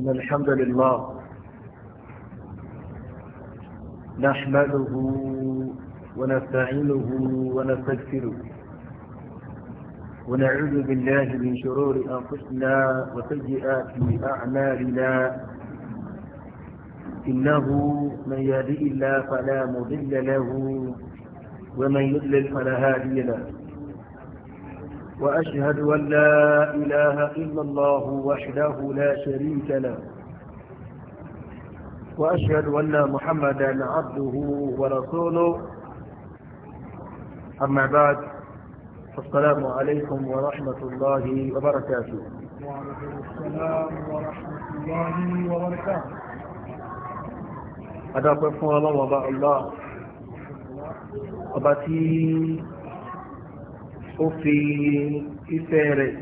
إن الحمد لله نحمده ونستعينه ونستغفره ونعوذ بالله من شرور أنفسنا وسيئات أعمالنا إنه من يهدئ الله فلا مضل له ومن يضلل فلا هادي له وأشهد أن لا إله إلا الله وحده لا شريك له وأشهد أن محمدا عبده ورسوله أما بعد السلام عليكم ورحمة الله وبركاته وعليكم السلام ورحمة الله وبركاته أدعوكم الله وبعد الله أبتي o fi ìfẹ́ rẹ̀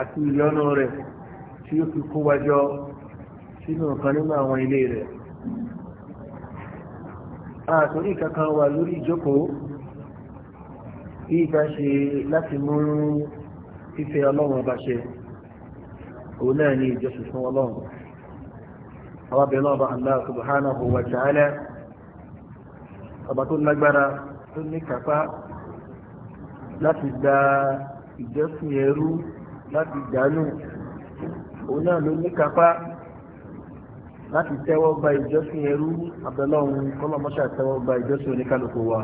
àti ìyọ́nú rẹ̀ tí ó fi kó sínú ọ̀kan nínú àwọn ilé rẹ̀ àtòrí kankan wà lórí ìjókòó ìgbà ṣe láti mú ọlọ́run ọba ṣe òun náà ni ìjọsìn ọlọ́run ọba Allah subhanahu wa ta'ala láti da ìjọsìn ẹrú láti dànù òun náà ló ní kápá láti tẹ́wọ́ gba ìjọsìn ẹrú abẹ́lọ́run kọ́lọ́mọ́ṣà tẹ́wọ́ gba ìjọsìn oníkálukú wa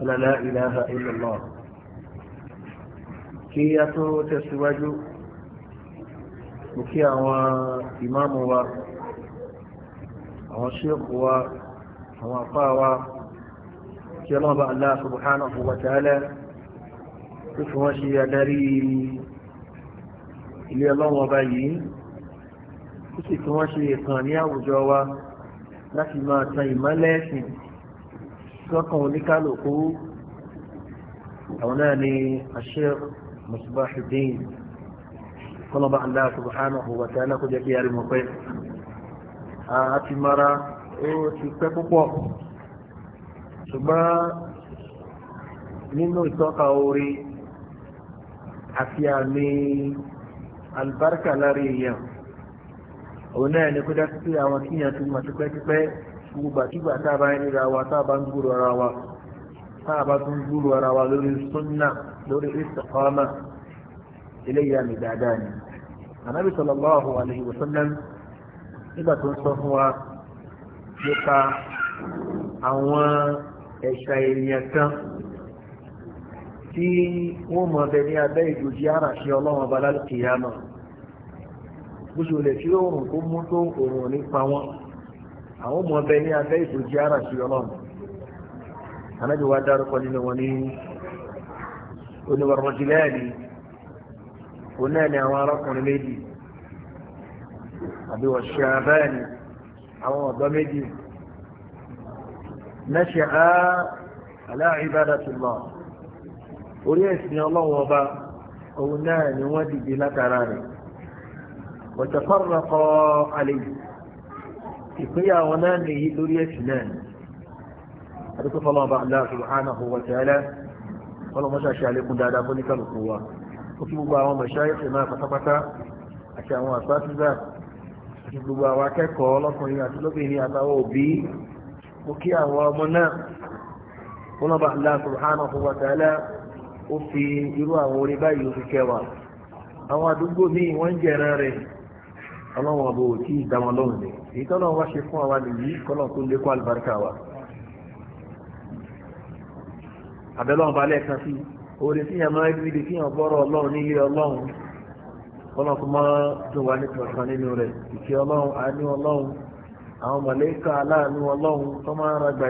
ọ̀làlá ìlàhà illallah kí a tó tẹ̀síwájú mo kí àwọn ìmáàmù wa àwọn ṣéèkù wa àwọn àfáà wa kí ọlọ́ọ̀bá Allah subhanahu wa ta'ala tó fi wọ́n ṣe adarí ilé ọlọ́run ọba yìí ó sì fi wọ́n ṣe ìkan ní àwùjọ wa láti máa tan ìmọ́lẹ̀ ẹ̀sìn sọ́kàn oníkálùkù àwọn náà ni Sheikh Musbahuddin kọlọ́ba Allah subhanahu wa ta'ala kó jẹ́ kí yàrá mọ̀ pé mara ó ti pẹ́ púpọ̀ ṣùgbọ́n nínú ìtọ́ka orí àti àmì àlùbáríkà lára èèyàn òun náà ni kó dájú pé àwọn kíyàn tó mọ̀ tipẹ́tipẹ́ gbogbogbàkígbà tá a bá ń ríra wa tá a bá ń gbúrò ara wa tá a bá tún gbúrò ara wa lórí súnnà lórí istiqama eléyìí àmì dáadáa ni ànábì sallallahu alaihi wa sallam nígbà tó ń sọ fún wa nípa àwọn ẹ̀ṣà ènìyàn kan tí wọ́n mọ̀ bẹ ní abẹ́ ìdòjì àràṣẹ ọlọ́run ọba lálùkìyàmà bó ṣe lè fi oòrùn tó mú tó oòrùn nípa wọn àwọn mọ̀ bẹ ní abẹ́ ìdòjì àràṣẹ ọlọ́run anájú wa dárúkọ nínú wọn ní oníwàrọ̀jìlẹ́ẹ̀lì onáàni àwọn arákùnrin méjì àbí ọ̀ṣẹ́ abẹ́ẹ̀ni àwọn ọ̀dọ́ méjì náṣẹ́ á aláàríbádàtì lọ́ọ̀ orí ẹ̀sìn ọlọ́wọ́ ọba òun náà ni wọ́n dìde látara rẹ̀ wọ̀tẹ̀fọ́rọ̀kọ àlejò ìpínyà wọn náà nìyí lórí ẹ̀sìn náà ni àdúgbò fọlọ́ọ̀bá Allah subhanahu wa ta'ala ọlọ́mọṣà ṣe àlékún dáadáa fún wa ó fi gbogbo àwọn mọ̀ṣáyẹ̀sì náà pátápátá àti àwọn àsáfíìsà àti gbogbo àwọn akẹ́kọ̀ọ́ ọlọ́kùnrin àti lóbìnrin àtàwọn òbí mo kí àwọn ọmọ náà wa ó fi irú àwọn orí báyìí ó fi kẹwàá àwọn àdúgbò míì wọ́n ń re. rẹ̀ ọlọ́run ọ̀bọ̀ tí ì dá wọn fún àwa nìyí tó lékọ́ àlùbáríkà wa àbẹ́lọ́run balẹ̀ kan sí oore tí yàrá rí ibi tí bọ́rọ̀ ọlọ́run nílé ọlọ́run kọ́lọ́n kó máa dùn wá nípa kan nínú rẹ̀ ìkẹ́ ọlọ́run àánú ọlọ́run àwọn mọ̀lẹ́kà aláàánú ọlọ́run tó máa ń ra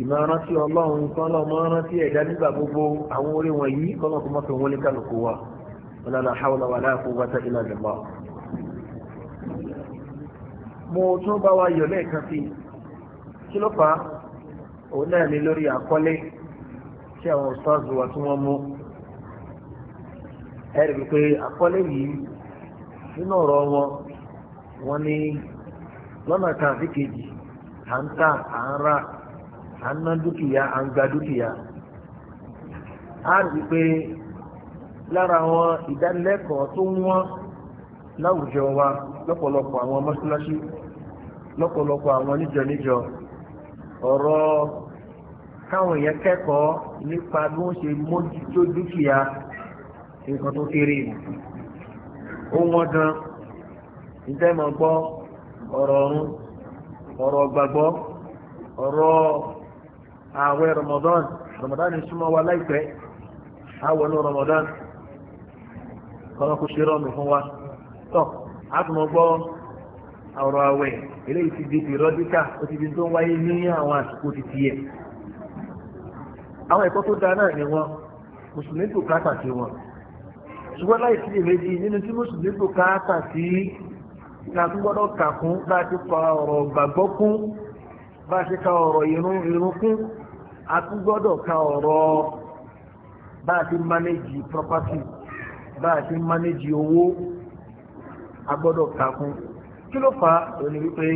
ìmọ̀rántí ọlọ́run kọ́lọ́ mọ́rántí ẹ̀dá nígbà gbogbo àwọn orí wọn yìí kọ́lọ́ kó mọ́fẹ́ wọn ní kálukú wa ọlọ́lá haúlá wà láàkó wáta ilá jọba mo tún bá wa yọ̀ lẹ́ẹ̀kan sí kí ló fà òun náà ní lórí àkọ́lé tí àwọn ọ̀sáàzù wa tí wọ́n mú ẹ̀rì yìí nínú ọ̀rọ̀ wọn wọ́n lọ́nà à ń ná dúkìá à ń gba dúkìá a rí pé lára àwọn ìdánilẹ́kọ̀ọ́ tó wọ́n láwùjọ wa lọ́pọ̀lọpọ̀ àwọn mọ́ṣáláṣí lọ́pọ̀lọpọ̀ àwọn níjọ níjọ ọ̀rọ̀ káwọn èèyàn kẹ́kọ̀ọ́ nípa bí wọ́n ṣe mójútó dúkìá nǹkan tó kéré ó wọ́n gan ìtẹ́mọ̀ gbọ́ ọ̀rọ̀ ọ̀run ọ̀rọ̀ gbàgbọ́ ọ̀rọ̀ ààwẹ̀ Ramadan Ramadan súnmọ́ wa láìpẹ́ àwọnú Ramadan kọ́nà kò ṣe rọ́ọ̀nù fún wa tọ́ àtúmọ̀ gbọ́ ọ̀rọ̀ àwẹ̀ eléyìí ti di pìrọ́díkà ó ti di tó ń wáyé ní àwọn àsìkò ti tiẹ̀ àwọn ẹ̀kọ́ tó dáa náà ni wọn mùsùlùmí tó káàtà sí wọn ṣùgbọ́n láì sí ìrèjì nínú tí mùsùlùmí tó káàtà sí ká gbọ́dọ̀ kà kún bá pa ọ̀rọ̀ gbàgbọ́ kún bá a ti ka ọ̀rọ̀ ìrun ìrun kún a tún ka ọ̀rọ̀ bá a ti manage property bá a ti manage owó a ka kún kí ló fa òní wípé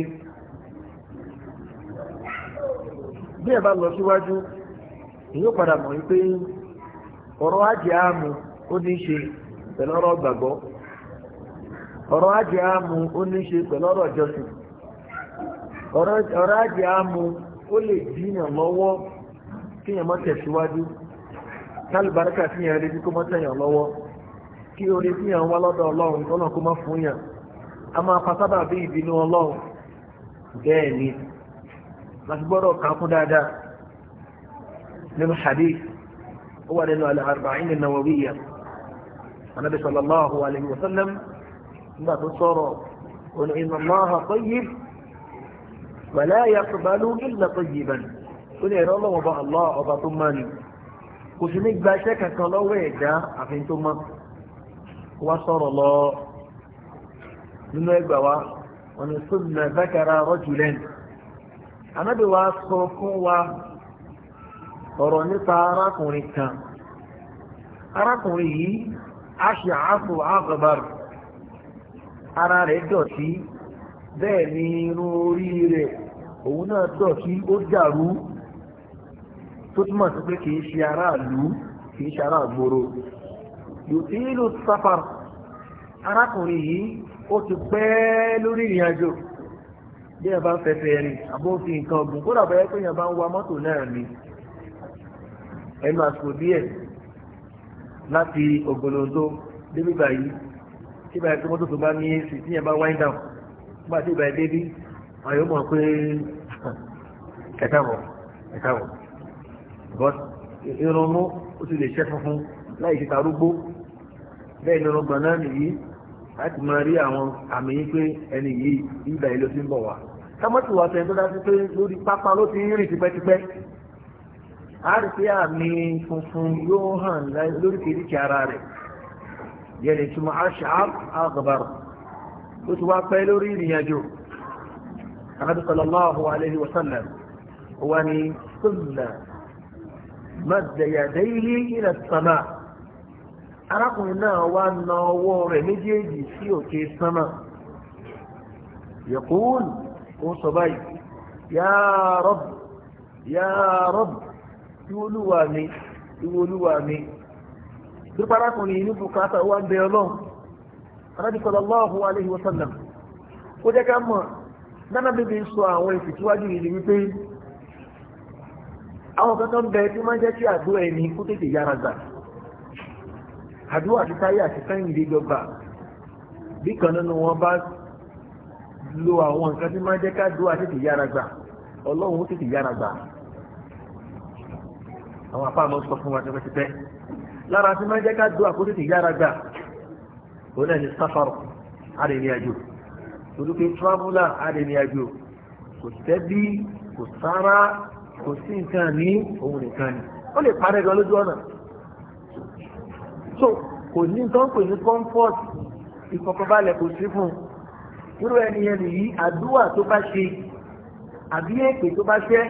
bí ẹ bá lọ síwájú èyí ó padà mọ̀ wípé ọ̀rọ̀ ajé àmú ó ní ṣe pẹ̀lú ọ̀rọ̀ gbàgbọ́ ọ̀rọ̀ ajé àmú ó ní ṣe pẹ̀lú ọ̀rọ̀ ọ̀rọ̀ ajé kíyàn mọ́ tẹ̀síwájú tálùbáríkà kíyàn rí bí kó mọ́ tẹ̀yàn lọ́wọ́ kí orí kíyàn wá lọ́dọ̀ ọlọ́run tọ́nà kó mọ́ fún yàn a máa pa sábà bí ìbínú ọlọ́run bẹ́ẹ̀ ni láti gbọ́dọ̀ kà kún dáadáa nínú hadith ó wà nínú al-arba'in an-nawawiyya anabi sallallahu alayhi wa sallam nígbà tó sọ̀rọ̀ òní inna Allaha tayyib wa la yaqbalu illa tayyiban ó ní ẹ̀rọ ọlọ́wọ́ bá Allah ọba tó máa ní kò sí ní gba iṣẹ́ kankan lọ́wọ́ ẹ̀dá àfi tó mọ́ wá sọ̀rọ̀ lọ nínú ẹgbà wa wọn ni sọ́dùnà zákàrà rajulan anábì wa sọ fún wa ọ̀rọ̀ nípa arákùnrin kan arákùnrin yìí àgbàbàr ara rẹ̀ dọ̀tí bẹ́ẹ̀ ni irun orí rẹ̀ òun náà tó túmọ̀ sí pé kìí ṣe ará ìlú kìí ṣe ará ìgboro yòtílù sáfàr arákùnrin yìí ó ti pẹ́ lórí ìrìn àjò bí ẹ bá ń fẹsẹ̀ rìn àbófin nǹkan ọ̀gùn kódà bẹ́ẹ̀ pé yẹn bá ń wa mọ́tò náà ni ẹnu àsìkò díẹ̀ láti ògbólóńdó débi báyìí tí báyìí tó mọ́tò tó bá ní èsì tí yẹn bá wind down nígbà tí àyè ó mọ̀ pé but irunmú ó sì lè ṣẹ́ funfun láì ṣe tarúgbó bẹ́ẹ̀ ni ọgbọ̀n náà nìyí láti máa rí àwọn àmì yín pé ẹni yìí ìgbà yìí ló ti ń bọ̀ wá kámọ́tì wà sẹ́yìn tó dájú pé lórí pápá ló ti ń rìn tipẹ́tipẹ́ a rí pé àmì funfun yóò hàn lórí kìrìkì ara rẹ̀ yẹn lè túmọ̀ ashab aghbar ó ti wá pẹ́ lórí ìrìn àjò anábì sallallahu alayhi wa sallam wa ni sọ́nà مد يديه إلى السماء arákùnrin náà wá na ọwọ́ rẹ̀ méjèèjì sí òkè sánmà yẹ̀kún ó sọ báyìí ya Rabb ya Rabb ìwolúwa mi ìwolúwa mi pípa arákùnrin inú bukata wá ń bẹ ọlọ́run arábí sallallahu alaihi wasallam ó jẹ́ ká mọ̀ nánà bíbí sọ àwọn ìfìtíwájú yìí wípé àwọn kan tó ń bẹ tí máa ń jẹ́ kí àdúrà ẹni kó tètè yára gbà àdúrà àti táyé àti sẹ́yìndé jọba bí kan nínú wọn bá lo àwọn nǹkan tí máa ń jẹ́ ká àdúrà tètè yára gbà ọlọ́run ó tètè yára gbà àwọn apá àmọ́ sọ fún wa tẹ́fẹ́ tẹ́fẹ́ lára tí máa ń jẹ́ ká àdúrà kó tètè yára gbà òun náà ní sáfàrọ̀ arìnrìn-àjò torí pé kò tẹ́bí kò sára kò sí nǹkan ní òun nìkan ni ó lè parẹ́ gan lójú ọ̀nà so kò ní nǹkan pè ní comfort ìfọkànbalẹ̀ kò sí fún un irú ẹni yẹn nìyí àdúrà tó bá ṣe àbí èpè tó bá ṣẹ́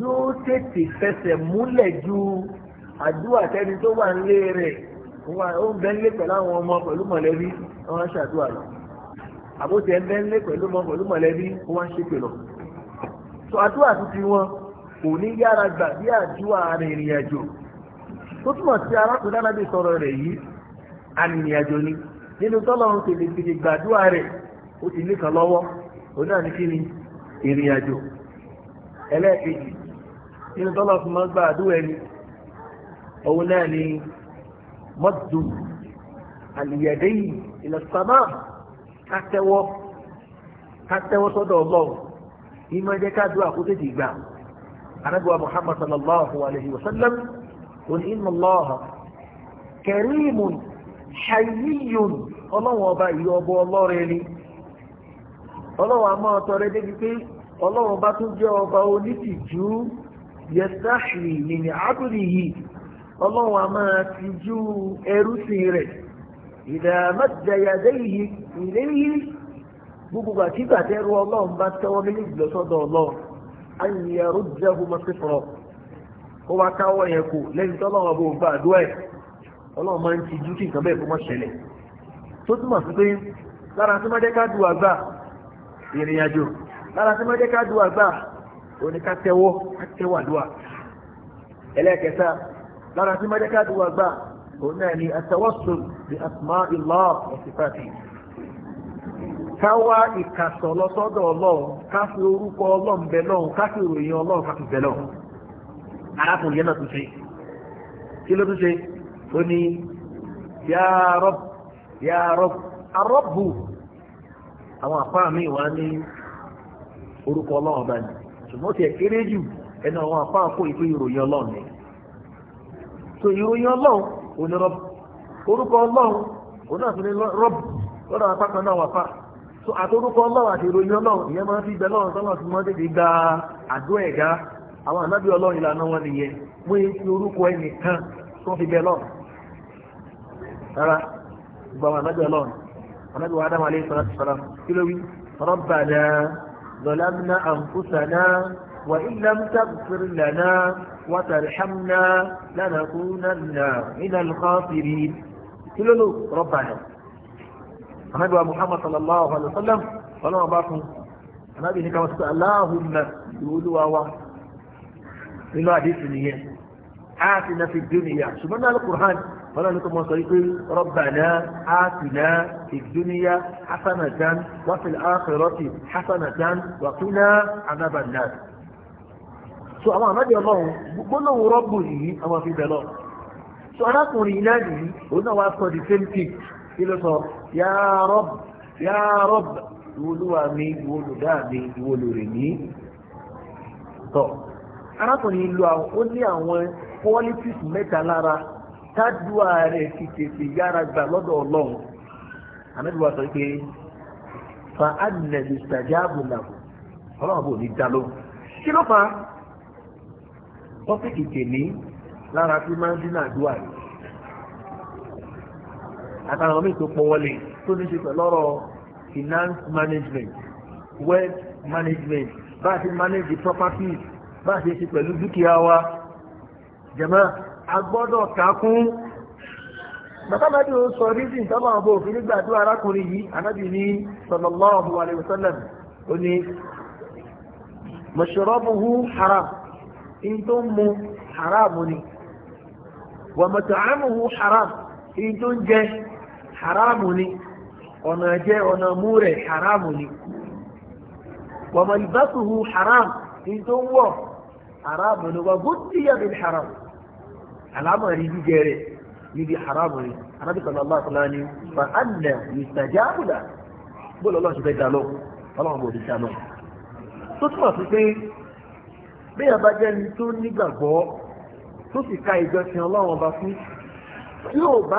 yóò tètè fẹsẹ̀ múlẹ̀ ju àdúrà tẹni tó wà ń lé rẹ̀ ó ń bẹ́ ń lé pẹ̀lú àwọn ọmọ pẹ̀lú mọ̀lẹ́bí wọ́n ṣàdúrà lọ àbótiẹ̀ ń bẹ́ ń pẹ̀lú ọmọ pẹ̀lú mọ̀lẹ́bí wọ́n ṣépè lọ. sọ àdúrà tuntun wọn kò ní yára gbà bí àdúrà arìnrìn àjò tó túmọ̀ sí arákùnrin alábì sọ̀rọ̀ rẹ̀ yìí ni nínú tọ́lọ́run tèlè tèlè gbàdúrà rẹ̀ ó ti nìkan lọ́wọ́ òun náà ní kí ni ìrìn ẹlẹ́ẹ̀kejì nínú tọ́lọ́ fún mọ́ gbà ẹni òun náà ni mọ́tò kátẹ́wọ́ kátẹ́wọ́ sọ́dọ̀ ọlọ́run ìmọ̀ gbà anábíwá muhammad sallallahu alayhi wa sallam òní inna allaha karimun hayyun ọlọ́run ọba ìlú ọba ọlọ́rẹ̀ ni ọlọ́run a máa tọrẹ débi pé ọlọ́run bá tún jẹ́ ọba onítìjú yẹsáṣì nìyí àbúrìyí ọlọ́run a máa tìjú ẹrúsìn rẹ̀ ìdàmẹ́jẹyàdé yìí ìléyìí gbogbo àtìgbàtẹ́rù ọlọ́run bá tẹ́wọ́ méjì lọ́sọ́dọ̀ ọlọ́run an yarudahuma sifra kó wá káwọ́ yẹn kù lẹ́yìn tó lọ́wọ́ bó gba àdúrà ẹ̀ ọlọ́run máa ń ti dúkì nǹkan bẹ́ẹ̀ kó má ṣẹlẹ̀ tó túmọ̀ sí pé lára tí máa jẹ́ ká du àgbà ìrìn àjò lára tí máa jẹ́ ká du àgbà òní ká tẹ́wọ́ ká tẹ́wọ́ àdúrà ẹlẹ́ẹ̀kẹta lára tí máa jẹ́ ká du àgbà òun náà ni atawassul bi asma'illah wa sifatihi ká wá ìkàsọ̀ lọ sọ́dọ̀ ọlọ́run ká fi orúkọ ọlọ́run bẹ lọ́run ká fi ìròyìn ọlọ́run ká fi bẹ lọ́run arákùnrin yẹn náà tún ṣe kí ló tún ṣe ó ní ya Rabb Awọn arọ́bù àwọn àfáà ní orúkọ ọlọ́run ọba ni ṣùgbọ́n kéré jù àwọn kó ìpé ìròyìn ọlọ́run ni so ìròyìn ọlọ́run ò ní rọ́bù orúkọ ọlọ́run ò náà tún ní rọ́bù lọ́dọ̀ apá kan náà wà so àtorúkọ ọlọ́run àti ìròyìn ọlọ́run ìyẹn máa ń fi ibẹ̀ lọ́run tọ́lọ́ ti mọ́ tètè gba àdó ẹ̀gá àwọn ànábì ọlọ́run ìlànà wọn nìyẹn wọ́n yẹn fi orúkọ ẹnìkan tó fi bẹ̀ lọ́run rárá gbogbo àwọn ànábì ọlọ́run ànábì wa Ádámù alayhi salatu salam kí ló wí Rabbana zalamna anfusana wa illam taghfir lana wa tarhamna lanakunanna minal khasirin ànábì wa muhammad sallallahu alayhi wa sallam ọlọ́run bá fún ànábì ní káwọn sọ aláhùnmá ìwúlúwa wa nínú àdéhùn nìyẹn áàtì náà fi dúnìyà ṣùgbọ́n náà alukur'an ọlọ́run ní kò mọ̀ sọ yìí pé rọ́bàná áàtì náà fi dúnìyà hasanatan wàfíl àkẹrọtì hasanatan wàkúnà anábàná. so àwọn ànábì ọlọ́run gbólóhùn rọ́bù yìí àwọn àfi bẹ̀ lọ so arákùnrin náà nìyí òun náà wá sọ the same thing kí sọ ya Rabb ya Rabb ìwolúwa mi ìwolùdá mi ìwolùrè mi tọ arákùnrin lo ó ní àwọn qualities mẹ́ta lára tádùá rẹ̀ ti tètè yára gbà lọ́dọ̀ ọlọ́run àmẹ́dùwà sọ pé fa ànẹ̀lì sàjáàbù làwù ọlọ́run bò ní dáló kí ló fa wọ́n fi ìtẹ̀lé lára tí máa ń dín àdúrà rẹ̀ àtàwọn míì tó pọ̀ wọlé tó ní ṣe pẹ̀lú ọ̀rọ̀ finance management wealth management bá a ṣe manage properties bá a ṣe ṣe pẹ̀lú dúkìá wa jẹ̀mọ́ agbọ́dọ̀ takún bàtàbàdì ó sọ rízìn tọ́bà ọ̀bọ̀ òfin nígbàdúrà arákùnrin yìí anábì ní sallallahu alaihi wasallam ó ní mashrabuhu haram in tó ń mu haram ni wa mat'amuhu haram in tó ń jẹ haramu ni ọ̀nà jẹ́ haramu ni wàmọ̀ haram ní haramu ni wà gúdíyà bí haramu alámọ̀ rí haramu ni anábì sallallahu alaihi wasallam fa anna yustajabu la bóòlù Allah ti fẹ́ dá ọlọ́run bò ní dá tó túmọ̀ sí pé bí ka ìjọsìn ọlọ́run ọba fún yóò bá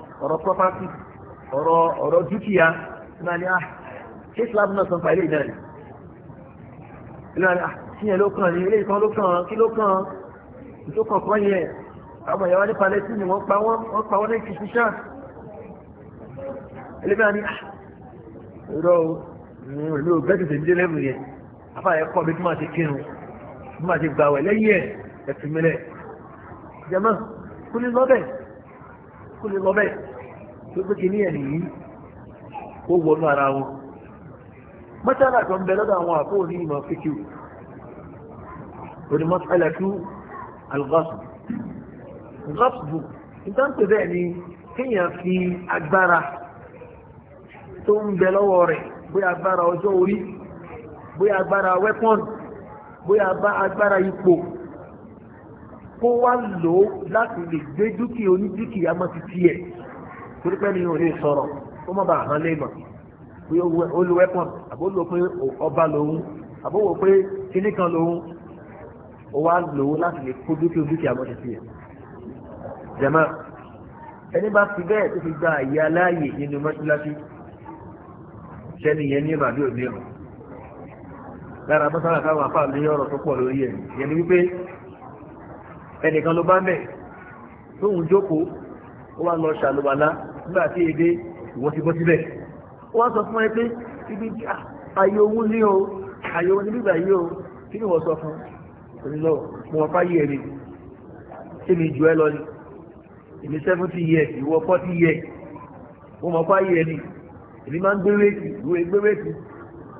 ọ̀rọ̀ property ọ̀rọ̀ ọ̀rọ̀ dúkìá náà ni ah ṣé Islam náà sọ pa ilé ìdáná ni ilé ìdáná ah, kí yẹn ló kàn ní ilé ìkan ló kàn kí ló kàn tó kàn kọ́ yẹn àwọn ìyàwó ní Palestine wọ́n pa wọ́n wọ́n pa wọ́n ní kìsìṣà ilé ìdáná ni ah irọ́ o ìlú bẹ́ẹ̀ tètè ń dé lẹ́mù yẹn afáàyẹ kọ́ mi bí máa ti kírun bí máa ti gbàwẹ̀ lẹ́yìn ẹ̀ ẹ̀fìmílẹ̀ jẹ́mọ́ kúlí lọ́bẹ̀ kúlí lọ́bẹ̀ tó gbé kìíní ẹ̀ nìyí ó wọnú ara wọn mọ́tàlá tó ń bẹ lọ́dọ̀ àwọn àpò ní ìmọ̀ fíkìú òní mọ́tàlá tó alùgbàsù gbàsù ìtàǹtò bẹ́ẹ̀ ni kéèyàn fi agbára tó ń bẹ lọ́wọ́ rẹ̀ bóyá agbára ọjọ́ orí bóyá agbára wẹ́pọ̀n bóyá agbára ipò kó wá lò láti lè gbé dúkìá onídìkìá mọ́ ti tiẹ̀ torí pé ni òní sọ̀rọ̀ ó má bàa hàn lé mọ̀ pé ó lo weapon àbó lo pé ọba lòun àbó wò pé kíní kan lòun ó wá lòun láti lè kó dúkìá dúkìá bó ṣe fi ẹ̀. jẹ̀mọ́ ẹni bá fi bẹ́ẹ̀ tó fi gba àyè aláàyè nínú mọ́tíláṣí sẹ́ni yẹn ní ìbàdí òní ọ̀ lára mọ́sálà káwọn afáà ní ọ̀rọ̀ tó pọ̀ lórí ẹ̀ yẹn ni wípé ẹnìkan ló bá mẹ́ tóun jókòó ó wá lọ ṣàlùbàlá nígbà tí èdè ìwọ́n ti bọ́ síbẹ̀ wọ́n sọ fún ẹ pé ibi ah, ayé ohun ní o ayé ohun nígbà yìí o kí ni wọ́n sọ fún onílọ mo wọ́n fáyé ẹ̀rí tí mi jù ẹ lọ ni èmi seventy years ìwọ forty years mo mọ̀ fáyé ẹ̀rí èmi máa ń gbé wéèkì ìwé gbé wéèkì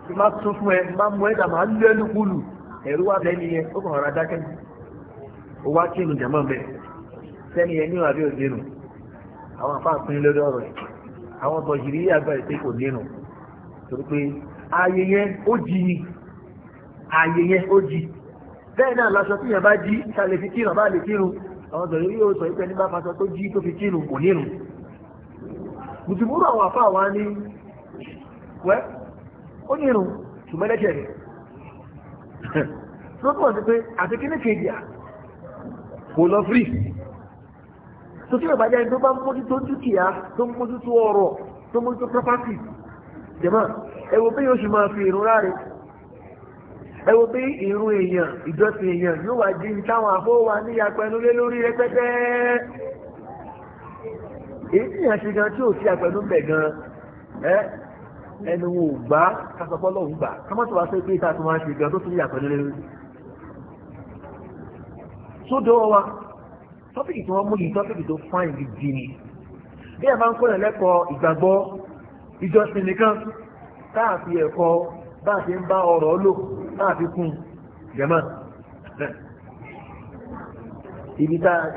tí máa tún fún ẹ máa mú ẹ dà máa lé ẹlùkulù ẹ̀rú wà bẹ́ẹ̀ nìyẹn ó kàn rà dákẹ́ sẹ́ni ẹ ní ìwà àwọn afá pín lórí ọ̀rọ̀ ẹ̀ àwọn bọ̀jìrì àgbà ìpè kò nínú torí pé ààyè yẹn ó jí ni ààyè yẹn ó jí bẹ́ẹ̀ náà lọ́sọ tí yẹn bá jí ṣàlẹ̀ tó fi kírun kò tó tí bàbá jẹ́ tó bá ń mójútó dúkìá tó ọ̀rọ̀ tó ń mójútó property jẹ̀mọ́ ẹ wò bí yóò ṣe a fi ìrun ráre ẹ wò bí ìrun èèyàn ìjọsìn èèyàn yóò wá di táwọn àfọwà ní apẹnulé lórí èyí tí ò sí bẹ̀ gan ẹnu wo gbá kásọpọ́lọ́ ń gbà kámọ́tò wá sí pé ìta gan tó tún yà pẹ̀lú tọ́pìkì tí wọ́n mú yìí tọ́pìkì tó fáìn gidi ni bí ẹ̀ máa ń kọ́yàn lẹ́kọ̀ọ́ ìgbàgbọ́ ìjọsìn nìkan káàfi ẹ̀kọ́ bá a ti ń bá ọ̀rọ̀ lò káàfi kún jẹ̀mọ́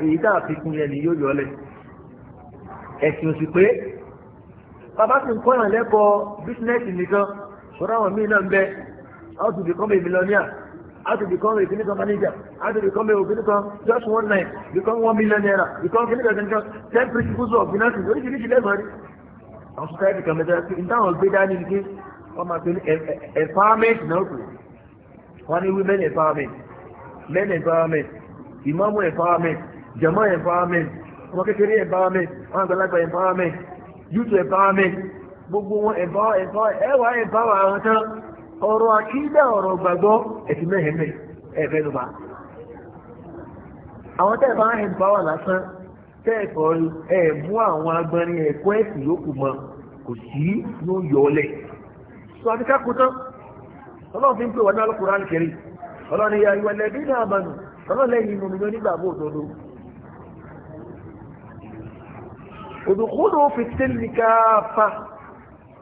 èyí tá a fi kún yẹn ni yóò yọ ọlẹ̀ ẹ̀sìn òsì pé bàbá sì ń kọ́yàn lẹ́kọ̀ọ́ bísínẹ́sì nìkan ṣọ́ra àwọn míì náà ń bẹ how to become a millionaire how to become a clinical manager, how to become a clinical just one night, become one million naira, become clinical manager, ten principles of finance, oríṣiríṣi lẹ́gbọ̀n rí. Àwọn society kan mẹ́ta sí ní táwọn gbé dání ní pé wọ́n máa pẹ̀lú empowerment no problem. Wọ́n women empowerment, men empowerment, ìmáàmù empowerment, jama empowerment, ọmọ kékeré empowerment, ọmọ empowerment, youth empowerment, gbogbo wọn empower empower ẹwà empower àwọn tán ọ̀rọ̀ àkídà ọ̀rọ̀ gbàgbọ́ ẹ̀sìn mẹ́hẹ̀mẹ́ ẹ̀fẹ́ ló bá. àwọn tẹ́ẹ̀ bá ń hẹ̀ báwà lásán tẹ́ẹ̀ kọ́ ẹ̀ mú àwọn agbọ́nrin ẹ̀kọ́ ẹ̀sìn yòókù mọ́ kò sí ló yọ ọ lẹ̀. sọ àti ká kú tán ọlọ́run fi ń pè wọ́n ní alukóran kiri ọlọ́run ya ìwà lẹ́bí náà bá nù ọlọ́run lẹ́yìn inú mi ló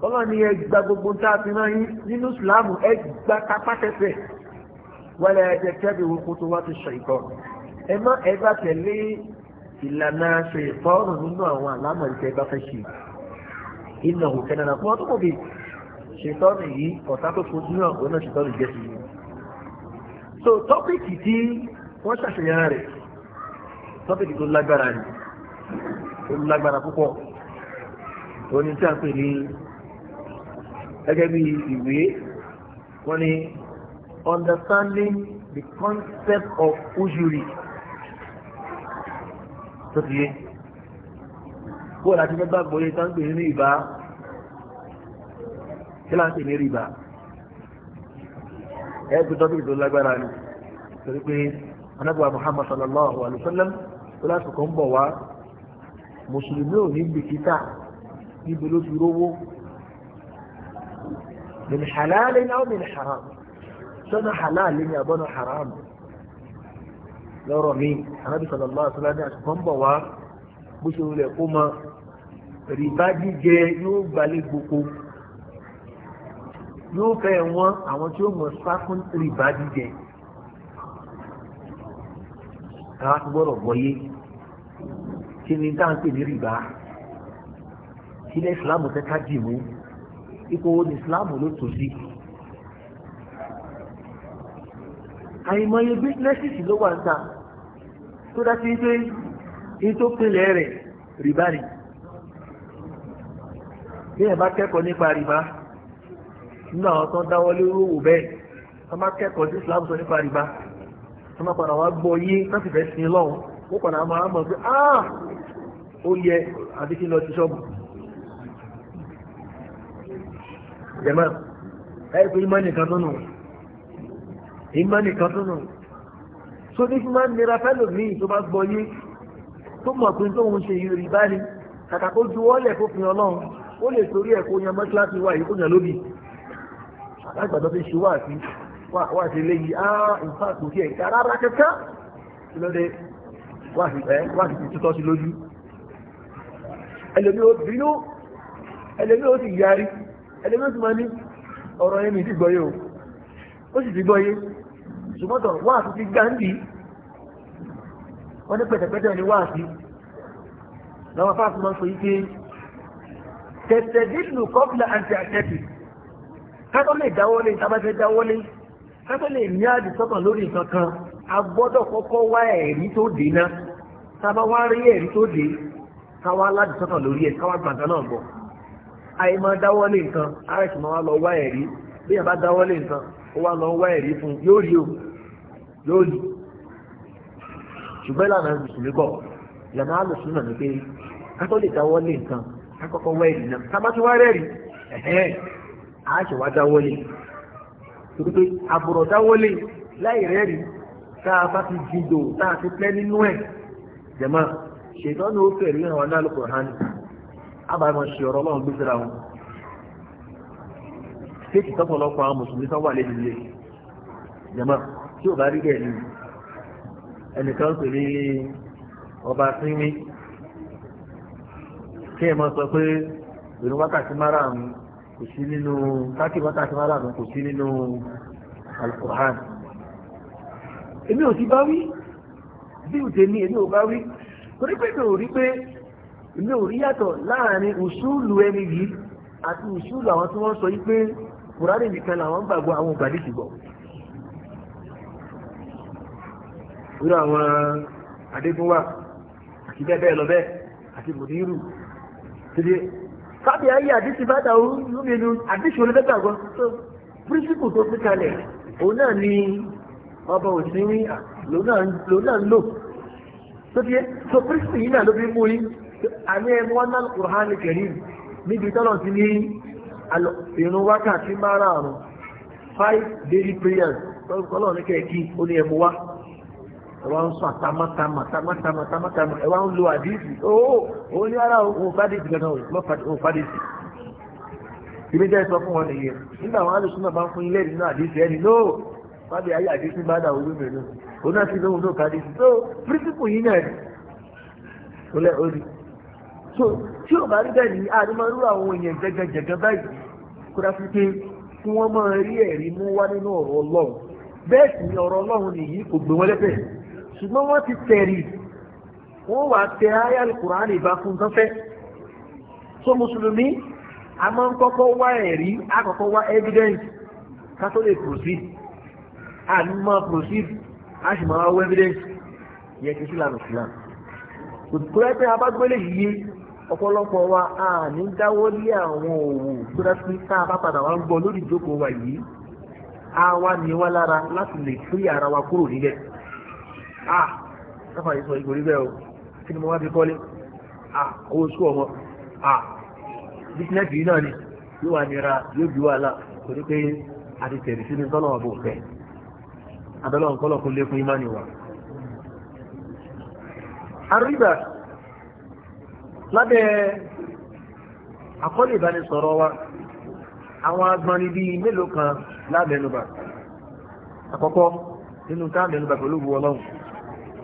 ọlọ́run ni ẹ gba gbogbo tá a fi rán yín nínú ìsìláàmù ẹ gba kápákẹsẹ̀ wọlé ẹjẹ kẹbi wo kó tó wá ti sọ ìtọ́ ẹ má ẹ bá tẹ̀lé ìlànà ṣe ìtọ́rùn nínú àwọn àlámọ̀ ìtẹ́ bá fẹ́ ṣe iná òkè náà fún ọtún kòbí ṣètọ́nù yìí ọ̀tá tó fojú hàn òun náà ṣètọ́nù jẹ́ sí i. so tọ́pìkì tí wọ́n ṣàṣeyàn rẹ̀ tọ́pìkì tó lágbára ni tó lágbára púpọ̀ òun ni tí a pè ní gẹ́gẹ́ bí ìwé wọ́n ní understanding the concept of usury tó ti yé kó láti fẹ́ gbàgbọ́ yé tán gbé ní ìbá kí láti ní rí ìbá ẹgbẹ́ tó tó lágbára ni torí pé anábọ̀ Muhammad sallallahu alaihi wasallam tó lásìkò ń bọ̀ wá mùsùlùmí ò ní bìkítà níbi ló fi rówó من حلال أو من حرام سنة حلال لن يبون حرام لو رمي النبي صلى الله عليه وسلم أسفن بوا بسهولة لكم rìbá jíjẹ yóò gbalẹ̀ gboko yóò fẹ́ wọn àwọn tí ó mọ̀ sákún rìbá jíjẹ àwọn ti gbọ́dọ̀ gbọ́yé kí ni dáhùn pè ní rìbá kí ni Islam fẹ́ ká dì mú ipò wo ni ìsìláàmù ló tò sí. àìmọye bísínẹ́sìsì ló wà ń ta tó dá sí pé in tó pinlẹ̀ rẹ̀ rìbá ni bí ẹ̀ bá kẹ́kọ̀ọ́ nípa rìbá nínú àwọn tó ń dáwọ́ lé owó bẹ́ẹ̀ wọ́n máa kẹ́kọ̀ọ́ sí islam sọ nípa rìbá wọ́n máa padà wá gbọ́ yé láti fẹ́ sin lọ́hùn ó padà máa mọ̀ pé ah ó yẹ àbíkí lọ sí ṣọ́ọ̀bù jẹ́mọ́ ẹ̀ pé ìmọ̀ nìkan tó nù ìmọ̀ tó nù so ní fi máa ń nira fẹ́lò míì tó bá gbọ́ yé tó mọ̀ pé tóun ṣe yorì báyìí kàkà kó ju ọ́lẹ̀ kó fi ọlọ́run ó lè torí ẹ̀ kó yan mọ́ṣáláṣí wa yìí kó yan lóbì alágbàdo fi ṣe wá sí wá sí léyìí ah in fact kò sí ẹ̀ ká rárá kẹ́kẹ́ lọ́dẹ wá sí ẹ̀ wá sí títọ́ sí lójú ẹlòmí ó bínú ẹlòmí ó sì yarí ẹlẹ́gbẹ́ tó máa ní ọ̀rọ̀ ẹni ti gbọ́ yé o ó sì ti gbọ́ yé ṣùgbọ́tọ̀ wáàsí ti gáńdì wọ́n ní pẹ̀tẹ̀pẹ̀tẹ̀ ní wáàsí làwọn fáàsì máa ń sọ yí pé tẹ̀tẹ̀ dínú kọ́pìlà àti àtẹ́tì kátó lè dáwọ́lé tábàtẹ́ dáwọ́lé kátó lè ní àdìsọ́kàn lórí nǹkan kan a gbọ́dọ̀ kọ́kọ́ wá ẹ̀rí tó dé náà tábà wá rí ẹ̀rí tó dé káwá aládìsọ́kàn lórí ẹ̀ káwá gbàǹkan náà gbọ́ àìmọ́ dáwọ́lé nǹkan rs máa lọ wá ẹ̀rí bí yàrá dáwọ́lé nǹkan ó wá lọ wá ẹ̀rí fún yóò rí o yóò rí ṣùgbọ́n ìlànà mùsùlùmí kọ̀ ìlànà alùsùn náà ni pé kátó lè dáwọ́lé nǹkan na wá ẹ̀rí náà tá a tún wá ẹ̀hẹ́n a ṣe wá dáwọ́lé torí pé àbùrọ̀ dáwọ́lé láì tá a bá ti jìndò tá a ti pẹ́ nínú ẹ̀ jẹ̀mọ́ ṣètọ́nù ó fẹ̀rí àbámọ̀ ṣe ọ̀rọ̀ ọlọ́run gbé síra wọn kéèkì tọ́pọ̀lọpọ̀ àwọn mùsùlùmí tán wà lẹ́nu ilé jẹ̀mọ́ tí ò bá rí bẹ́ẹ̀ ni ẹnìkan ń pè ní ọba sínmi kí ẹ mọ sọ pé ìrun wákàtí márààrún kò sí nínú káàkì wákàtí márààrún kò sí nínú alukur'an èmi ò ti bá wí bí ò tèmi èmi ò bá wí torí pé ò rí pé ilé òrí yàtọ̀ láàrin òṣùlù ẹni yìí àti òṣùlù àwọn tí wọ́n sọ yí pé kùránì nìkan làwọn gbàgbọ́ àwọn ògbàdì ṣùgbọ́n. irú àwọn adégúnwà àti bẹ́ẹ̀ bẹ́ẹ̀ lọ bẹ́ẹ̀ àti mùdírù tìdí fábí ayé àdísì bá dàrú lómìnú àdísì olùdẹ́gbàgbọ́ tó pírísìpù tó fi kalẹ̀ òun náà ni ọba òsínwí lòun náà ń lò tó fi so pírísìpù yìí náà ló fi mú yín àmì ẹmú wọn náà kùrán ní kẹrí níbi tọ́lọ̀ sí ní ìrun wákàtí márààrún five daily prayers tọ́lọ̀ ní kẹ́ẹ̀kí ó ní ẹmú wá ẹwà ń sọ àtàmátàmà tàmátàmà tàmátàmà ẹwà ń lo àdìsí oó ó ní ara òun fàdìsí gan náà òun fàdìsí ibi jẹ́ sọ fún wọn nìyẹn nígbà wọn alùsùn náà bá ń fún ilé nínú àdìsí ẹni lóò fàbí ayé àdìsí bá dà owó mẹ́rin òun náà sì lóhun náà tó pírísìpù yìí náà rí so tí ò bá rí bẹ́ẹ̀ ni a ní máa rú àwọn èèyàn jẹgẹjẹgẹ báyìí kódà fi pé kí wọ́n máa rí ẹ̀rí mú wá nínú ọ̀rọ̀ ọlọ́run bẹ́ẹ̀ sì ni ọ̀rọ̀ ọlọ́run nìyí kò gbé wọn lẹ́fẹ̀ẹ́ ṣùgbọ́n wọ́n ti tẹ̀rì wọ́n wà tẹ ayálu kùrán ìbá fún tọ́fẹ́ so mùsùlùmí a máa ń kọ́kọ́ wá ẹ̀rí a kọ́kọ́ wá evidence ká tó lè proceed a ní máa proceed a sì máa wá evidence yẹ kí sílànà sílànà kò tó ẹ pé a bá gbélé yìí ọ̀pọ̀lọpọ̀ wa a ní dáwọ́ lé àwọn òwò tó dáṣí tá a bá padà wá ń gbọ́ lórí ìjókòó wa yìí a wá ní wá lára láti lè fúrí ara wa kúrò níbẹ̀ a sáfà yìí sọ ìgòrí o kí ni mo wá fi kọ́lé a owó sùn ọmọ a yìí náà ni yóò wá nira yóò bí wàhálà a ti tẹ̀lé sínú tọ́lọ̀ ọ̀bọ̀ imáni wa. lábẹ́ àkọlé ìbánisọ̀rọ̀ wa àwọn agbani bíi mélòó kan lábẹ́nubà àkọ́kọ́ nínú tá mẹ́nubà pẹ̀lú òwú ọlọ́run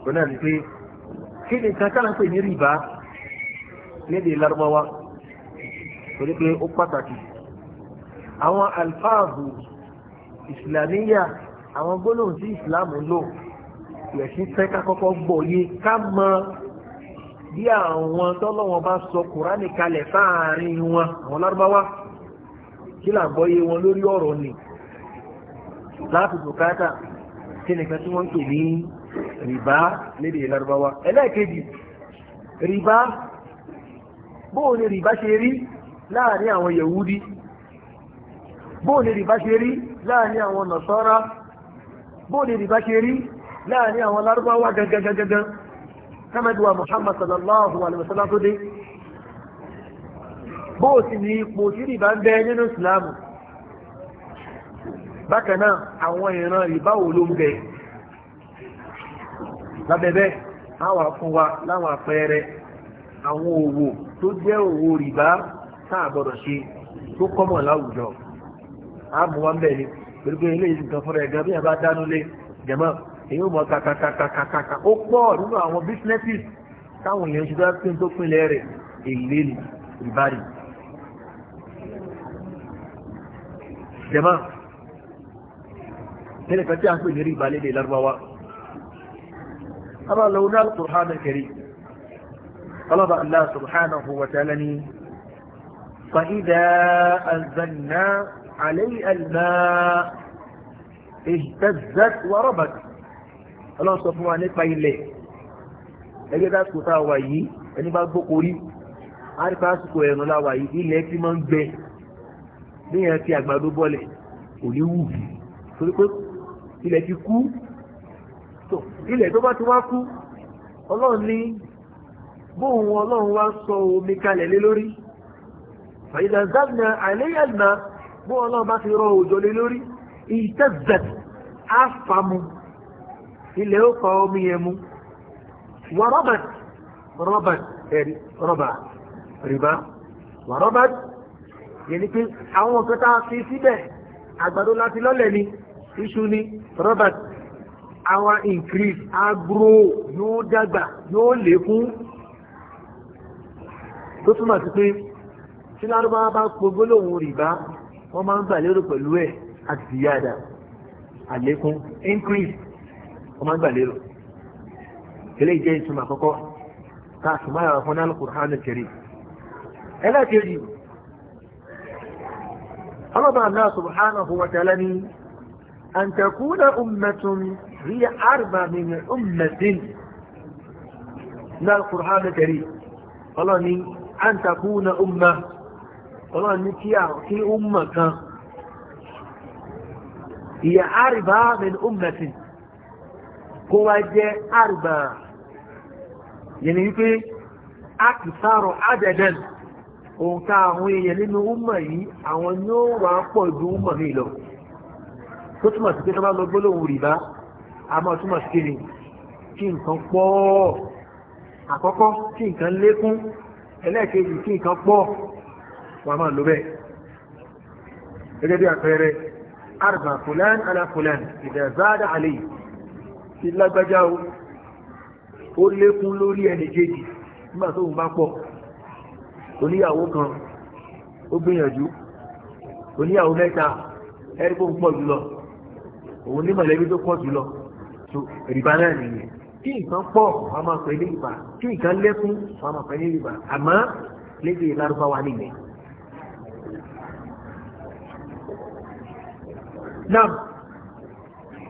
kò náà ní pé kí ni kankan pè ní rìbá lédè lárúbáwá torí pé ó pàtàkì àwọn alfáàbù ìsìlámíyà àwọn gbólóhùn tí ìsìlámù lò yẹ̀sí fẹ́ ká kọ́kọ́ gbọ́ yé ká mọ bí àwọn tọ́lọ́wọ́n bá sọ kùránì kalẹ̀ sáàárín wọn àwọn lárúbáwá kí là ń bọ́ yé wọn lórí ọ̀rọ̀ ni láti bùkátà kí nìkan tí wọ́n ń pè ní rìbá lédè lárúbáwá ẹlẹ́ẹ̀kejì rìbá bóò ni rìbá ṣe rí láàárín àwọn yahudi bóò ni rìbá ṣe rí láàárín àwọn nàṣọ́ra bóò ni rìbá ṣe rí láàárín àwọn lárúbáwá gangan gangan tẹ́mẹ́dùwà Muhammad sallallahu alaihi wasallam tó dé bóò sì ní ipò tí rìbá ń bẹ nínú ìsìláàmù bákan náà àwọn ìran rìbá wo ló ń bẹ lábẹ́bẹ́ àwọn fún wa láwọn àpẹẹrẹ àwọn òwò tó jẹ́ òwò rìbá táà gbọ́dọ̀ ṣe tó kọ́mọ̀ láwùjọ àmúwá ń bẹ̀ ni pẹ̀lú pé ilé ìsìnkan fúnra ẹ̀gá bí i àbá dánú lé jẹ̀mọ́ èyí ò mọ̀ kàkàkàkàkàkà ó pọ̀ nínú àwọn businesses táwọn èèyàn ṣe dá pín tó pínlẹ̀ rẹ̀ èlé ni ìbárì. jẹ̀mọ́ kíni kan tí a ń pè ní rí ìbálẹ̀ ilẹ̀ lárúbáwá ọba lọ́wọ́ náà al-Qur'an al-Karim ọlọ́ba Allah subhanahu wa ta'ala ni فإذا أنزلنا عليها الماء اهتزت وربت ọlọ́run sọ fún wa nípa ilẹ̀ ẹgbẹ́ dásìkò tá a wà yìí ẹni bá gbóko rí àríkà àsìkò ẹ̀rùn la wà yìí ilẹ̀ ti máa ń gbẹ níyàn ti àgbàdo bọ́lẹ̀ kò ní wù torí pé ilẹ̀ ti kú ilẹ̀ tó bá ti wá kú ọlọ́run ní bóun ọlọ́run wá sọ omi kalẹ̀ lé lórí fàyídà zagna àìléyàgbà bóun ọlọ́run bá ti rọ òjò lé lórí ìtẹ́zẹ̀t àfàmù ilẹ̀ ó fa omi yẹn mú wà rọ́bàt rọ́bàt ẹ̀rí rọ́bà rìbá wà rọ́bàt yẹn ni pé àwọn nǹkan tá a fi síbẹ̀ àgbàdo láti lọ́lẹ̀ ni iṣu ni rọ́bàt àwọn increase agro yóò dàgbà yóò lékún tó túmọ̀ sí pé tí lárúbáwá bá gbogbo lòun rìbá wọ́n máa ń gbà lérò pẹ̀lú ẹ̀ àti ìyáàdà àlékún increase wọ́n máa ń gbà lérò eléyìí jẹ́ ìtumọ̀ àkọ́kọ́ ká àtúmọ̀ àwọn afọ́nà al-Qur'an al-Karim ẹlẹ́kẹ̀ẹ́jì ọlọ́bà náà subhanahu wa ta'ala ni an takuna ummatun hiya arba min ummatin na al-Qur'an al-Karim ọlọ́ni an umma ọlọ́ni kí umma kan hiya arba min ummatin kó wá jẹ́ àrùbà yẹni wípé àkìsàrọ̀ àdẹ̀dẹ̀n òǹkà àwọn èèyàn nínú ọmọ yìí àwọn ni ó wà pọ̀ ju ọmọ mi lọ tó túmọ̀ sí pé tó bá lọ gbólóhùn rìbá a máa túmọ̀ sí kiri kí nǹkan pọ̀ àkọ́kọ́ kí nǹkan lékún ẹlẹ́ẹ̀kejì kí nǹkan pọ̀ wà máa lò bẹ́ẹ̀ gẹ́gẹ́ bí àpẹẹrẹ arba fulan ala fulan ìdẹ̀záda àlèyìí ti lágbájá o ó lékún lórí ẹni kejì nígbà tó ń bá pọ̀ oníyàwó kan ó gbìyànjú oníyàwó mẹ́ta ẹni kó ń pọ̀ jùlọ òun ní mọ̀lẹ́bí tó pọ̀ jùlọ so rìbá náà nìyẹn kí nǹkan pọ̀ wọ́n máa pè ní rìbá kí nǹkan lékún wọ́n máa pè ní rìbá àmọ́ lédè lárúbáwá nìyẹn. náà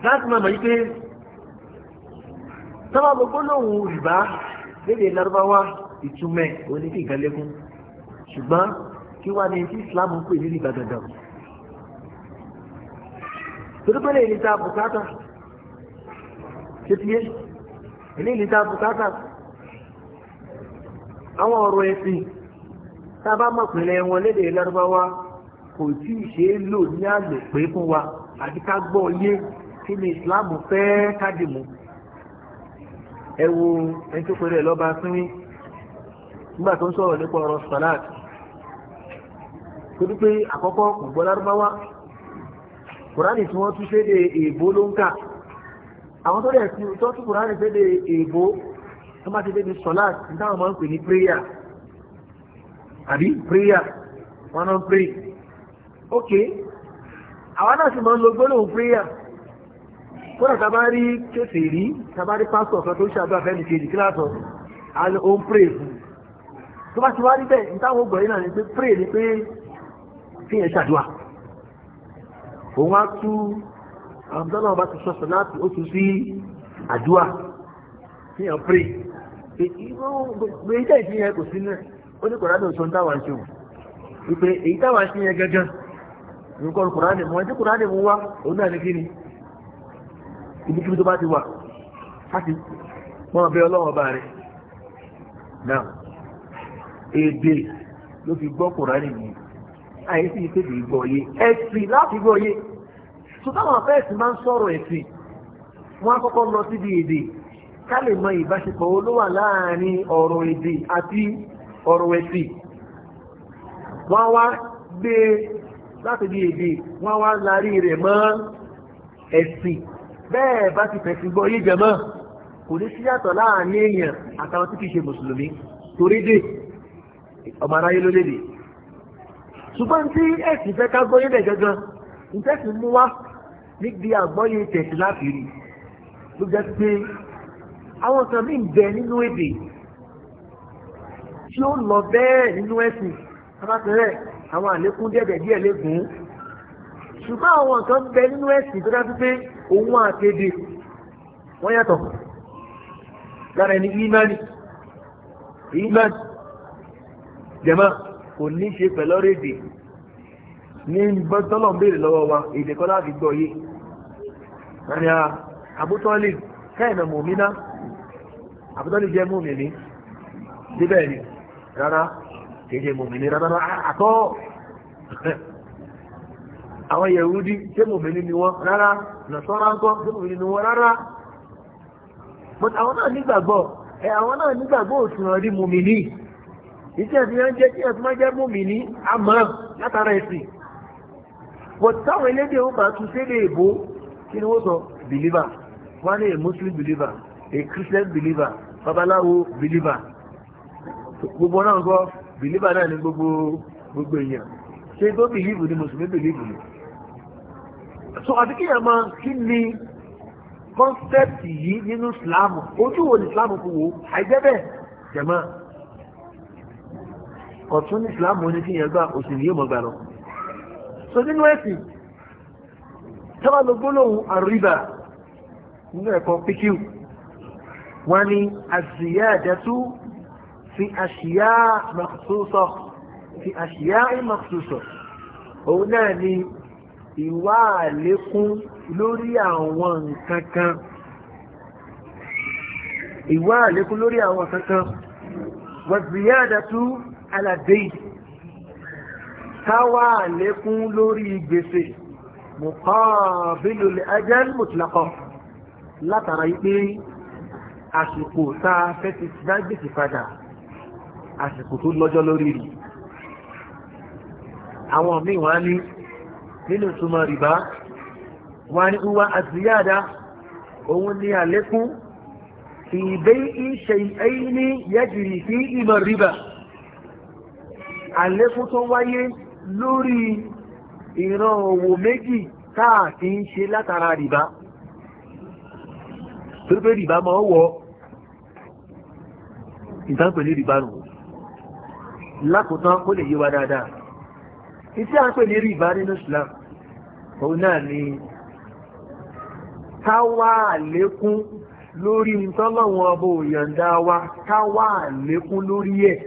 láti máa mọ̀ yí pé sábà gbogbo lòun rìbá lédè lárúbáwá ìtumẹ̀ oníkì ìgbàlẹ́kùn ṣùgbọ́n kí wá ní tí islam ń pè ní rìbá dandan torípẹ́lẹ̀ èyí ta bùkátà ṣe ti yé èyí ta bùkátà àwọn ọ̀rọ̀ ẹ̀sìn tá a bá mọ̀ pínlẹ̀ wọn lédè lárúbáwá kò tí ì ṣe lò ní àlòpé fún wa àti ká gbọ́ yé kí ni islam fẹ́ kádìmù ẹ wo ẹni tó pèrè lọ́ba pínrín nígbà tó ń sọ̀rọ̀ nípa ọ̀rọ̀ salat torí pé àkọ́kọ́ kò gbọ́ lárúbáwá kùránì tí wọ́n tún ṣéde èèbó ló ń kà àwọn tó dẹ̀ sí tó tún kùránì ṣéde èèbó tó má ti débi salat nítawọn máa ń pè ní prayer àbí prayer wọn náà ń pray ok àwọn náà sì máa ń lo gbólóhùn prayer kódà tàbá rí kéfè rí tàbá rí pásítọ̀ kan tó ń ṣàdúrà fẹ́ni kejì kíláàsọ̀ and ó ń pray fún tó bá ti wá rí bẹ́ẹ̀ nítawọn ògbọ̀n yìí náà ni pé pray ni pé fíyẹn ṣàdúrà òun á tú àmúdánà ọba ti sọ̀sọ̀ láti ó tún sí àdúrà fíyẹn pray pé iṣẹ́ ìfihàn kò sí náà ó ní kòránì ò sọ ń táwọn ṣe wù wípé èyí táwọn ṣe yẹn gẹ́gẹ́ nǹkan kòránì mọ́ ẹni tí kòránì mú wá òun náà ní kí ni ibi kí tó bá ti wà láti wọ́n bẹ ọlọ́wọ́ bá rẹ̀ náà èdè ló fi gbọ́ kùránì yìí àyè sì ṣe fi gbọ́ yé ẹ̀sìn láti gbọ́ yé tó táwọn afẹ́ẹ̀sì máa ń sọ̀rọ̀ ẹ̀sìn wọ́n á lọ síbi èdè ká lè mọ ìbáṣepọ̀ olówà láàárín ọ̀rọ̀ èdè àti ọ̀rọ̀ ẹ̀sìn wọ́n wá gbé láti bí èdè wọ́n wá larí rẹ̀ mọ́ ẹ̀sìn bẹ́ẹ̀ bá ti fẹ̀sìn gbọ́ yé jẹ̀mọ́ kò ní sí yàtọ̀ láàrin èèyàn àtàwọn tí kìí ṣe mùsùlùmí torí dè ọmọ aráyé ló lédè ṣùgbọ́n tí ẹ̀sìn fẹ́ ká gbọ́yé bẹ̀ gangan ìfẹ́sìn mú wá níbi àgbọ́yé tẹ̀sí láti rí ló jẹ́ pé àwọn kan mí ń bẹ nínú èdè tí ó lọ bẹ́ẹ̀ nínú ẹ̀sìn abáfẹ́rẹ́ àwọn àlékún díẹ̀ díẹ̀ lẹ́gùn ṣùgbọ́n àwọn kan bẹ nínú ẹ̀sìn tó dájú pé òun àtẹ́dẹ wọ́n yàtọ̀ lára ẹni imani imani jẹ́mà kò ní ṣe pẹ̀lọ́rọ̀ èdè ní bọ́tọ́lọ̀ ń béèrè lọ́wọ́ wa èdè kọ́ láti gbọ́ yé lára àbútọ́lì kẹ́ẹ̀nà mòmíná àbútọ́lì jẹ́ mòmìnì débẹ̀ ni rárá kéde mòmìnì rárá àtọ́ àwọn yẹ̀wúdí ṣé mòmìnì ni wọ́n rárá nàṣọ́ra ń kọ́ tó kòmìnì wọn rárá but àwọn náà nígbàgbọ́ ẹ àwọn náà nígbàgbọ́ òṣùwọ̀n rí mùmìnì iṣẹ́ ti máa ń jẹ́ kí ẹ̀sùn máa jẹ́ mùmìnì àmọ́ látara ẹ̀sìn but táwọn elédè ó bá tún sédè èbó kí ni wọ́n sọ believer wọ́n ní a muslim believer a christian believer babaláwo believer gbogbo náà ń kọ́ believer náà ní gbogbo gbogbo èèyàn ṣé tó believe ni mùsùlùmí believe ni so àti kí yẹn máa kí ni kọ́nsẹ́pì yìí nínú ìsìláàmù ojú wo ni ìsìláàmù fún wo àìjẹ́ bẹ́ẹ̀ jẹ̀mọ́ ọ̀tún ní ìsìláàmù ní kí yẹn gbà òsì ni yóò mọ̀ gbà lọ. so nínú ẹ̀sìn sábà ló gbólóhùn àríbà nínú ẹ̀kọ́ píkíù wọ́n ní àzìyáàdẹ́tú fi àṣìyá màkúsọ̀ fi àṣìyá ìmàkúsọ̀ òun náà ni ìwà àlékún lórí àwọn nǹkan kan ìwà àlékún lórí àwọn kankan wàzíyádàtú aládéì káwà àlékún lórí gbèsè mọ̀kànbílò ajẹ́l mọ̀tìlákọ̀ látara ipé àsìkò táa fẹ́ ti dá gbèsè padà àsìkò tó lọ́jọ́ lórí rí àwọn míì wá ní nínú ìtumọ̀ rìbá wà ní uwa àzíyàdá òun ni àlékún fi bai'i shay'aini yajri fi ìmọ̀ rìbá àlékún tó wáyé lórí ìran òwò méjì táà kì í ṣe látara rìbá torí pé rìbá máa wọ ìtànpè ní rìbá nù lákòótán kó lè yé dáadáa iṣẹ́ à rìbá nínú Islam òun náà ni ká wá àlékún lórí ìtọ́lọ́wọ́n ọbọ òyàndá wa ká wá àlékún lórí ẹ̀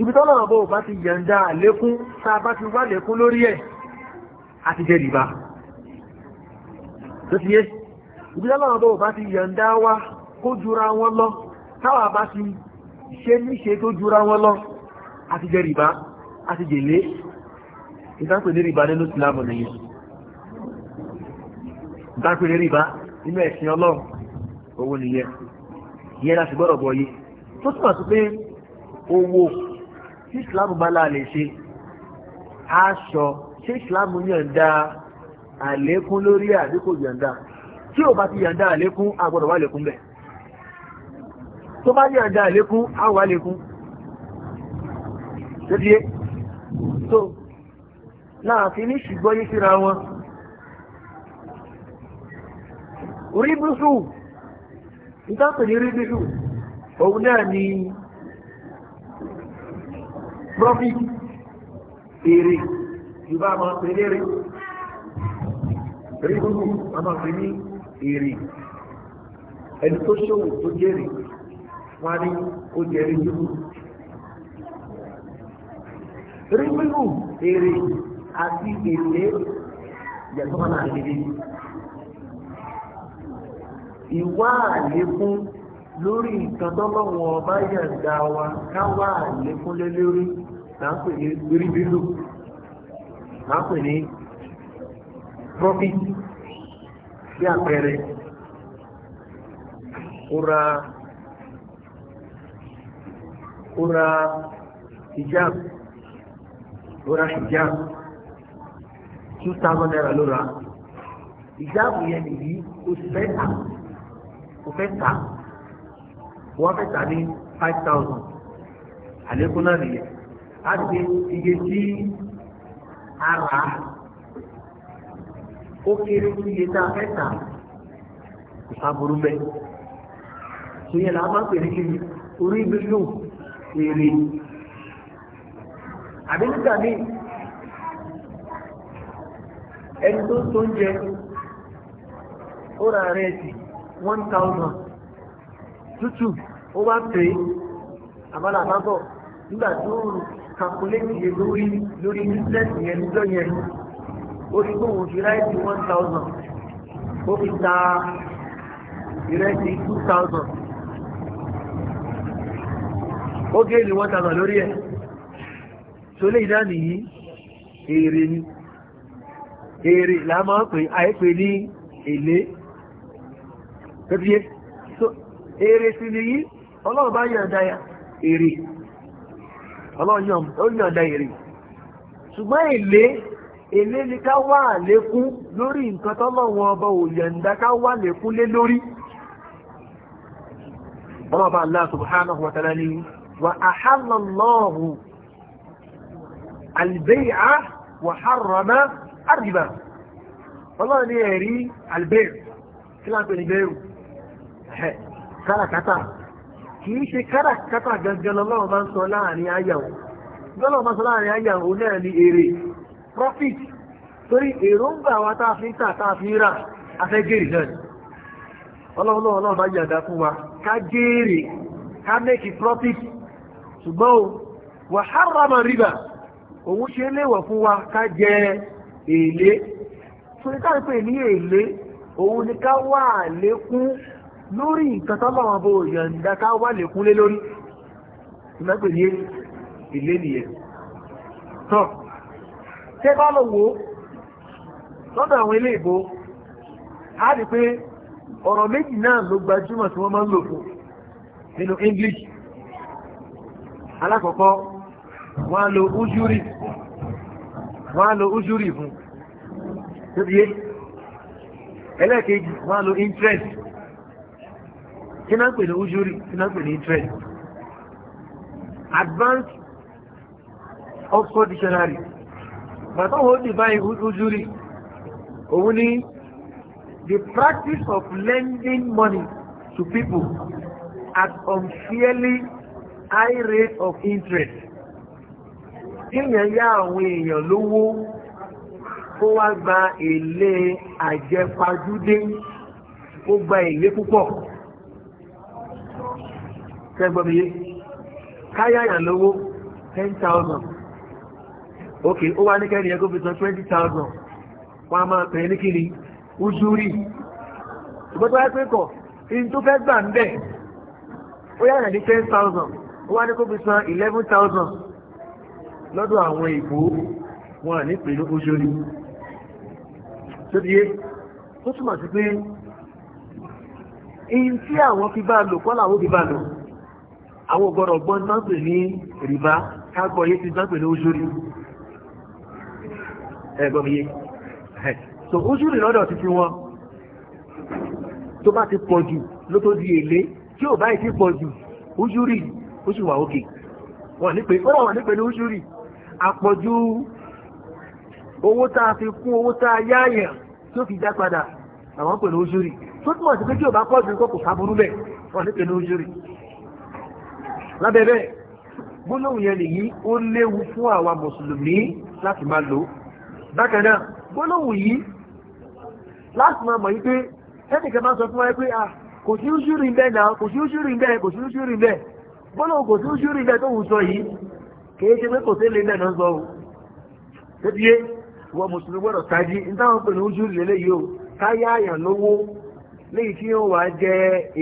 ibi tọ́lọ́wọ́n ọbọ bá ti yàndá àlékún tá bá ti wá lékún lórí ẹ̀ àti jẹ́ rìbá tó ti yé ibi tọ́lọ́wọ́n ọbọ bá ti yàndá wa kó ìtàkùn ní rìbá nínú ìsìlámù nìyí ìtàkùn ní rìbá nínú ẹ̀sìn ọlọ́run owó nìyẹn ìyẹn láti gbọ́dọ̀ bọ̀ yìí tó túmọ̀ sí pé owó tí ìsìlámù bá láà lè ṣe aṣọ ṣé ìsìlámù yọ̀ǹda àlékún lórí àdínkù yọ̀ǹda tí ò bá ti yọ̀ǹda àlékún agbọ́dọ̀ wà lékún bẹ̀ tó bá yọ̀ǹda àlékún á wà lékún tó láàfin ní ṣùgbọ́n yí síra wọn ríbùsù ìtàkùn ní ríbùsù òun náà ni profit èrè ìbá ma pè lérè ríbùsù a máa pè ní èrè ẹni tó ṣòwò tó jèrè wọn ní ó jèrè ríbùsù ríbùsù èrè àti èlé yàtọ̀ wọn náà lédè. Ìwá àlékún lórí nǹkan tọ́lọ́wọ́ ọba yàgbà wa káwá àlékún lé lórí là ń pè ní ríbílù là ń pè hijab. two thousand naira ló ra ìjáàbù yẹn nìyí oṣù mẹ́ta kò fẹ́ tà wọ́n fẹ́ tà ní five thousand àlékún náà nìyẹn á ti iye tí a rà á ó kéré sí iye tá a fẹ́ kò sáburú bẹ́ẹ̀ tó yẹ la máa ń pèrè kí orí ibi lò èrè àbí nígbà míì ẹni tó tó ń jẹ ó ra rẹ̀ sí one thousand tútù ó bá pè é àmàlà àbábọ̀ nígbà tó ń kàkúlẹ́tì yẹn lórí lórí bísíǹsì yẹn níjọ́ yẹn ó ti kó òun fi ráìsì one thousand ó fi ta ìrẹsì two thousand ó gé ní one thousand lórí ẹ̀ tó lè dá nìyí èrè ni. èrè là máa Ele. pè àìpè ní èlé èrè sí ni yí ọlọ́run bá èrè ọlọ́run èrè ṣùgbọ́n èlé èlé ni ká wà lékún lórí nǹkan ọba ò yàǹda ká wà lékún lé lórí ọba Allah subhanahu wa harrama àrìbà ọlọ́run ní ẹ̀rí albert kí láń pè ní bẹ́ẹ̀rù káràkátà kì í ṣe káràkátà gangan lọ́lọ́run máa ń sọ láàrin ayàwó lọ́lọ́run máa ń sọ láàrin ayàwó náà ní èrè profit torí èròǹgbà wa tá a fi ń tà tá a fi ń rà afẹ́gẹ́rì náà ni ọlọ́run náà bá yàdá fún wa ká èlé fún ká pè ní èlé òun ni ká wà lékún lórí nǹkan tọ́lọ̀ wọn bó ká wà lékún lé lórí ìgbà ní èlé nìyẹn tọ́ tẹ́ bá lọ lọ́dọ̀ àwọn ilé ìbò a rí pé ọ̀rọ̀ méjì náà ló gbajúmọ̀ tí wọ́n máa ń lò fún nínú English alákọ̀ọ́kọ́ wọ́n lo wọ́n á lo ujúrì fún títíyé ẹlẹ́ẹ̀kejì wọ́n á lo interest kí náà pè ní ujúrì kí náà pè ní interest advance Oxford dictionary bàtà wọ́n define ujúrì òun ni the practice of lending money to people at unfairly high rate of interest kíyàn yá àwọn èèyàn lówó kó wá gba èlé àjẹpajúdé ó gba èlé púpọ̀ kẹgbọ́mìyé káyàyàn lówó ten thousand ok ó wá ní kẹ́rin ẹgbẹ́ òfin san twenty thousand wọ́n a máa pẹ̀lú kíni ujúrí ṣùgbọ́n tó wá pé kọ̀ in tó fẹ́ gbà ń bẹ̀ ó yàrá ní ten thousand ó wá ní kó fi san eleven thousand lọ́dọ̀ àwọn ìbò wọn à ní pè ní ojúrí tó di é ó túmọ̀ sí pé in tí àwọn fi bá lò kọ́ làwọn fi bá lò àwọn ògbọ́dọ̀ gbọ́n tán pè ní rìbá kágbọ́ yé ti tán pè ní ojúrí ẹ̀gbọ́n yé so ojúrí lọ́dọ̀ ti fi wọn tó bá ti pọ̀ jù ló tó di èlé tí ò báyìí ti pọ̀ jù ojúrí ó sì wà òkè wọn ní pẹ̀lú ojúrí àpọ̀jú owó tá a fi kún owó tá a yáàyàn tí ó fi já padà àwọn pẹ̀lú ojúrì tó túmọ̀ sí pé kí o bá pọ̀jù nǹkan kò sáburú bẹ̀ wọ́n ní pẹ̀lú ojúrì lábẹ́bẹ́ gbólóhùn yẹn nìyí ó léwu fún àwa mùsùlùmí láti máa lò bákan náà gbólóhùn yìí láti máa mọ̀ yí pé ẹnìkan máa sọ fún wa pé ah kò sí ojúrì bẹ́ẹ̀ náà kò sí ojúrì bẹ́ẹ̀ kò sí ojúrì bẹ́ẹ̀ gbólóhùn kò sí ojúrì bẹ́ẹ̀ tó wù sọ yìí kìí ṣe pé kò sí ilé náà sọ o tẹ́tíyé wọ mùsùlùmí gbọ́dọ̀ tají nítawọn pè ní ojú ìlélẹ́ yìí o àyàn lówó léyìí tí yóò wá jẹ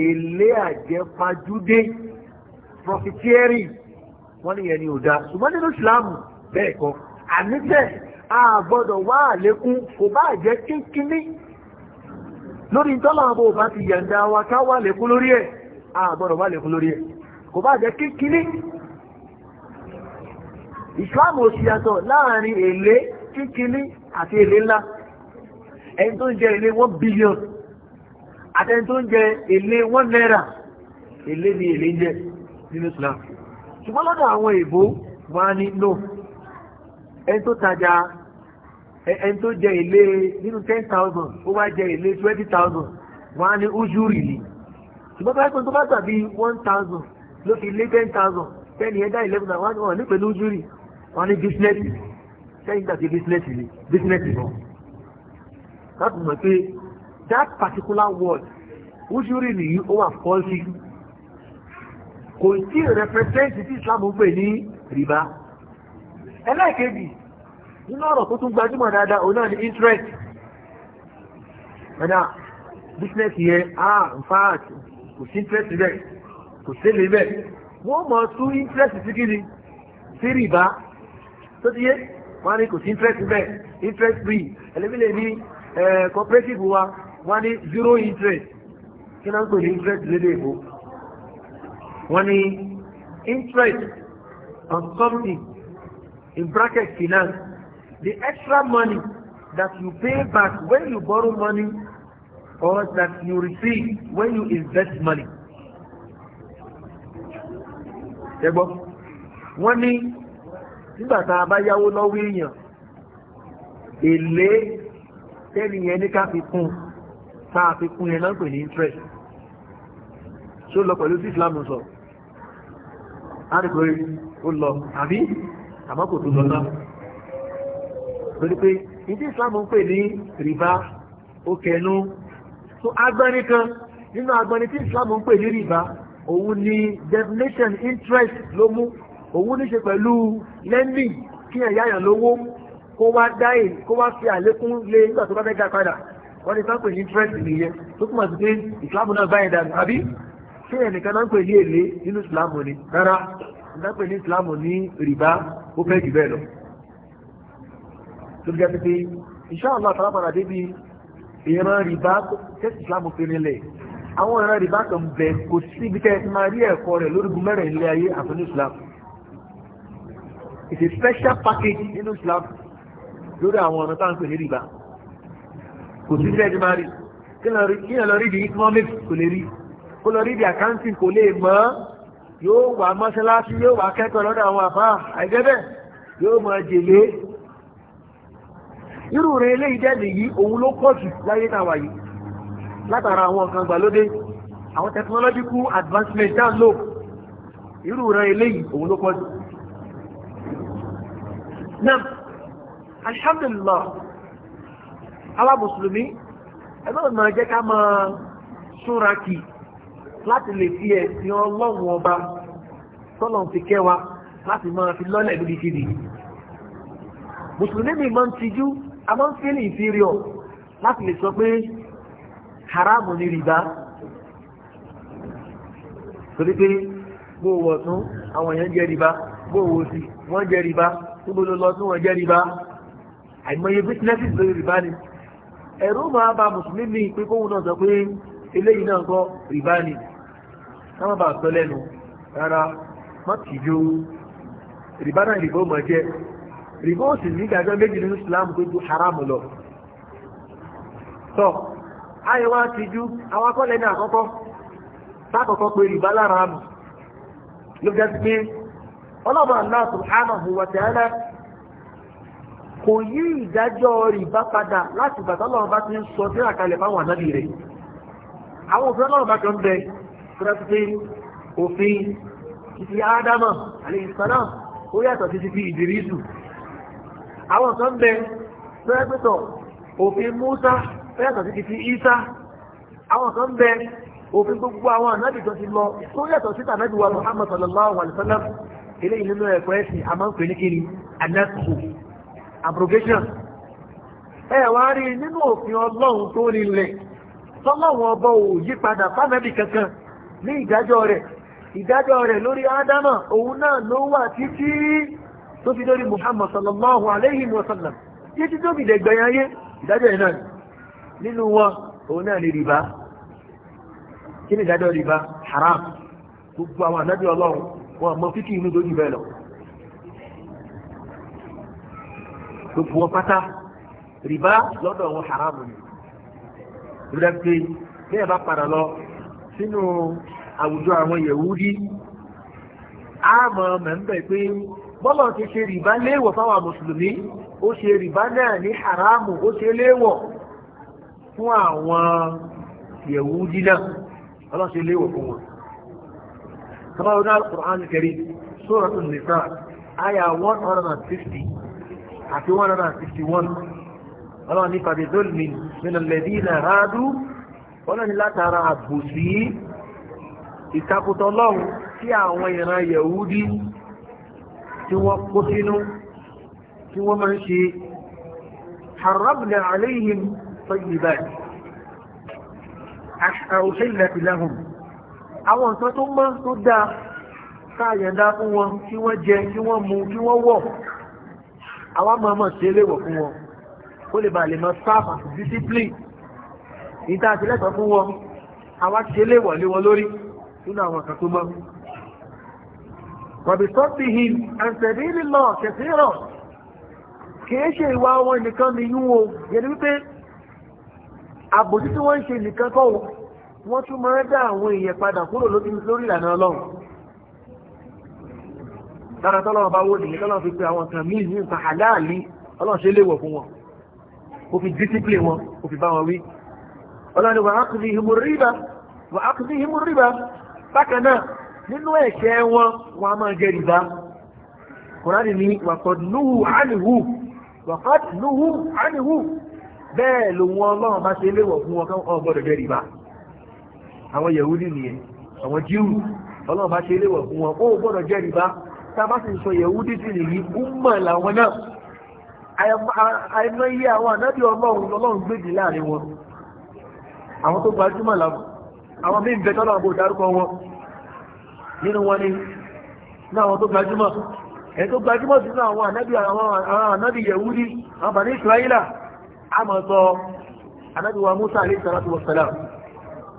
èlé àjẹpajúdé profiteering wọ́n ní ni ò da ṣùgbọ́n nínú ìsìláàmù bẹ́ẹ̀ kọ́ àníṣe a wá àlékún kò bá jẹ́ kínkínní lórí bá ti yàǹda wa ká wá a lórí ẹ̀ kò bá jẹ́ islam ò sí yàtọ̀ láàrin èlé kíkíní àti èlé ńlá ẹni tó ń jẹ èlé one billion àtẹni tó ń jẹ èlé one naira èlé ni èlé ń jẹ nínú islam ṣùgbọ́n lọ́dọ̀ àwọn èèbó wọ́n á ní no ẹni tó tajà ẹni tó jẹ èlé nínú ten thousand ó wá jẹ èlé twenty thousand wọ́n á ní ujúrì ni ṣùgbọ́n báyìí kan tó bá gbà one thousand ló fi lé ten thousand ten yẹn dá eleven thousand wọ́n á ní pẹ̀lú ujúrì wọ́n ní bísínẹ́sì sẹ́yìn gbàgbé bísínẹ́sì ni bísínẹ́sì náà láti mọ̀ pé that particular word wúṣúrì nìyí ó wà fọ́ọ̀sì kò sí rẹpẹtẹ́ǹtì tí Islam ń pè ní rìbá ẹlẹ́ẹ̀kejì nínú ọ̀rọ̀ tó tún gbajúmọ̀ dáadáa òun náà ni interest ẹ̀dá business yẹn ah in fact kò sí interest bẹ́ẹ̀ kò sí èlé bẹ́ẹ̀ wọ́n mọ̀ tún interest sí kí ni sí rìbá tó ti yé wọ́n ní kò sí interest bẹ́ẹ̀ interest free ẹlẹ́mílẹ̀ ní cooperative wa wọ́n ní zero interest kí náà ń pè ní interest lédè èkó wọ́n ní interest on something in bracket finance the extra money that you pay back when you borrow money or that you receive when you invest money. Ẹgbọ́, wọ́n nígbà tá a bá yáwó lọ́wọ́ èèyàn èlé tẹ́nìyẹn ní ká fi yẹn náà pè ní interest ṣó lọ pẹ̀lú sí Islam sọ àdìgbò ó lọ àbí àmọ́ kò tó lọ náà pẹ̀lú pé ìdí Islam ń pè ní rìbá ó kẹnu so agbẹ́ni kan nínú agbẹ́ni tí Islam ń pè ní rìbá òun ni definition interest ló mú òun ní ṣe pẹ̀lú lẹ́ndì kí ẹ̀yà yàn lówó kó wá dáì kó wá fi àlékún lé nígbà tó bá fẹ́ dá padà wọ́n ní sáńpẹ̀ ní interest nìyẹn tó túmọ̀ sí pé ìsìlámù náà báyìí dànù àbí ṣé ẹnìkan náà ń pè ní èlé nínú ìsìlámù ni rárá ìdápẹ̀ ní ìsìlámù ní rìbá ó fẹ́ jù bẹ́ẹ̀ lọ tó jẹ́ pípé ìṣáàlá àtàlápàdà débi ìran rìbá tẹ́sì ìsìlámù fi nílẹ̀ àwọn ìran rìbá kan bẹ̀ kò sí ibi tẹ́ máa rí ẹ̀kọ́ rẹ̀ lórí gumẹ́rẹ̀ ilé ayé àtúnú It's a special package nínú Islam lórí àwọn ọ̀nà táwọn pè ní rìbá kò sí sẹ́ẹ̀dì máa rí kí lọ rí di economic kò lè rí kó lọ rí di accounting kò lè mọ̀ yóò wà mọ́ṣáláṣí yóò wà kẹ́kọ̀ọ́ lọ́dọ̀ àwọn àbá àìjẹ́bẹ̀ yóò mọ jèlé irú rẹ̀ eléyìí dẹ́ nìyí òun ló pọ̀ jù láyé náà wáyé látara àwọn nǹkan gbàlódé àwọn technological advancement dáńlò irú rẹ̀ eléyìí òun ló pọ̀ jù náà alhamdulillah àwa mùsùlùmí ẹgbẹ́ òmìnira jẹ́ ká máa súnra kì láti lè fi ẹ̀sìn ọlọ́run ọba tọ́lọ̀ fi kẹwa láti máa fi lọ́lẹ̀ níbi kìdì mùsùlùmí mi ń tijú a máa ń fi ní inferior láti lè sọ pé haramu ni rìbá torí pé bó wọ̀ tún àwọn èèyàn jẹ́ rìbá bó sí wọ́n jẹ́ rìbá níbo ló lọ tí wọ́n jẹ́ rìbá àìmọye businesses lórí rìbá ni ẹ̀rọ máa ba mùsùlùmí ní pé kóhun náà sọ pé eléyìí náà kọ́ rìbá ni táwọn bá sọ lẹ́nu rárá má kì jó rìbá náà rìbá mọ̀ jẹ́ rìbá sì ní ìdájọ́ méjì nínú Islam tó ju haram lọ tọ́ ayẹwà ti ju àwọn akọ́lẹ̀ ní àkọ́kọ́ sákọ̀kọ́ pé rìbá lára àmì ló jẹ́ pé ọlọ́ba Allah subhanahu wa ta'ala kò yí ìdájọ́ rìbá padà láti gbàtà ọlọ́run bá ti ń sọ sí àkàlẹ̀ fáwọn ànábì rẹ̀ àwọn òfin ọlọ́run bá kan bẹ fúrẹ́sì òfin títí ádámà alayhi salam ó yàtọ̀ sí títí ìdírísù àwọn kan bẹ fúrẹ́sìtọ̀ òfin Musa ó yàtọ̀ sí Isa àwọn kan bẹ òfin gbogbo àwọn ànábì tó ti lọ tó yàtọ̀ sí tànábì eléyìí nínú ẹ̀kọ́ ẹ̀sìn a máa ń pè ní kiri anasco abrogation ẹ wá rí nínú òfin ọlọ́run tó rinlẹ̀ tọ́lọ́run ọba ò yí padà fámẹ́bì kankan ní ìdájọ́ rẹ̀ ìdájọ́ rẹ̀ lórí ádámà òun náà ló wà títí tó fi lórí muhammad sallallahu alayhi wa sallam títí tó fi dẹ̀gbẹ̀yàn ayé ìdájọ́ ẹ̀ náà nínú wọn òun náà ní rìbá kí ni ìdájọ́ rìbá haram gbogbo àwọn àdájọ́ ọlọ́run wọn mọ fíkì inú lójú bẹ́ẹ̀ lọ gbogbo wọn pátá rìbá lọ́dọ̀ wọn haramu ni rẹ̀ pé bí ẹ bá padà lọ sínú àwùjọ àwọn yẹ̀wúdí àmọ́ mẹ́mbẹ̀ pé bọ́lọ̀ ti ṣe rìbá léèwọ̀ fáwọn mùsùlùmí ó ṣe rìbá náà ní haramu ó ṣe léèwọ̀ fún àwọn yẹ̀wúdí náà ọlọ́ṣe léèwọ̀ fún wọn قرأنا القرآن الكريم سورة النساء آية 150 حتى 151 قال فبظلم من الذين هادوا ولن لا ترى àbòsí ìtakùtọ̀ lọ́wọ́ tí àwọn يهودي yẹ̀húdí tí wọ́n kó sínú عليهم طيبات أحسن أحلت لهم àwọn nǹkan tó mọ́ tó dáa káàyẹ̀dá fún wọn kí wọ́n jẹ kí wọ́n mu kí wọ́n wọ̀ àwọn máa mọ̀ sí eléwọ̀ fún wọn kó lè bàa lè mọ staff àti discipline ìta àti lẹ́tọ̀ọ́ fún wọn àwọn ti ṣe eléwọ̀ lé wọn lórí nínú àwọn nǹkan tó mọ́ wàbí sọ́ọ̀tì him àǹtẹ̀bí lílọ kẹsì rọ̀ kìí ṣe ìwà wọn nìkan ni yún o yẹni wípé àbòsí tí wọ́n ń ṣe nìkan kọ́ wọn wọ́n tún máa dá àwọn èèyàn padà kúrò lórí ìlànà ọlọ́run dára tọ́lọ́run bá wó nìyẹn tọ́lọ́run fi pe àwọn kan míì ní nǹkan àláàlí ọlọ́run ṣe léèwọ̀ fún wọn kò fi discipline wọn kò fi bá wọn wí ọlọ́run ni wà á kùdí ìhìmù rírà wà á kùdí ìhìmù rírà bákan náà nínú ẹ̀ṣẹ̀ wọn wọn a máa jẹ rìbá kùránì ní wàkọ̀dùnúhù ánìhù wàkọ̀dùnúhù ánìhù bẹ́ẹ̀ lòun ọlọ́run bá ṣe léèwọ̀ fún wọn kọ́ ọgbọ́dọ̀ jẹ rìbá àwọn yẹ̀wúdí nìyẹn àwọn jíù ọlọ́run bá ṣe léwọ̀ fún wọn ó gbọ́dọ̀ jẹ́ rìbá tá a bá sì ń sọ yẹ̀wúdí sí nìyí ó mọ̀ làwọn náà àìmọ̀ iye àwọn ànábì ọlọ́run lọ́lọ́run gbèdì láàrin wọn àwọn tó gbajúmọ̀ làwọn àwọn mí ń bẹ tọ́lọ̀ àbò dárúkọ wọn nínú wọn ni náà àwọn tó gbajúmọ̀ ẹ̀ tó gbajúmọ̀ sí náà àwọn ànábì àwọn ànábì yẹ̀wúdí àwọn bàní ìsìláyílà àmọ̀ sọ ànábì wa Musa alayhi salatu wa salam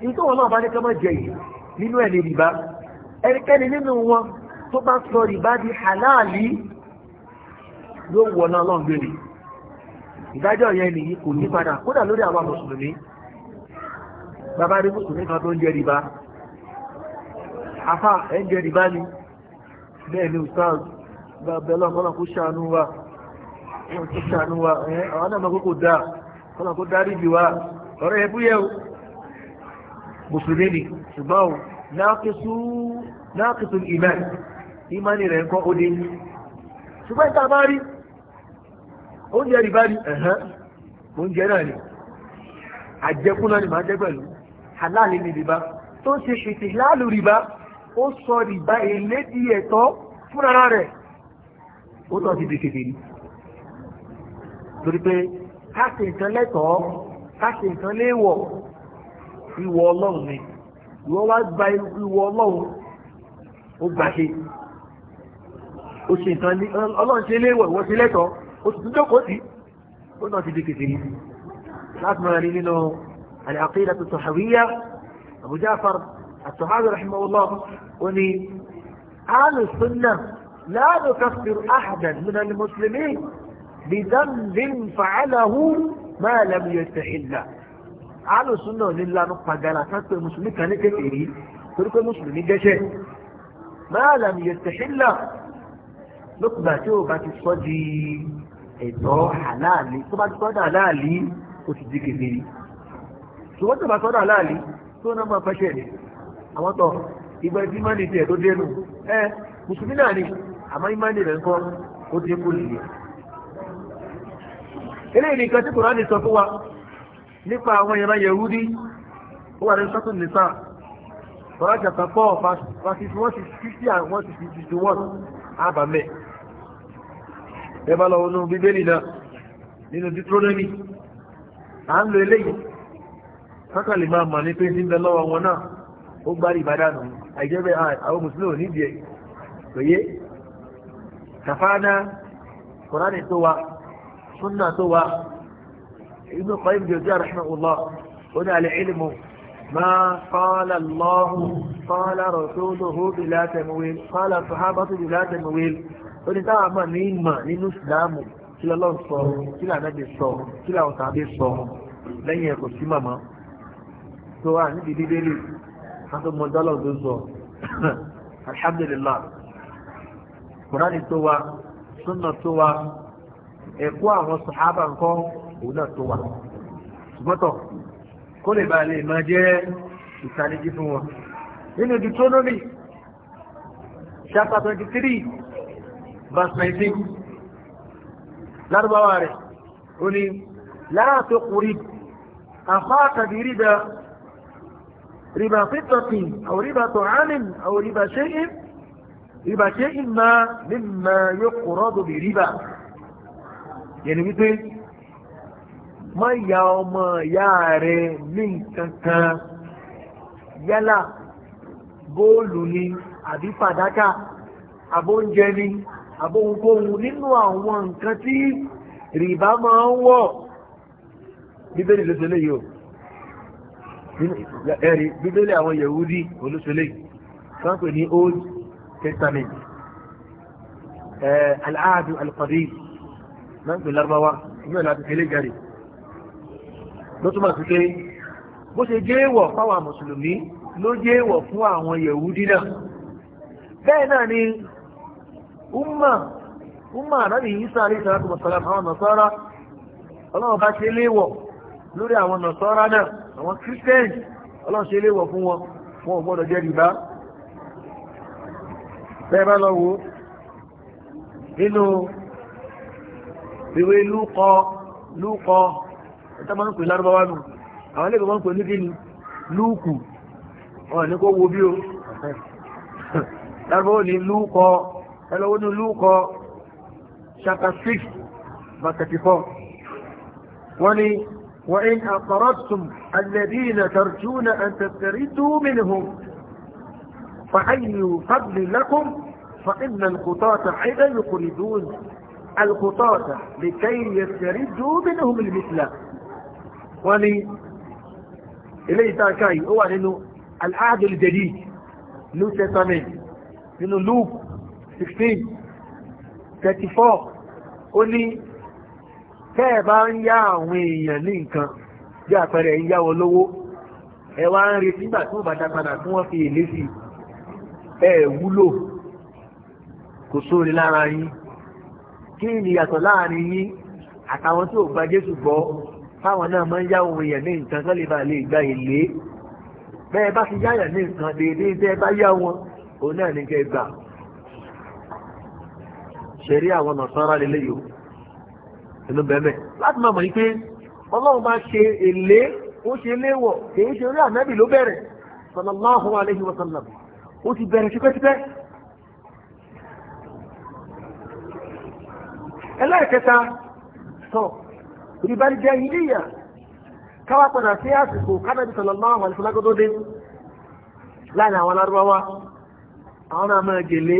nítorí wọn náà bá ní ká má jẹ yìí nínú ẹ̀ ní rìbá ẹnikẹ́ni nínú wọn tó bá sọ rìbá di halali ló wọ̀ náà lọ́n gbére ìdájọ́ yẹn nìyí kò ní padà kódà lórí àwọn mùsùlùmí bàbá rí mùsùlùmí kan tó ń jẹ rìbá afá ẹ̀ ń jẹ rìbá ni bẹ́ẹ̀ ni ustaz bàbá ọlọ́mọlá kó ṣàánú wa wọ́n ṣàánú wa ẹ̀ àwọn náà mọ̀ kó kò dáa ọlọ́mọ kó dárí jù wa ọ̀rọ̀ yẹ o mùsùlùmí ni ṣùgbọ́n o náàkìsù ìmán ìmánì rẹ̀ ń kọ́ ó dé ṣùgbọ́n ìta bá rí oúnjẹ rí bá rí ẹ̀hán oúnjẹ náà ni àjẹkù náà ni màá jẹ́ pẹ̀lú halal ni rìbá tó ṣe ṣètì láàlú rìbá ó sọ rìbá èlé di ẹ̀tọ́ fúnra rẹ̀ ó tọ́ ti di ṣètì ni torí pé ká ṣe nǹkan lẹ́tọ̀ọ́ ká ṣe nǹkan léèwọ̀ ìwọ ọlọ́run ni ìwọ wá gba ìwọ ọlọ́run ó gbà ṣe ó ṣe nǹkan ní ọlọ́run ṣe léwọ̀ ìwọ ṣe lẹ́tọ̀ọ́ ó sì tún jókòó sí ó náà ti di kìtìrì láti máa rí nínú àlàkídà tó tọ̀hàwíyá Abu Ja'far àtọ̀hàbí rahimahullah ó ní ahlu sunnah la nukaffiru ahadan minal muslimin bi dhanbin fa'alahu ma lam yastahillahu alùsùn náà ní lanu pàgàlà kan pé mùsùlùmí kan ní kékeré torí pé mùsùlùmí dẹ́ṣẹ̀ máa làm yẹtẹ̀hílà lókùnbà tí o bá ti sọ di ẹ̀tọ́ àláàlì tó bá ti sọ́dọ̀ àláàlì o ti di kékeré ṣùgbọ́n tó bá sọ́dọ̀ àláàlì tó náà máa fẹ́ṣẹ̀ ni àwọn tó ìgbà tí má ní tiẹ̀ tó dénú ẹ mùsùlùmí náà ni àmọ́ ìmánì rẹ̀ ń kọ́ ó ti kú nìyẹn eléyìí nìkan tí kòránì sọ fún wa nípa àwọn ìran yẹ̀rúdí ó wà ní sọ́tún nìsá ọ̀rọ̀ jàpá paul fasis 161 àbàmẹ́ ẹbá lọ inú bíbélì náà nínú Deuteronomy à ń lo eléyìí kákàlì máa mà ní pé sí ń bẹ lọ́wọ́ wọn náà ó gbárí ìbádànù àìjẹ́bẹ̀ àwọn mùsùlùmí nídìí ẹ̀ lóye kàfáàná kọ̀ránì tó wa súnà tó wa Ibn Qayyim Jawziyya rahimahullah ó ní al-ilmu ma qala Allahu qala rasuluhu bila tamwil qala sahabatu bila tamwil ó ní táwọn àmọ́ ní ìmọ̀ nínú ìsìlámù kí lọ́lọ́ sọ kí lànàbì sọ kí làwọn tàbí sọ lẹ́yìn ẹ̀kọ́ sí màmá tó wà níbi bíbélì àti mọ̀dálọ̀ tó sọ alhamdulillah kùránì tó wa súnà tó wa ẹ̀kọ́ àwọn sàhábà nǹkan òun náà tó wà ṣùgbọ́tọ̀ kó lè bàa lè máa jẹ́ ìtanijí fún wọn nínú Deuteronomy chapter twenty three verse nineteen lárúbáwá rẹ̀ ó ní láàtò kùrí àfáàkà bí rí da riba fitatin aw riba ta'amin aw riba shay'in riba shay'in ma mimma yuqradu bi riba yẹni wípé má ya ọmọ ìyá rẹ ní nǹkan kan yálà góòlù ni àbí fàdákà àbóúnjẹ ni àbóhunkóhun nínú àwọn nǹkan tí rìbá máa ń wọ̀ bíbélì ló ṣẹlẹ̀ yìí o ẹ̀rí bíbélì àwọn yẹ̀wúdí olóṣèlè kan pè ní old testament ẹ̀ aláàdù alqadim náà ń pè lárúbáwá inú ẹ̀ láti fi lè ló túmọ̀ sí pé bó ṣe jẹ́ èèwọ̀ fáwọn mùsùlùmí ló jẹ́ èèwọ̀ fún àwọn yẹ̀wúdí náà bẹ́ẹ̀ náà ni umma umma ànábì Isa alayhi salatu wa salam àwọn nasara ọlọ́run bá ṣe léèwọ̀ lórí àwọn nasara náà àwọn kírísítẹ́nì ọlọ́run ṣe léèwọ̀ fún wọn wọn ò gbọ́dọ̀ jẹ́ rìbá bẹ́ẹ̀ bá lọ wo nínú ìwé lúkọ lúkọ ẹ̀tọ́ máa ń pè lárúbáwá nù àwọn ilé ìgbọ́n pè ní kí ni lúùkù wọn ní kó wo bí o lárúbáwá ní lúùkọ ẹlọ́wọ́ ní lúùkọ ṣaka 6 bàtàkì 4 wọ́n ni wọ́n in àkọrọ́tùm alẹ́dínà tàrjúnà àtàkàrí tó mìnhùn فأي فضل لكم فإن الخطاة حين يخرجون الخطاة لكي يستردوا منهم المثلى wọ́n ní ilé ìtànká yìí ó wà nínú al-ahdul jadid new testament nínú luke sixteen thirty four ó ní tẹ́ ẹ bá ń yá àwọn èèyàn ní nǹkan bí àpẹẹrẹ ń yá wọn lówó ẹ wá ń retí nígbà tí wọ́n bá dápadà tí wọ́n fi èlé sí ẹ wúlò kò sóore lára yín kí ni ìyàtọ̀ láàrin yín àtàwọn tí ò gba jésù gbọ́ táwọn náà máa ń yáwó èèyàn ní nǹkan kán lè bá lè gba èlé bẹ́ẹ̀ bá ti yáyàn ní nǹkan déédéé bẹ́ẹ̀ bá yá wọn òun náà ní kẹ́ gbà ṣẹ̀rí àwọn nàṣọ́rá lélẹ́ yìí ẹnu bẹ́ẹ̀ láti máa mọ̀ yí pé ọlọ́run bá ṣe èlé ó ṣe léwọ̀ kìí ṣe orí ànábì ló bẹ̀rẹ̀ sallallahu alaihi wa sallam ó ti bẹ̀rẹ̀ tipẹ́tipẹ́ ẹlẹ́ẹ̀kẹta sọ ribal jahiliya káwà padà sí àsìkò kábẹ́bí sallallahu alaihi wasallam tó dé láàrin àwọn alárúbáwá àwọn náà máa gèlè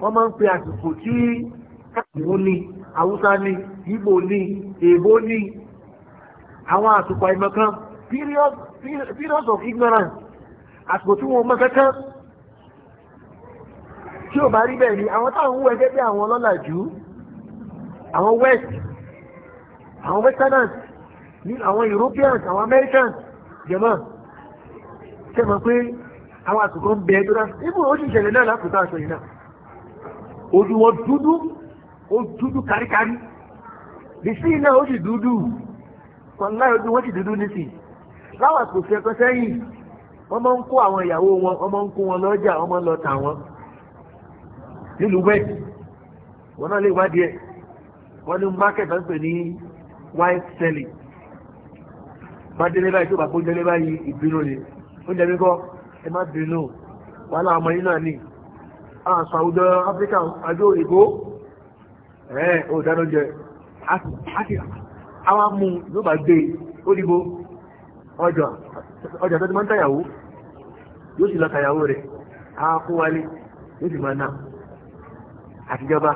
wọ́n máa ń pe àsìkò tí káàkiri ní haúsá ní ìgbò ní èèbó ní àwọn àsìkò àìmọ̀kan periods of ignorance àsìkò tí wọ́n mọ̀ kankan tí ò bá rí bẹ́ẹ̀ ni àwọn táwọn ń wọ ẹgbẹ́ bí àwọn ọlọ́làjú àwọn west àwọn westerners ní àwọn europeans àwọn americans jẹ̀mọ́ tẹ́mọ̀ pé àwọn àsìkò ń bẹ ẹjọ́ náà ibùn ó sì ṣẹlẹ̀ náà lákòótá aṣọ yìí náà ojú wọn dúdú ó dúdú káríkárí bìsí náà ó sì dúdú wàláhì ojú wọn sì dúdú nísì láwọn àsìkò fi ẹ̀kọ́ sẹ́yìn wọ́n máa ń kó àwọn ìyàwó wọn wọ́n máa ń kó wọn lọ́jà wọ́n máa ń lọ tà wọ́n nílùú west wọn náà lè wádìí ẹ̀ wọ́n ní market náà pè ní wine selling bá délé báyìí tó bá gbójú délé báyìí ìbínú ni oúnjẹ mi kọ́ ẹ má bínú wàhálà ọmọ yìí náà ni àṣà àwùjọ áfíríkà àjọ òyìnbó ẹ̀ ò dáná jẹ àwọn amú ló bá gbé ó dìbò ọjà ọjà tó ti máa ń tàyàwó yóò sì lọ tàyàwó rẹ̀ àwọn akúwálé yóò sì máa náà àtijọba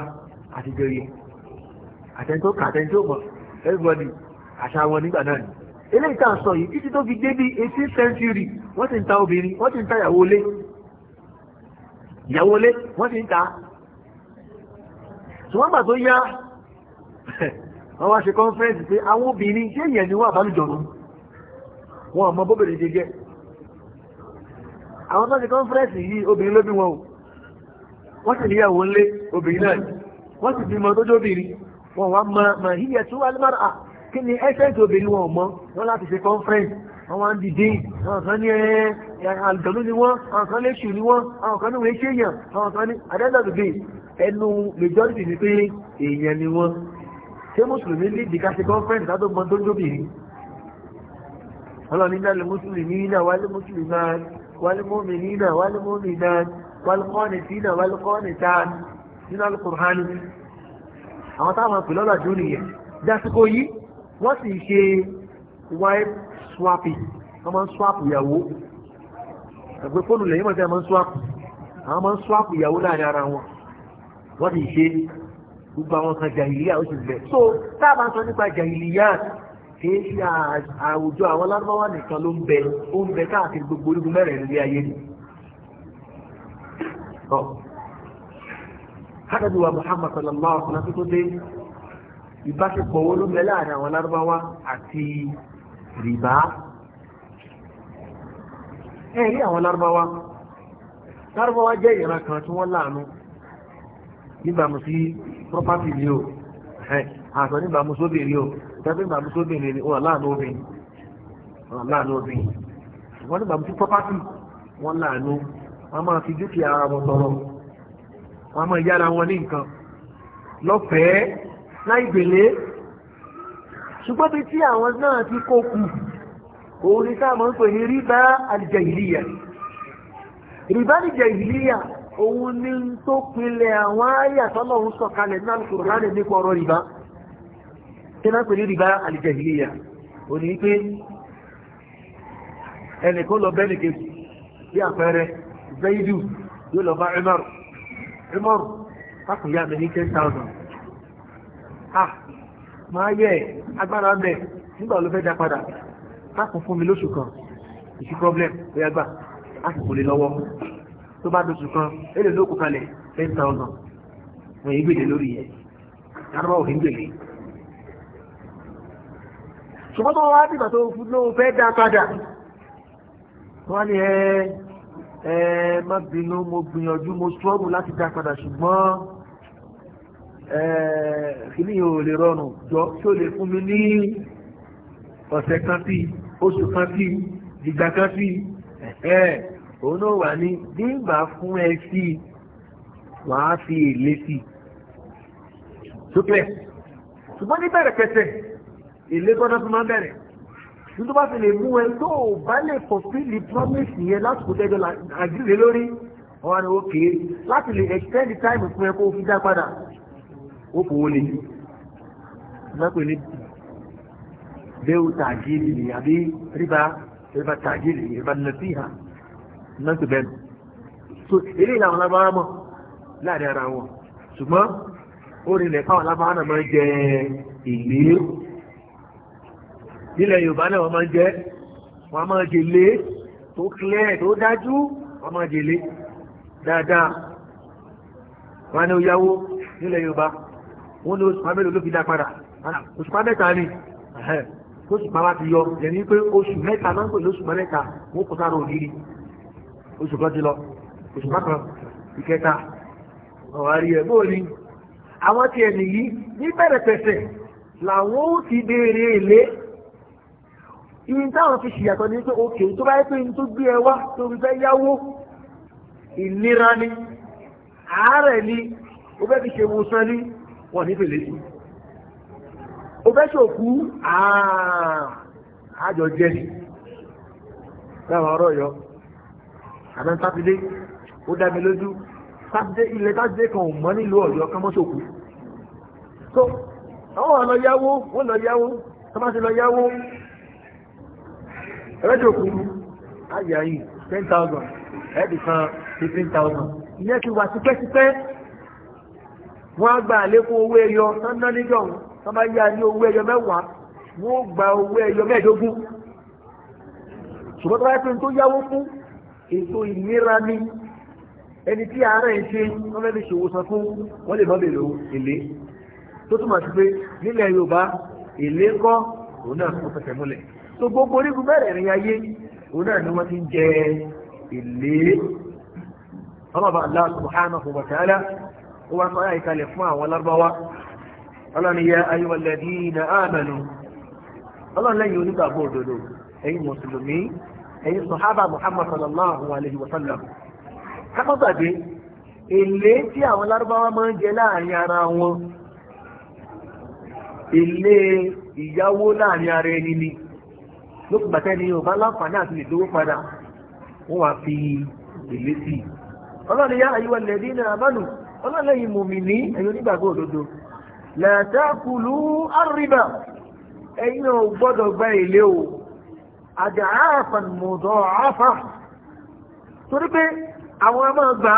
àtijọye àtẹntókà àtẹntókà everybody àṣà wọn nígbà náà ni eléyìí tá à ń sọ yìí títí tó fi dé bí eighteen century wọ́n ti ń ta obìnrin wọ́n ti ń ta ìyàwó ilé ìyàwó ilé wọ́n ti ń ta ṣùgbọ́n gbà tó yá wọ́n wá ṣe conference pé àwọn obìnrin ṣé èèyàn ni wọ́n àbálùjọ nù wọn ọmọ bóbèrè ṣe àwọn tó ṣe conference yìí obìnrin ló bí wọn o wọ́n sì níyàwó ilé obìnrin náà wọ́n sì bímọ tó jóbìnrin wọn wá mọ mọ híyẹ tó wà lẹ́mọ̀rọ̀ à kí ni ẹsẹ̀ǹtì obìnrin wọn mọ wọn láti ṣe conference wọn wá ń dìde àwọn kan ní ẹ àlùdọ́nù ni wọn àwọn kan léṣù ni wọn àwọn kan ní wọn èèyàn àwọn kan ní àdẹ́dà ẹnu majority ni pé èèyàn ni wọn ṣé mùsùlùmí lè dìka ṣe conference látó mọ tó ń dóbìnrin ọlọ́ni náà lè mùsùlùmí náà wà lè mùsùlùmí náà wà lè mọ́mìnì náà wà lè mọ́mìnì náà wà lè kọ́ni àwọn táwọn pè lọ́nà dúró nìyẹn dásìkò yìí wọ́n sì ṣe wife swapping wọ́n máa ń swap ìyàwó ẹgbẹ́ fóònù lẹ́yìn mọ̀tẹ́ máa ń swap àwọn máa ń swap ìyàwó láàrin ara wọn wọ́n sì ṣe gbogbo àwọn kan jàhìlíyà ó sì bẹ̀. so tá a bá ń sọ nípa jàhìlíyà kìí ṣe àwùjọ àwọn lárúbáwá nìkan ló ń bẹ ó ń bẹ káàkiri gbogbo orígun mẹ́rẹ̀ẹ̀rin ilé ayé ni hádàbí wa Muhammad sallallahu alaihi wasallam tó dé ìbáṣepọ̀ owó ló mẹ́lẹ́ àárín àwọn lárúbáwá àti rìbá ẹ rí àwọn lárúbáwá lárúbáwá jẹ́ ìran kan tí wọ́n láàánú níbàámu sí property ni o àtọ̀ níbàámu sóbìnrin o tẹ́bí níbàámu sóbìnrin ni wọ́n láàánú obìnrin wọ́n láàánú obìnrin wọ́n níbàámu sí property wọ́n láàánú wọ́n máa fi dúkìá ara wọn tọrọ wọ́n mọ̀ ìyára wọn ní nǹkan lọ́fẹ̀ẹ́ láì gbèlé ṣùgbọ́n bí tí àwọn náà ti kó kù òun ni sáàmọ́ ń pè ní ríbá ríbá ni tó pinlẹ̀ àwọn àyà tọ́lọ̀ sọ̀kalẹ̀ ẹnìkan lọ bẹ́ẹ̀ nìkejì bí àpẹẹrẹ Umaru pápù yá mi ah máa yẹ agbára mẹ nígbà ló fẹ́ padà fún mi lóṣù kan ìṣí problem bóyá gbà á kò lè lọ́wọ́ tó kan èlé lókun kalẹ̀ ten thousand wọ́n yìí gbèdé lórí yẹn ṣùgbọ́n tó wá dìgbà tó padà wọ́n ẹ má bínú mo gbìyànjú mo sọ́ọ̀rù láti dá padà ṣùgbọ́n kìíní yìí ò lè rọrùn jọ tí ó lè fún mi ní ọ̀sẹ̀ kan sí oṣù kan sí ìgbà kan sí ẹ̀ẹ́ òun náà wà ní nígbà fún ẹ sí wàá fi èlé sí sókè ṣùgbọ́n ní bẹ̀rẹ̀ pẹ̀sẹ̀ èlé gbọ́dọ̀ tó máa bẹ̀rẹ̀ ní tó bá fi lè mú ẹ tó o bá lè fulfil promise yẹn lásìkò tẹ́jọ́ àjílè lórí ọ̀rọ̀ ni ó kéé láti lè extend the time fún ẹ kó o fi dá padà ó fowó lè ju lápẹ̀ ní bẹ́ẹ̀ tàjílì ni àbí ríbá ríbá tàjílì ni ríbá nasiha nọ́ọ̀sì bẹ́ẹ̀ so eléyìí làwọn lábára mọ̀ láàrin ara wọn ṣùgbọ́n ó rinlẹ̀ káwọn lábára náà máa jẹ ìlérò nílẹ̀ yorùbá náà wọ́n máa ń jẹ́ wọ́n máa jèlé tó clear tó dájú wọ́n máa jèlé dáadáa wọ́n ní ó yáwó nílẹ̀ yorùbá wọ́n ní oṣùpá mélòó ló fi dá padà oṣùpá mẹ́ta ni oṣùpá wa ti yọ yẹni pé oṣù mẹ́ta náà ń pè lóṣùpá mẹ́ta wọ́n kó sára ògiri oṣù kan ti lọ oṣùpá kan ìkẹta ọ̀hárí ẹ̀ bóò ni àwọn tiẹ̀ nìyí ní bẹ̀rẹ̀ pẹ̀sẹ̀ làwọn ó ti béèrè èlé ìyìn táwọn fi ṣìyàtọ̀ ní pé òkè tó bá yẹ pé tó gbé ẹ wá tó fi fẹ́ yáwó ìnira ni àárẹ̀ ni ó fẹ́ fi ṣe wòsàn ni wọ́n ní fèlè sí ó fẹ́ ṣòkú àjọ jẹ́ ni láwọn ọ̀rọ̀ yọ àmọ́ sátidé ó dá mi lójú sátidé ilẹ̀ sátidé kan ò mọ́ nílùú ọ̀yọ́ kán so àwọn ọ̀nà yáwó wọ́n lọ yáwó tọ́másí lọ yáwó ẹlẹ́dọ̀kú ayà yìí ten thousand ẹ̀ẹ́dì kan fifteen thousand ìyẹn ti wà tipẹ́tipẹ́ wọ́n á gba àlékún owó ẹyọ sánná níjọ́ wọ́n bá yá ní owó ẹyọ mẹ́wàá wọ́n ó gba owó ẹyọ mẹ́ẹ̀ẹ́dógún ṣùgbọ́n tó bá yẹ pé n tó yáwó fún ètò ìlera ni ẹni tí àárẹ̀ ń ṣe wọ́n fẹ́ fi ṣòwò san fún wọ́n lè má bèrè èlé tó túmọ̀ sí pé nílẹ̀ Yorùbá èlé kọ́ òun náà kó fẹsẹ̀ múlẹ̀ tó gbogbo orígun bẹ̀rẹ̀ rí ayé òun náà ni wọ́n ti ń jẹ èlé ọlọ́ba Allah subhanahu wa ta'ala ó wá sọ ayé kalẹ̀ fún àwọn lárúbáwá ọlọ́ni ya ayyuhal ladina amanu ọlọ́ni lẹ́yìn onígbàgbọ́ òdodo ẹ̀yin mùsùlùmí ẹ̀yin sọ̀hábà muhammad sallallahu alayhi wa sallam kápọ́gbàgbé èlé lókùgbà tẹ́ni ò bá láǹfààní àti lè dówó padà wọ́n wá fi èlé sí i ọlọ́run yá àyíwá lẹ́dí náà mánu ọlọ́lẹ́yìn mùmìnì ẹ̀yin onígbàgbọ́ òdodo làtàkùlù àríbà ẹ̀yin ò gbọ́dọ̀ gba èlé o àjàáfàn mọ̀dọ̀ àáfà torí pé àwọn ọmọ gbà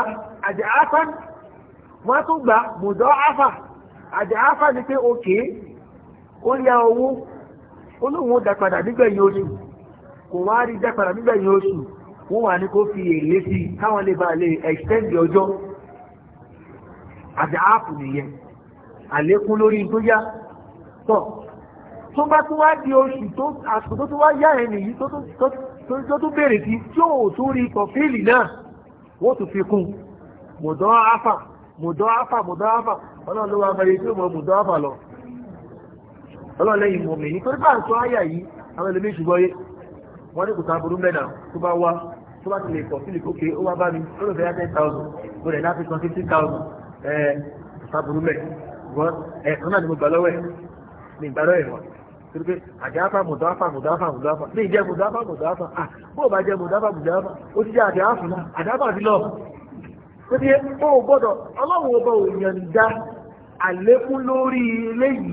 àjàáfàn wọ́n tún gbà mọ̀dọ̀ àáfà àjàáfà ni pé òkè ó yá owó olóhun ó dápadà nígbẹ̀yìn oṣù kò wá rí dápadà nígbẹ̀yìn oṣù wọ́n wà ní kó fi èlé sí káwọn lè bá lè extend ọjọ́ àti áàpù nìyẹn àlékún lórí tó yá tọ́ tó bá tún wá di oṣù tó àsìkò tó tún wá yá ẹ̀ nìyí tó tún bèrè sí tí ò tún rí tọ̀fíìlì náà wọ́n tún fi kún mọ̀dọ́ áfà mọ̀dọ́ áfà mọ̀dọ́ áfà ọlọ́run ló wá mẹ́rin tí ó mọ̀ mọ̀dọ́ áfà lọ ọlọ́lẹ́yìn mọ̀mí ní torí báńkì àyà yìí àwọn ẹlẹ́mí ìṣùgbọ́yé wọ́n ní kùtà burú mẹ́ta tó bá wá tó bá ti lè pọ̀ sílẹ̀ kókè ó wá bá mi ó lè fẹ́ yá ten thousand ó lè láti san thousand ẹ̀ mẹ́ náà ni mo gbà lọ́wọ́ ẹ̀ mi gbà lọ́wọ́ ẹ̀ wọ́n torí pé mi jẹ́ ah bó o bá jẹ́ ó ti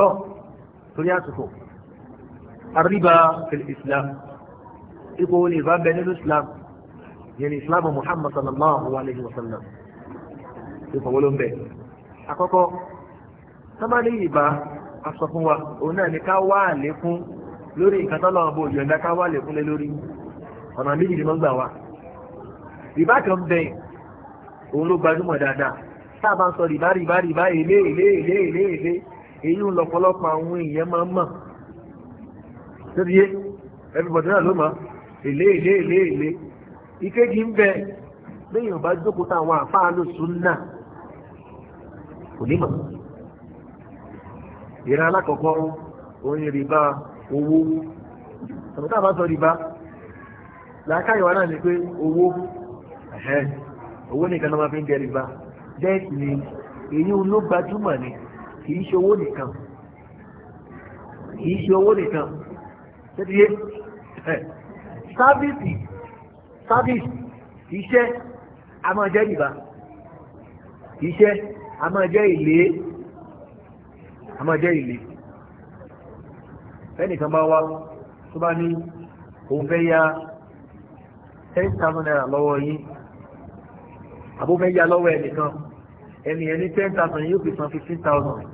tọ́ torí àsìkò àríbá fil islam ipò olè bá bẹ nínú islam yẹn islam muhammad sallallahu alayhi wa sallam ipò wọlé ń bẹ àkọ́kọ́ sábàlì ìbá aṣọ fún wa òun náà ni ká wá àlékún lórí nǹkan tọ́lọ́ ọ̀bọ̀ òjòǹda ká wá àlékún lé lórí ọ̀nà méjì ni wọ́n gbà wá ìbá kan bẹ òun ló gbajúmọ̀ dáadáa tá a bá ń sọ rìbá rìbá rìbá èlé èlé èlé èlé èyí ń lọ́pọ̀lọpọ̀ àwọn èèyàn máa mọ̀ sórí yé everybody náà ló mọ̀ èlé èlé èlé èlé ìkéjì ń bẹ lẹ́yìn ọba jókòó táwọn àfáà ló sún náà kò ní mọ̀ ìran alákọ̀ọ́kọ́ orin rìbá owó àbúkà bá sọ rìbá làákàyọ̀wá náà ni pé owó owó nìkan ló máa fi ń jẹ rìbá bẹ́ẹ̀ ni èyí ló gbajúmọ̀ ni kì í ṣe owó nìkan kì í ṣe owó nìkan ṣẹ́díyé sábìsì sábìsì iṣẹ́ a máa jẹ́ ìbá iṣẹ́ a máa jẹ́ ilé a máa jẹ́ ilé ẹnìkan bá wá tó bá ní òun fẹ́ ya ten thousand naira lọ́wọ́ yín àbó fẹ́ ya lọ́wọ́ ẹnìkan ẹni ẹni ten thousand yóò fi san fifteen thousand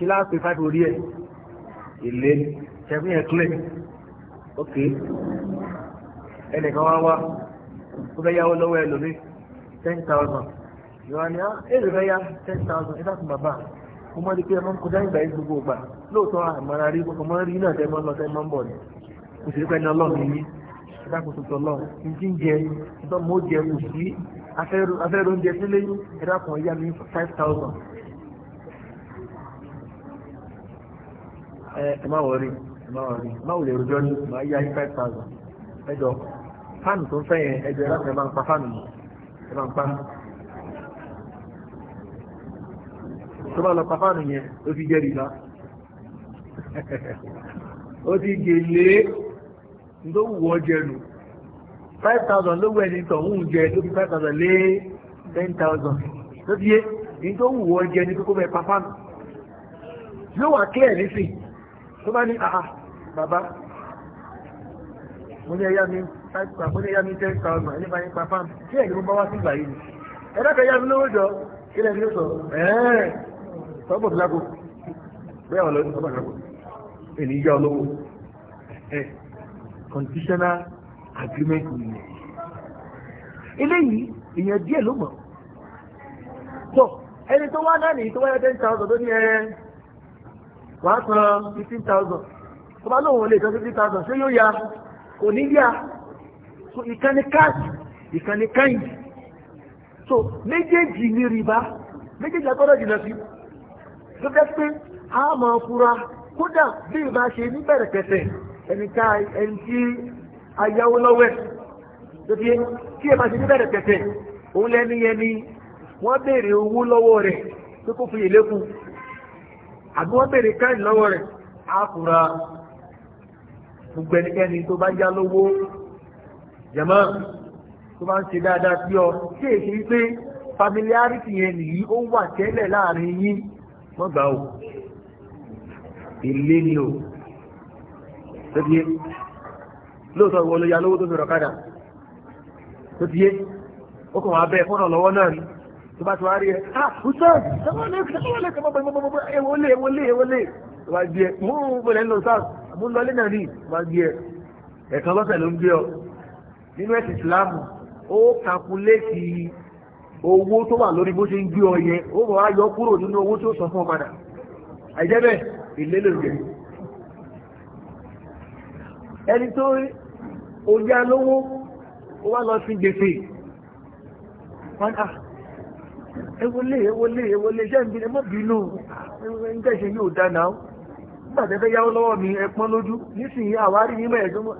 kí láàpẹ fáìfì orí ẹ̀ ilé ṣẹ̀fún yẹn clear ok ẹnìkan wá wá ó fẹ́ yáwó lọ́wọ́ ẹ lómi ten thousand ìwà ni ah, èrè fẹ́ yá ten thousand ẹ dákun bàbá mo mọ̀ ní pé ẹ máa ń kọjá ìgbà yìí gbogbo ìgbà lóòótọ́ àmọ́ra rí ọmọ rí náà tẹ́ mọ́ lọ tẹ́ mọ́ ń bọ̀ ni kò sí pẹ́ ní ọlọ́run yìí ìdákòóso tọ́lọ́ ìdí ń jẹ ìdánmọ́ jẹ kò sí afẹ́rò oúnjẹ sílé ẹ̀dá kan yá ní five thousand ẹ má wọrí ẹ má wọrí má wò lè rojọ́ ní má yá yí five thousand ẹjọ́ fáànù tó ń fẹ́ yẹn ẹjọ́ láti ẹ máa ń pa fáànù yìí ẹ máa ń pa tó bá lọ pa fáànù yẹn ó ti jẹ́ rìbá ó ti gèlè tó wù ọ́ jẹnu five thousand ló wẹ̀ ní tọ̀ ń jẹ ló fi five thousand lé ten thousand ló fi ní tó wù ọ́ jẹ ní kókó bẹ́ẹ̀ pa yóò wà clear nísìnyí tó bá ní àà bàbá mo ní ẹyá mi 5,000 mo ní ẹyá mi 10,000 ẹni bá ní pa fáàmù tí ẹ̀yìn mo bá wá sí ìgbà yìí ẹ̀dọ́kẹ̀ yá mi lówó jọ kí conditional agreement nìyẹn eléyìí ìyẹn díẹ̀ ló mọ̀ tọ́ ẹni tó wá náà nìyí tó wáyé 10,000 tó ní ẹ̀ẹ́ wàá san fifteen thousand tó bá lóun lè san fifteen thousand ṣé yóò ya kò ní yá so ìkànnì káàsì ìkànnì káyìn so méjèèjì ní rìbá méjèèjì àtọ́rọ̀ jìnnà sí tó jẹ́ pé a máa fura kódà bí ìbá ṣe ní bẹ̀rẹ̀ pẹ̀tẹ̀ ẹni ká ẹni tí ayáwó lọ́wọ́ ẹ̀ tó fi kí ẹ máa ṣe ní bẹ̀rẹ̀ pẹ̀tẹ̀ òun lẹ́ni yẹn ni wọ́n béèrè owó lọ́wọ́ rẹ̀ tó kó fi ìlékun àbí wọ́n bèrè káyìn lọ́wọ́ rẹ̀ á fura gbogbo ẹnikẹ́ni tó bá yá lówó jẹ̀mọ́ tó bá ń ṣe dáadáa sí ọ ṣé wípé familiarity yẹn nìyí ó wà tẹ́lẹ̀ láàrin yín wọ́n gbà o tó bá ti wá rí ẹ ah hussein sẹ́wọ́n lè sẹ́wọ́n lè sẹ́wọ́n bọ̀ bọ̀ bọ̀ ẹ wọlé ẹ wọlé ẹ wọlé wá gbé ẹ mú wọlé lọ sáà mú lọlé náà rí wá gbé ẹ e, ẹ̀kan lọ́sẹ̀ ló ń gbé ọ nínú ẹ̀sìn Islam ó kàkúléètì owó tó wà lórí bó ṣe ń gbé ọ yẹn ó bọ̀ wá yọ kúrò nínú owó tí ó sọ fún ọ padà àìjẹ́ bẹ́ẹ̀ ìlélẹ̀ rẹ̀ ẹni tó ojú alówó ó wá lọ sí ah ewolé ewolé ewolé ṣẹ́ ń bí ẹmọ́ bínú ń tẹ́ṣe yóò dáná na gbàtẹ́fẹ́ yáwó lọ́wọ́ mi ẹpọ́n lójú nísìnyí àwárí nímọ̀ ẹ̀dọ́mọ̀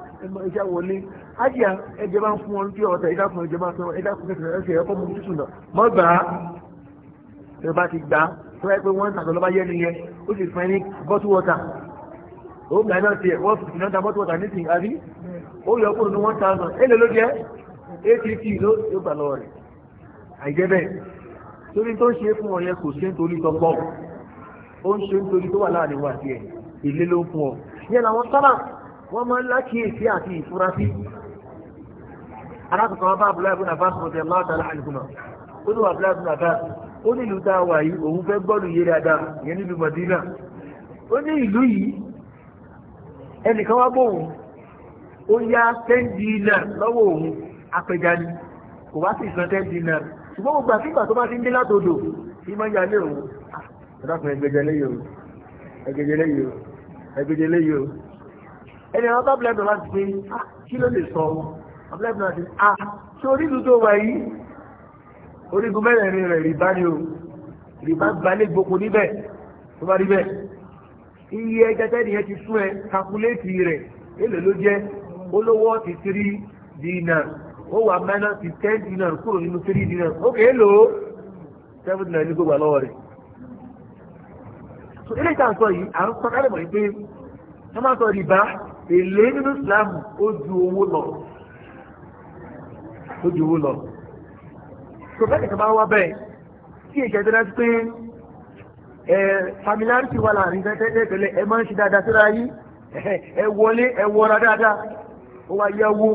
ìṣà wọlé ájíà ẹjẹ́ bá ń fún wọn tí ọ̀tà ìdákùn ẹjẹ́ bá fún wọn ẹdákùn kẹsàn-án ẹsẹ̀ ẹ̀kọ́ mú tútù náà mọ́ gbà á ẹ bá ti gbà á tó pé ń tàgbọ́ lọ́ba ó sì fún ẹ ní bọ́tú wọ́tà ó gbà náà tiẹ̀ wọ́n fi náà da bọ́tú wọ́tà nísìnyí àbí ó yọ kúrò ní one thousand eight fifty ló torí tó ń ṣe fún ọ yẹn kò ṣe nítorí tọgbọ́ ó ń ṣe nítorí tó wà láàrin wa tiẹ̀ ilé ló ń fún ọ yẹn làwọn sábà wọ́n máa ń lákìyèsí àti ìfurasí alákòókò wọn bá abúlé ibùdó àbá sọ̀rọ̀ tẹ̀ máa tàlá àlùkùnà ó ní wà abúlé ibùdó àbá ó ní ìlú tá a wà yìí òun fẹ́ gbọ́dọ̀ yé dáadáa yẹn nílùú Madina ó ní ìlú yìí ẹnìkan wá bóun ó yá ten dinar lọ́wọ́ òun apẹja ni kò wá sí ìsan ten dinar ṣùgbọ́n gbogbo àfíkà tó bá ti ń dé látòdò tí máa ń yà lé òun ọ̀dọ́kùnrin ẹgbẹ̀jẹ̀lẹ́ yìí o ẹgbẹ̀jẹ̀lẹ́ yìí o ẹgbẹ̀jẹ̀lẹ́ yìí o ẹni àwọn bá bẹ̀rẹ̀ láti pé ah, kí ló lè sọ ọ̀bẹ̀rẹ̀ láti a ah, ṣe orígun tó wà yìí orígun mẹ́rẹ̀ẹ̀rin rẹ̀ rìbá ni o rìbá gbalẹ̀ gboko níbẹ̀ tó bá rí bẹ́ẹ̀ iye ẹgbẹ́tẹ́ nìyẹn ti fún ẹ kakuléètì ó wà minus ti ten dinar kúrò nínú three dinar ó kéé lò ó seven dinar ní gbogbo àlọ́wọ́ rẹ̀ so eléyìí tá à ń sọ yìí à ń sọ kálẹ̀ mọ̀ pé wọ́n máa sọ rìbá èlé nínú Islam ó ju owó lọ ó ju owó lọ so bẹ́ẹ̀ nìkan máa wá bẹ́ẹ̀ tí èjẹ́ tó dájú pé familiarity wà láàrin tẹ́tẹ́tẹ́ tẹ́lẹ̀ ẹ máa ń ṣe dáadáa síra yìí ẹ wọlé ẹ wọra dáadáa ó wá yá owó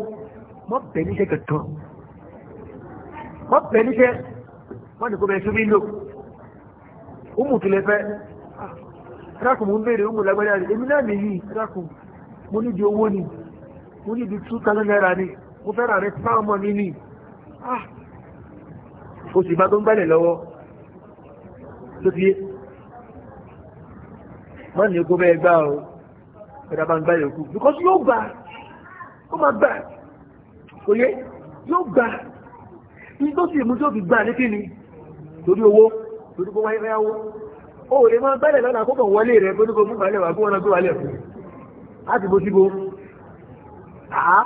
mọ́ bẹ̀ níṣẹ́ kankan mọ́ bẹ̀ níṣẹ́ wọ́n ní kó bẹ̀ sómi lò umu kìlẹ̀ fẹ́ rákùn mú bèèrè umu lágbẹ́rẹ́ rẹ̀ èmi náà nìyí rákùn mo nídi owó ni mo nídi two thousand naira ni mo fẹ́ rà rẹ̀ fáwọn ọmọ mi ni o sì bá tó ń gbálẹ̀ lọ́wọ́ tó fi mọ́ ní kó bẹ́ẹ̀ gbá o ẹ̀dá bá ń gbá yòókù kò yé yóò gbà ní tó sì mú tó fi gbà ní kí ni torí owó torí kó wáyé fẹ́yàwó ó lè máa bẹ́lẹ̀ lọ́nà kókàn wọlé rẹ̀ pé nígbà mú balẹ̀ wà kó wọn gbé wálẹ̀ fún láti bó síbo àá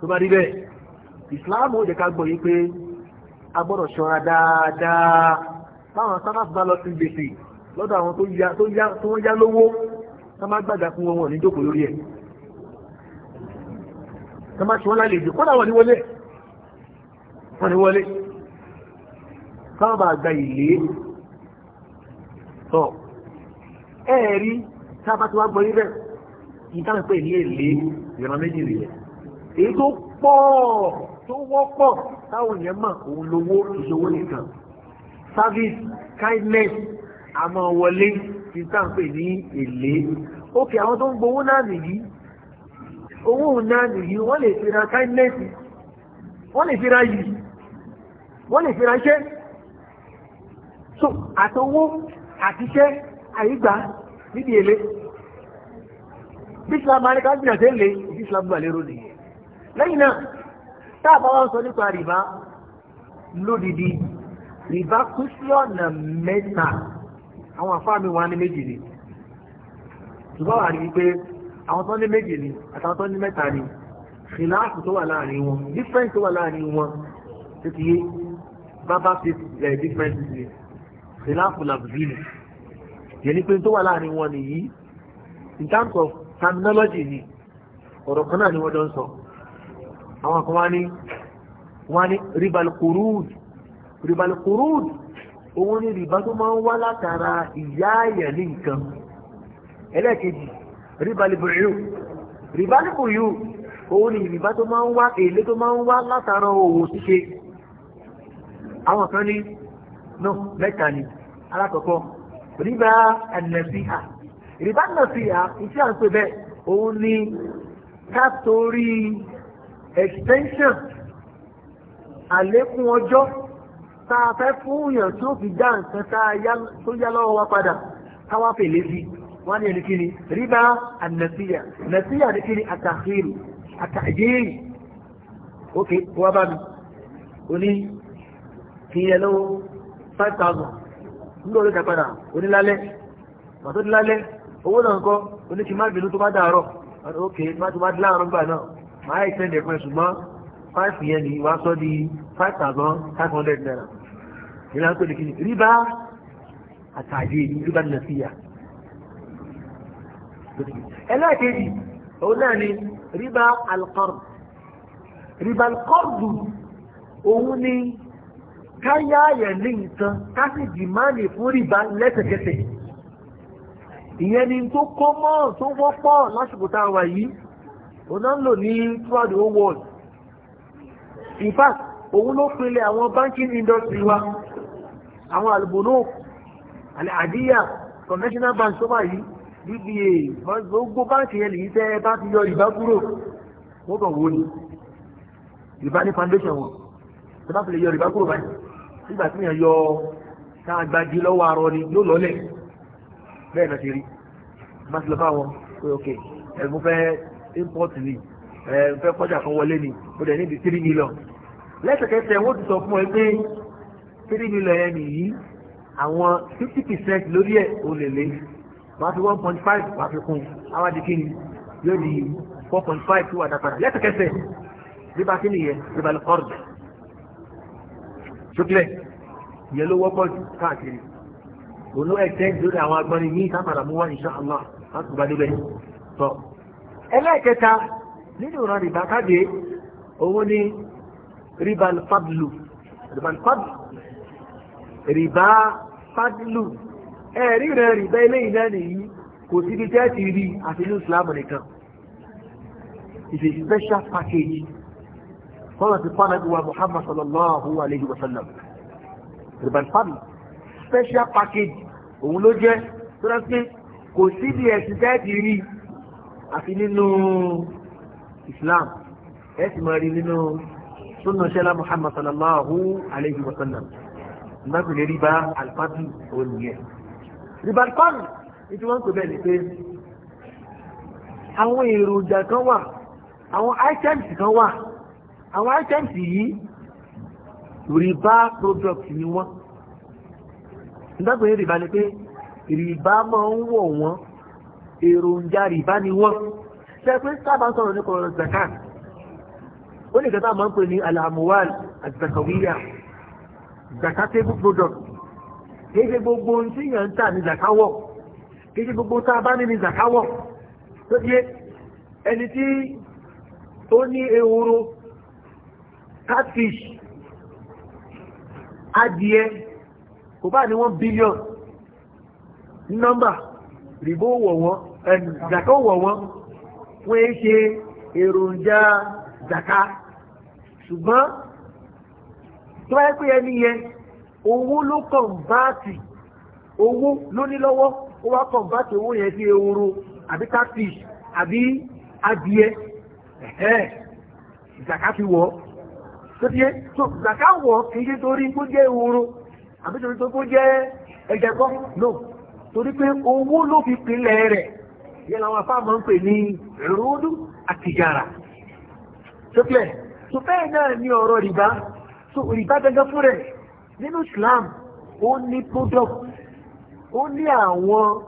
tó bá rí bẹ́ẹ̀ ìsìláàmù ó jẹ́ ká gbọ́ yìí pé a gbọ́dọ̀ ṣọ́ra dáadáa báwọn sábàbí bá lọ sí gbèsè lọ́dọ̀ àwọn tó yá lówó ká má gbàgbà fún wọn wọn ní jókòó lórí ẹ̀ tó máa ṣe wọ́n lálejò kódà wọ́n ní wọlé wọ́n ní wọlé sáwọn bá gba ìlé tọ́ ẹ̀ẹ̀rí sábà tí wọ́n gbọ́ yí bẹ́ẹ̀ ìtàn pé ní èlé ìran méjì rèé èyí tó pọ̀ tó wọ́pọ̀ táwọn èèyàn mọ̀ òun lówó ìṣòwò nìkan service kindness àmọ́ wọlé ìtàn pé ní èlé ókè àwọn tó ń gbowó náà nìyí owó náà nìyí wọ́n lè fi ra kindness wọ́n lè fi ra yìí wọ́n lè fi ra iṣẹ́ so àtowó àtiṣẹ́ àyígbà níbi èlé bí islam amẹ́ríkà gbìyànjú tẹ́ lè ìdí islam gbà lérò nìyẹn lẹ́yìn náà tá a bá wá ń sọ nípa rìbá lódìdí rìbá kú sí ọ̀nà mẹ́ta àwọn àfáàmì wa ní méjì àwọn tó ní méjì ni àtàwọn tó ní mẹ́ta ni ṣìláàfù tó wà láàrin wọn different tó wà láàrin wọn tó ti yé bábá fi ẹ̀ eh, different ni ṣìláàfù làbùbínì yẹni pé tó wà láàrin wọn nìyí in terms of terminology ni ọ̀rọ̀ kan náà ni wọ́n jọ ń sọ àwọn kan wá ní wá ní ribal qurud ribal qurud òun ni rìbá tó máa ń wá látara ìyá àyẹ̀ ní nǹkan ẹlẹ́ẹ̀kejì ríbalìbòyú ríbalìbòyú òun ni ìrìbá tó máa ń wá èlé tó máa ń wá látara òwò ṣíṣe àwọn kan ní no mẹ́ta ni alákọ̀ọ́kọ́ ríbá ẹ̀nẹ̀fíà ríbá ẹ̀nẹ̀fíà iṣẹ́ à ń pè bẹ́ẹ̀ òun ni ká torí extension àlékún ọjọ́ tá a fẹ́ fún yàn tó fi dá nǹkan tó yá lọ́wọ́ wa padà káwá fèlé sí i wọ́n ní kí ni ríbá ànàsíyà nàsíyà ní kí ni àtàkìrì àtàjìrì ok wọ́n bá mi ó ní kí yẹ lọ́wọ́ five thousand nígbà olóòjà padà onílálẹ́ pàtó nílálẹ́ owó náà kọ́ oníkì má bínú tó bá dàárọ̀ ok má tó bá dìláàrọ̀ gbà náà máa ẹ̀ tẹ́lẹ̀ fún ẹ ṣùgbọ́n five yẹn ni wàá sọ di five thousand five hundred naira ìlànà tó ní kí ni ríbá àtàjìrì ríbá nàsíyà ẹlẹ́ẹ̀kejì òun náà ni ríbá alqard ríbá alqard òun ni káyà àyẹ̀ ní nǹkan ká sì dìmáàlì fún ríbá lẹ́sẹ̀kẹsẹ̀ ìyẹn ni tó kó mọ́ tó wọ́pọ̀ lásìkò tá a wà yìí òun náà ń lò ní throughout the world in fact òun ló pinlẹ̀ àwọn banking industry wa àwọn àlùbọ̀nù àdíyà conventional bank tó wà yìí dba e, gbogbo báńkì yẹn lèyí tẹ́ bá ti yọ ìbá kúrò wọ́n kàn wò ní ìbá ní foundation wọn tẹ́ bá fi lè yọ ìbá kúrò báyìí nígbà tí yẹn yọ tá lọ́wọ́ arọ ni yóò lọ́lẹ̀ bẹ́ẹ̀ náà ti rí bá ti lọ fáwọn pé ok ẹ̀gbọ́n fẹ́ import ni ẹ̀fẹ́ kọjá kan wọlé ni ó dẹ̀ níbi tírí mílọ̀ lẹ́sẹ̀kẹsẹ̀ wọ́n ti sọ fún ẹ pé tírí mílọ̀ yẹn nìyí àwọn fifty percent lórí ẹ̀ ò lè lé wàá fi one point five wàá fi kún àwa di kíni yóò di four point five tó wà dápadà lẹ́sẹ̀kẹsẹ̀ bíbá kí nìyẹn bíbá lè kọ́ọ̀dù sókè yẹn ló wọ́pọ̀ káàkiri òun ló ẹ̀tẹ́ lórí àwọn agbọ́nrin ní ìtàpàdà mú wá insha Allah láti bá débẹ̀ tọ́ ẹlẹ́ẹ̀kẹta nínú ìran rìbá káde owó ní ribal fadlu ribal fadlu ẹ̀rí rẹ̀ rí bẹ́ ilé ìná nìyí kò sí ibi ti rí àti ní ìsìlámù nìkan it's a special package fọ́nà ti fọ́nà bí wa muhammad sallallahu alayhi wa sallam ribal fami special package òun ló jẹ́ tó dá sí kò sí ibi ẹ̀sìn tẹ́ ti rí àti nínú islam ẹ sì máa rí nínú súnà ṣẹlá muhammad sallallahu alayhi wa sallam nígbà tó lè rí alfadu òun nìyẹn ribal pan ní tí wọ́n ń pè bẹ́ẹ̀ ni pé àwọn èròjà kan wà àwọn items kan wà àwọn items yìí rìbá product ni wọ́n ìdágbé rìbá ni pé rìbá máa ń wọ̀ wọ́n èròjà rìbá ni wọ́n ṣe pé sábà ń sọ̀rọ̀ nípa ọ̀rọ̀ zakat ó lè kẹta máa ń pè ní alamuwal àti zakawiya zakatable product kéde gbogbo ohun tí yàn ń tà ní zakawọ̀ kéde gbogbo tá a bá ní ní zakawọ̀ tó yé ẹni tí ó ní ehoro catfish adìẹ kò bá ní wọ́n bílíọ̀n ní nọ́mbà rìbó wọ̀ wọ́n zakawọ̀ wọ̀ wọ́n wọ́n ń ṣe èròjà zaka ṣùgbọ́n tó bá yẹ pé ẹni yẹn owó ló kọ̀ǹbáàtì owó ló ní lọ́wọ́ ó wá kọ̀ǹbáàtì owó yẹn sí ehoro àbí catfish àbí adìẹ ẹ̀hẹ́ ìgbàká fi wọ̀ tó tiẹ̀ tó ìgbàká wọ̀ kì ṣe torí kó jẹ́ ehoro àbí torí kó jẹ́ ẹ̀jẹ̀ kan no torí pé owó ló fi pinlẹ̀ rẹ̀ yẹn làwọn afáàmọ́ ń pè ní ròdù àtìjàrà tó tiẹ̀ tó bẹ́ẹ̀ náà ní ọ̀rọ̀ rìbá tó rìbá gẹ́gẹ́ fún rẹ̀ nínú Islam ó ní product ó ní àwọn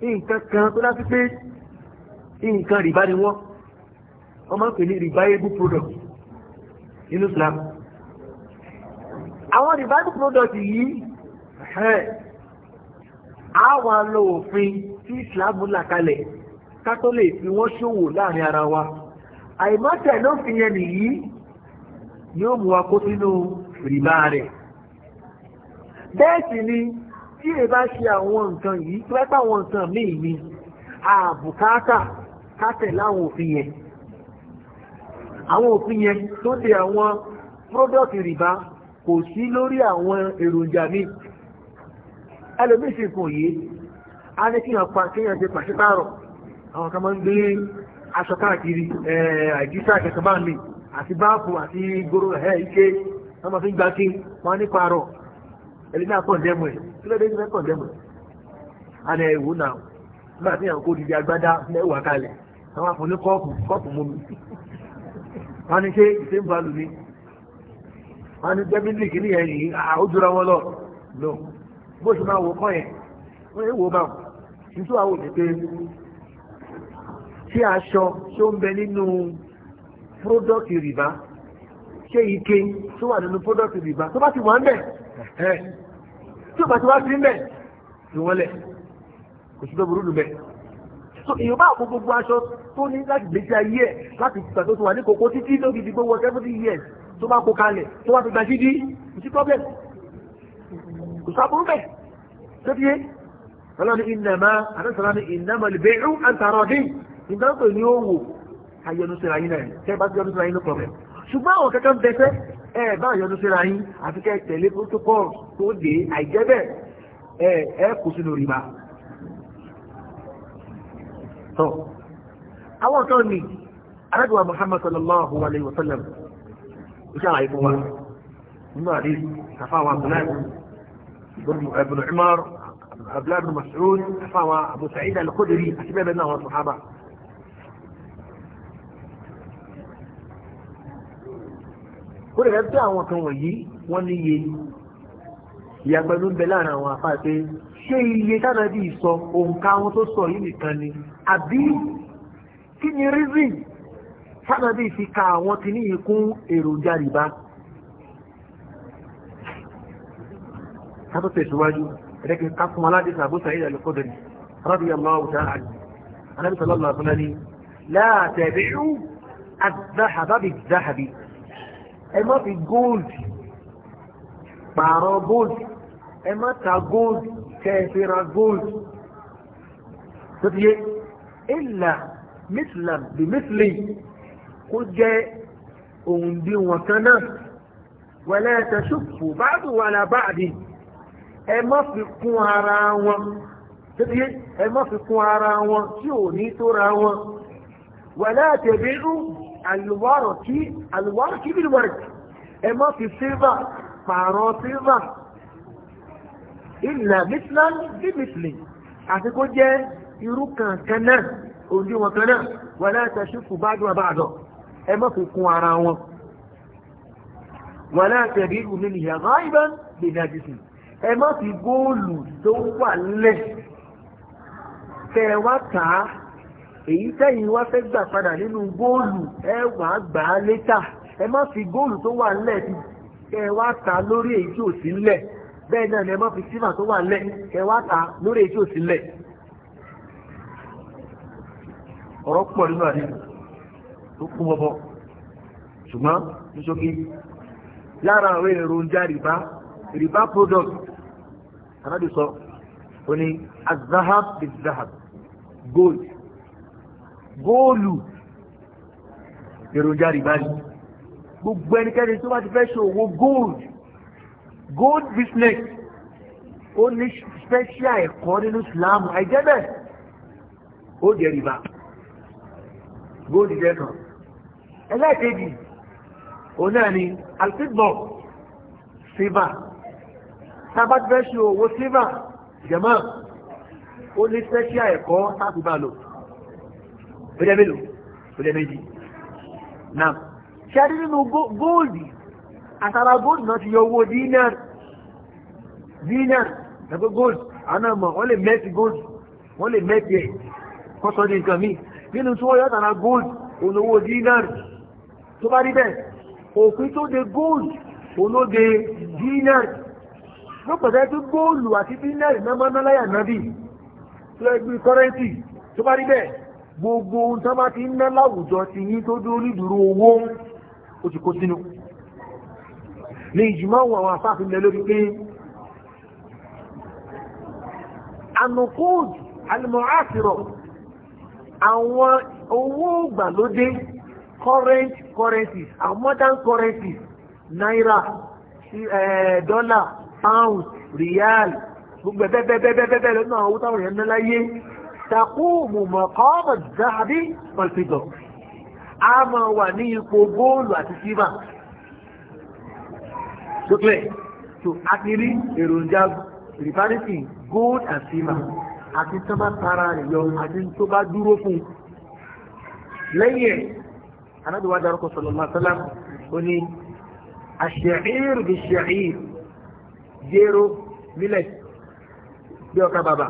nǹkan kan tó dá sí pé nǹkan rìbá ni wọ́n wọ́n máa ń pè ní reviable product nínú Islam àwọn reviable product yìí àwọn alọ òfin tí Islam là kalẹ̀ ká tó lè fi wọ́n ṣòwò láàrin ara wa àìmọ́tẹ̀ ló fi yẹn nìyí ni ó mú wa kó sínú rìbá rẹ̀ bẹ́ẹ̀ sì ni tí èyí bá ṣe àwọn nǹkan yìí tó bá àwọn nǹkan míì ni àbùkátà kátẹ̀ láwọn òfin yẹn àwọn òfin yẹn tó de àwọn product rìbá kò sí lórí àwọn èròjà míì ẹlòmíì sì kò yé a ní kí wọ́n pa kí wọ́n ṣe pàṣípààrọ̀ àwọn kan máa ń gbé aṣọ káàkiri àìjíṣà kẹsàn-án bá mi àti báàpù àti goro ẹ̀ ike wọ́n máa fi ń gba kí wọ́n ní parọ́ ẹni náà kọ̀ndẹ́mù ẹ̀ kí ló dé ní fẹ́ kọ̀ndẹ́mù ẹ̀ àná ẹ̀wò náà nígbà tí àwọn kò dìde agbádá mẹ́wàá kalẹ̀ àwọn àfọ̀ní kọ́ọ̀pù kọ́ọ̀pù mọ́mi wọ́n ní ṣe ìsèǹ balù ni wọ́n ní jẹ́mílì kìíní yẹn yìí ó jura wọn lọ lọ bó ṣe máa wò kọ́ yẹn wọ́n yẹ wò bá wọn nítorí àwọn òṣèpé ṣé aṣọ ṣó ń bẹ nínú pródọ́kì rìbá ṣé ike tó wà nínú pródọ́kì rìbá tó bá ti wà ń bẹ̀ tí o bá ti wá sí mbẹ ìwọlẹ kò sí tó burú dùn bẹ so èèyàn bá àpò gbogbo aṣọ tó ní láti gbèsè ayé ẹ láti gbà tó ti wà ní kókó títí tó fi di gbogbo seventy years tó bá kó kalẹ̀ tó bá fi gbà sídìí kò sí problem kò sábò ń bẹ̀ tó fi yé ọlọ́ni ìnàmá àdásọ́lá ní ìnàmá lè àǹtàrọ̀ dín ìdáǹtò ní owó ayẹnusẹ̀ra yín náà tẹ́ bá ti yọnu sẹ́ra yín ní problem ṣùgbọ́n àwọn kẹ́kẹ́ ẹ bá yọnu síra yín àfi kẹ́ tẹ̀lé protocol tó dé àìjẹ́bẹ̀ ẹ ẹ kò sínú rìbá. tọ́ àwọn kan ní arábìwá Muhammad sallallahu alayhi wa sallam iṣẹ́ àlàyé fún wa nínú àdé àfáwọn abdullahi ibn Umar abdullahi ibn Mas'ud àfáwọn Abu Sa'id al-Khudri àti bẹ́ẹ̀ bẹ́ẹ̀ náà wọn sọ̀hábà. ó lè rẹ́ pé àwọn kan wọ̀nyí wọ́n níye ìyàgbẹ́nu ń bẹ láàrin àwọn àfáà pé ṣé iye tánàbí sọ òǹkà àwọn tó sọ yìí nìkan ni àbí kí ni rízì tánàbí fi ka àwọn tí ní ikún èròjà rìbá sábẹ́ tẹ̀síwájú ẹ̀rẹ́kẹ́ ká fún aládìsá Abu Sa'id al-Khudri radiyallahu ta'ala anhu anábìsọ̀lọ́lọ́ àbúlá ni láàtẹ̀bẹ̀rù الذهب ẹ má fi gold pààrọ̀ gold ẹ má ta gold kẹ́ ẹ fi ra gold tó ti yé ìlà mislam bí misli kó jẹ́ òun bí wọn kan náà wẹ̀lẹ́ tẹ̀sùpù báàbù wà lábáàdì ẹ má fi kún ara wọn tó ẹ má fi kún ara wọn tí ò ní tó ra wọn wẹ̀lẹ́ tẹ̀bí alùwárọ̀kí alùwárọ̀kí bí wọ̀rẹ̀ ẹ má fi sílvà pààrọ̀ sílvà ilẹ̀ mìtìlán bí mìtìlì àti kó jẹ́ irú kankan náà òdiwọ̀n kan náà wọ́n láti ṣíkù bá jù bá àdọ̀ ẹ má fi kún ara wọn wọ́n láti rí ìlú nínú ìyàrá ìbá lè ẹ má fi góòlù tó wà lẹ̀ tẹ̀ tàá èyí tẹ́yìn wá fẹ́ gbà padà nínú góòlù ẹ wà á gbà á létà ẹ má fi góòlù tó wà ńlẹ̀ kẹ wá ta lórí èyí tí ò sí ńlẹ̀ bẹ́ẹ̀ náà ni ẹ má fi sílà tó wà ńlẹ̀ kẹ wá ta lórí èyí tí ò sí ńlẹ̀. ọ̀rọ̀ pọ̀ nínú àdéhùn tó kún bọ́bọ́ ṣùgbọ́n ní lára àwọn èròjà rìbá rìbá product anábìsọ ó ní azahab is zahab gold góòlù èròjà rìbá ni gbogbo ẹnikẹ́ni tó bá ti fẹ́ ṣòwò gold gold business ó ní special ẹ̀kọ́ nínú Islam àìjẹ́bẹ̀ ó jẹ́ rìbá gold jẹ́ kan ẹlẹ́ẹ̀kejì òun náà ni alfidmọ̀ silver tábà ti fẹ́ ṣòwò silver jẹ̀mọ́ ó ní special ẹ̀kọ́ tábìbà lò ó jẹ́ mélòó ó jẹ́ méjì náà ṣe adé nínú góòlì àtàrà góòlì náà ti yọ owó dínàr dínàr ẹgbẹ́ góòlì àwọn ọmọ wọ́n lè mẹ́tì góòlì wọ́n lè mẹ́tì ẹ̀ kọ́sọ́ ní nǹkan míì nínú tí wọ́n yọ àtàrà góòlì olówó dínàr tó bá rí bẹ́ẹ̀ òfin tó de góòlì olóde dínàr ló pẹ̀lẹ́ tó góòlù àti dínàr mẹ́mọ́ náláyà nábì tó ẹgbẹ́ kọ́rẹ́ǹtì tó bá rí bẹ́ẹ̀ gbogbo ohun tó bá ti ń ná láwùjọ ti yín tó dúró nídúró owó ó ti kó sínú ní ìjùmọ̀ àwọn àwọn afáàfin lẹ lórí pé anukud alimọ̀ásìrọ̀ àwọn owó ìgbàlódé current currencies àwọn modern currencies náírà dọ́là pound rial gbogbo ẹ̀bẹ́bẹ́bẹ́bẹ́bẹ́ lọ́nà àwọn owó táwọn èèyàn ná láyé تقوم مقام الذهب والفضة àmọ́ wà ní ipò góòlù àti sílvà ṣókè tó a ti rí èròjà rìfánìtì gold and silver àti tó bá tara rẹ̀ yọ àti tó bá dúró fún lẹ́yìn ẹ̀ anábìwá darúkọ sallallahu alaihi wasallam ó ní ash-sha'ir bish-sha'ir jéró mílẹ̀ bí ọkà bàbà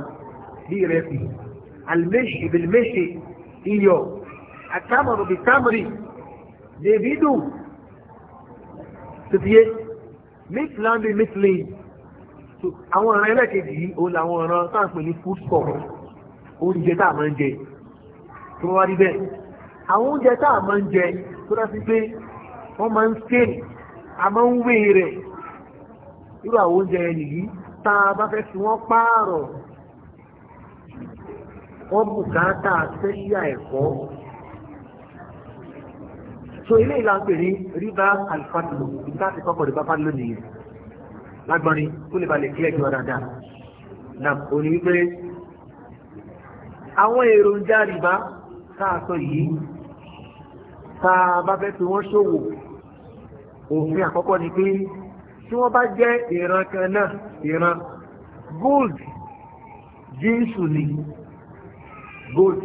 bí ìrẹsì المشي بالمشي إيو التمر بالتمر ديفيدو تفيه مثلا بمثلين àwọn ọ̀ràn ẹlẹ́kejì yìí òun làwọn ọ̀ràn tá à ń pè ní food stock oúnjẹ tá à máa ń jẹ tó wá rí bẹ́ẹ̀ àwọn oúnjẹ tá à máa ń jẹ tó dá sí pé wọ́n máa ń scale a máa ń wé rẹ̀ irú àwọn oúnjẹ yẹn nìyí tá a bá fẹ́ fi wọ́n pààrọ̀ wọ́n bùkátà sẹ́ṣíà ẹ̀kọ́ so ilé ìlànà pè ní rivers alifatulo ìgbà tí kọ́kọ́ rẹ̀ bábá lónìí lágbọ́nrin kó lè balẹ̀ kílẹ̀ jù ọ̀dàdà na òní wípé àwọn èròjà rìbá káàsọ yìí tá a bá fẹ́ fi wọ́n ṣòwò òfin àkọ́kọ́ ni pé tí wọ́n bá jẹ́ ìran kan náà ìran gold jíǹsù ni gold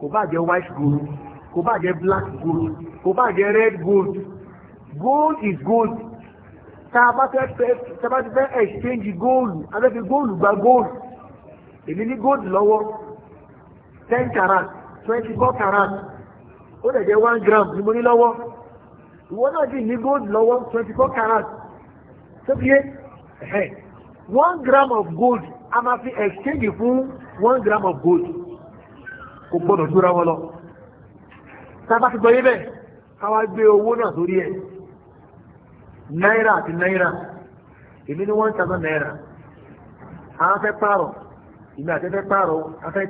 kò bá jẹ́ white gold kò bá jẹ́ black gold kò bá jẹ́ red gold gold is gold tá a bá fẹ́ exchange gold a fẹ́ fi gold gba gold èmi ní gold lọ́wọ́ ten carat twenty four carat ó lè jẹ́ one gram ni mo ní lọ́wọ́ ìwọ náà dì ní gold lọ́wọ́ twenty four carat tó fi yé one gram of gold a máa fi exchange fún one gram of gold kò gbọ́dọ̀ dúra wọn lọ tábà ti gbọ́ yé bẹ́ẹ̀ káwá gbé owó náà sórí ẹ̀ náírà àti náírà èmi ní one thousand náírà àwọn fẹ́ pààrọ̀ ìgbà àti fẹ́ pààrọ̀ afẹ́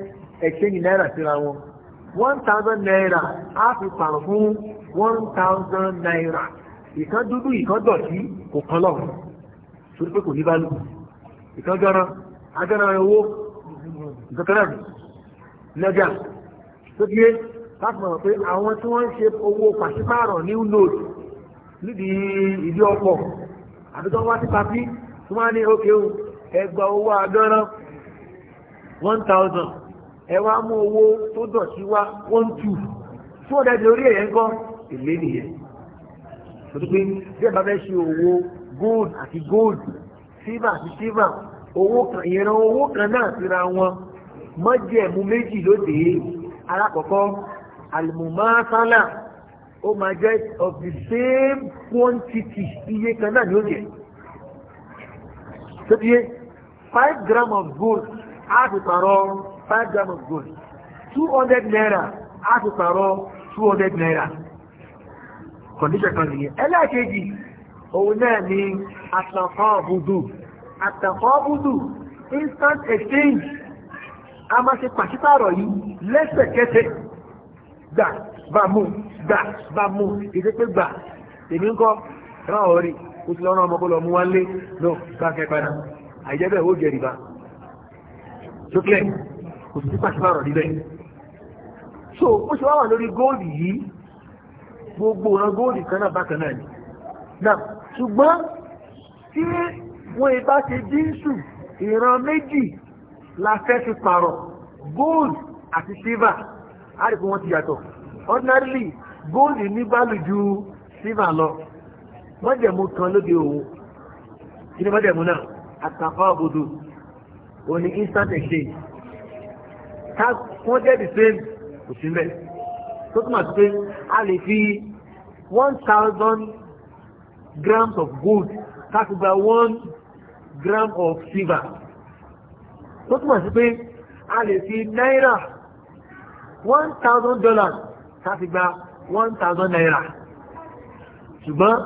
ẹ̀kẹ́yìn náírà síra wọn one thousand náírà á fi pààrọ̀ fún one thousand náírà ìkan dúdú ìkan dọ̀tí kò kan lọ́wọ́ torí pé kò ní bá lù ìkan gánà agánà owó ìkan kan náà lọ́jà tó bí láti mọ̀ pé àwọn tí wọ́n ń ṣe owó pàṣípààrọ̀ new note nídìí ìdí ọkọ̀ àbí tó ń wá sí papí tó máa ní òkè o ẹgbà owó àádọ́rán one thousand ẹ wá mú owó tó dọ̀tí wá one two fún ọ̀dà ìdí orí ẹ̀yẹ́ ń kọ́ èlé nìyẹn tó tó pé bí ẹ bá fẹ́ ṣe owó gold àti gold silver àti silver owó kan ìyẹn owó kan náà síra wọn mọ́jẹ̀mú méjì lóde alákọ̀ọ́kọ́ alimumasala ó máa jẹ́ of the same quantity iye kan náà ni ó jẹ́ tó iye five gram of gold á ti pààrọ̀ five gram of gold two hundred naira á ti pààrọ̀ two hundred naira condition kan nìyẹn ẹlẹ́ẹ̀kejì òun náà ni àtàkọ́ àbùdù àtàkọ́ àbùdù instant exchange a máa ṣe pàṣípààrọ̀ yìí lẹ́sẹ̀kẹsẹ̀ gbà bá mú gbà bá mú èdè pé gbà èmi ń kọ́ ẹ̀rọ ọ̀rí ó ti lọ́rọ̀ ọmọ bọ́lọ̀ mú wá lé lọ bá kẹ́ padà àìjẹ́ bẹ́ẹ̀ ó jẹ rìbá sókè kò sí pàṣípààrọ̀ níbẹ̀ so ó ṣe wá wà lórí góòlù yìí gbogbo ọ̀nà góòlù kan náà bákan náà ni náà ṣùgbọ́n tí wọ́n ì bá ṣe dínsù ìran méjì la fẹ́ fi pààrọ̀ gold àti silver a rí pé wọ́n ti yàtọ̀ ordinarily gold ní báàlù ju silver lọ mọ́jẹ̀mú kan lóde òun kí ni mọ́jẹ̀mú náà àtàfà òbòdò òun ni instant exchange ká wọ́n jẹ́ the same kò sí mbẹ́ tó túmọ̀ sí pé a lè fi one thousand grams of gold ká fi gba one gram of silver tó túmọ̀ sí pé a lè fi náírà one thousand dollars káfí gba one thousand naira ṣùgbọ́n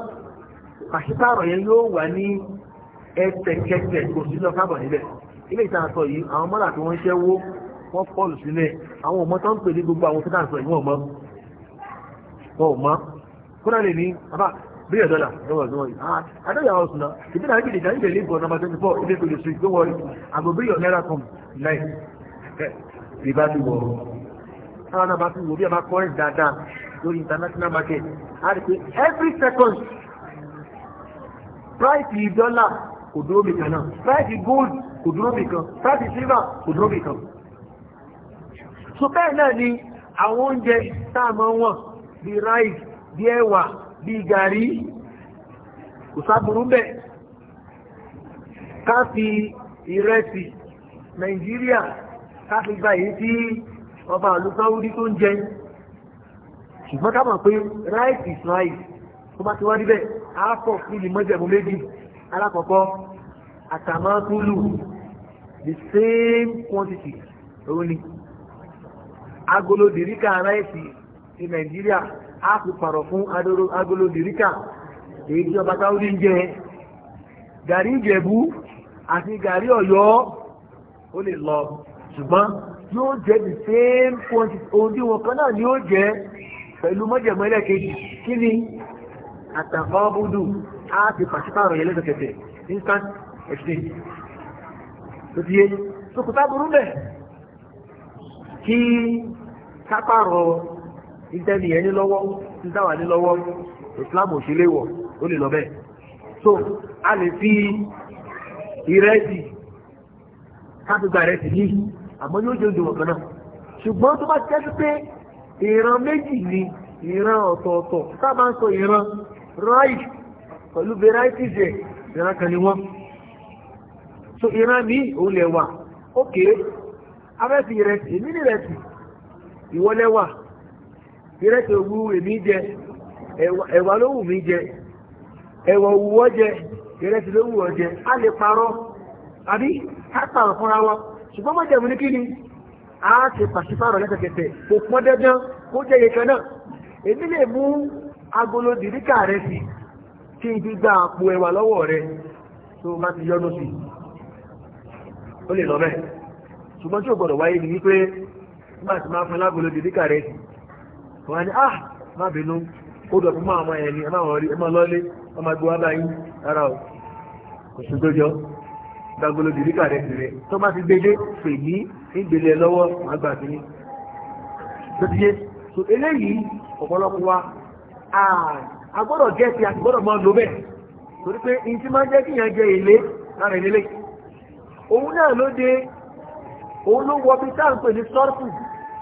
pàṣípààrọ̀ yẹn yóò wà ní ẹ̀tẹ̀kẹ̀tẹ̀ kò sí lọ kábọ̀ níbẹ̀ ilé ìtàn sọ yìí àwọn mọ́là tí wọ́n ń ṣẹ́wó wọ́n pọ̀lù sílẹ̀ àwọn ọmọ tó ń pè ní gbogbo àwọn tó dáǹsọ yìí wọ́n mọ́ wọn ò mọ́ kódà lè ní bàbá billion dollar no worry ah i know your house now if you na happy the you dey for number twenty four you dey go dey sweet no worry i go bring your naira come night bí bá ti wọ ọ táwọn náà bá ti wọ bí a bá kọrin dáadáa lórí international market a rí every second price dọ́là kò dúró mi kan náà price gold kò dúró mi kan price silver kò dúró mi so bẹ́ẹ̀ náà ni àwọn oúnjẹ tá a máa ń bí rice bí ẹ̀wà bíi gàrí kò sáburú bẹ́ẹ̀ ká fi ìrẹsì nàìjíríà ká fi gba èyí tí ọba àlú sáwúdí tó ń jẹ ṣùgbọ́n ká mọ̀ pé right is tó bá ti wá níbẹ̀ á fún ìmọ̀jẹ̀mú méjì alákọ̀ọ́kọ́ àtàmọ́kúlù the same quantity òun ni agolo dèríkà ráìsì ti nàìjíríà á fi pàrọ̀ fún agolo dìríkà èyí tí ọba táwọ́dí ń jẹ gàrí ìjẹ̀bú àti gàrí ọ̀yọ́ ó lè lọ ṣùgbọ́n yóò jẹ́ the same quantity ohun tí wọn kan náà ni ó jẹ́ pẹ̀lú mọ́jẹ̀mọ́ ẹlẹ́kejì kí ni àtàkọ́bùdù á fi pàṣípàrọ̀ yẹn lẹ́sẹ̀kẹsẹ̀ instant exchange tó ti yé sókùtà burú bẹ̀ kí sápàrọ̀ ìtẹ́ni ẹni lọ́wọ́ tí táwà ní lọ́wọ́ islam ò sílé wọ̀ ó lè lọ bẹ́ẹ̀ so a lè fi ìrẹsì kápẹ́gbà ìrẹsì yìí àmọ́ yóò jẹ́ òjòwò kan náà ṣùgbọ́n tó bá tẹ́sí pé ìran méjì ni ìran ọ̀tọ̀ọ̀tọ̀ sábà ń sọ ìran right pẹ̀lú varieties ẹ̀ ìran kan ni wọ́n so ìran mi ò lẹ̀ wà ókè afẹ́fì ìrẹsì èmi ní ìrẹsì ìwọlẹ́wà ìrẹsì òwú èmi jẹ ẹ̀wà ló wù mí jẹ ẹ̀wà òwú ọ jẹ ìrẹsì ló wù ọ jẹ a lè parọ́ àbí ká pààrọ̀ fúnra wọn ṣùgbọ́n má jẹ̀mú ní kí ni a ti pàṣípààrọ̀ lẹ́sẹ̀kẹsẹ̀ kò pọ́n dandan kó jẹ́ yẹ̀kan náà èmi lè mú agolo dìríkà rẹ sí kí n fi gba àpò ẹ̀wà lọ́wọ́ rẹ tó bá ti yọ́nú sí ó lè lọ bẹ́ẹ̀ ṣùgbọ́n tí ò gbọ́dọ̀ wáyé ni wípé nígbà tí máa fún lágolo dìríkà rẹ sí wọ́n ni ah má bínú ó dọ̀kún máa mọ ẹni ẹ máa wọ̀n rí ẹ máa lọ́lé ọ máa gbọ́ bá yín o kò sí tó jọ gbàgbọ́lọ́ dìrí kàrẹ́ tìrẹ tó bá ti gbélé pè ní ìgbélé lọ́wọ́ má gbà sí ní. tó ti yé so eléyìí ọ̀pọ̀lọpọ̀ wa a gbọ́dọ̀ jẹ́ ti a ti gbọ́dọ̀ máa lo bẹ́ẹ̀ torí pé n ti máa jẹ́ kí yẹn jẹ èlé lára ìdílé òun náà ló dé òun ló wọ bí táà ń pè ní sọ́rfù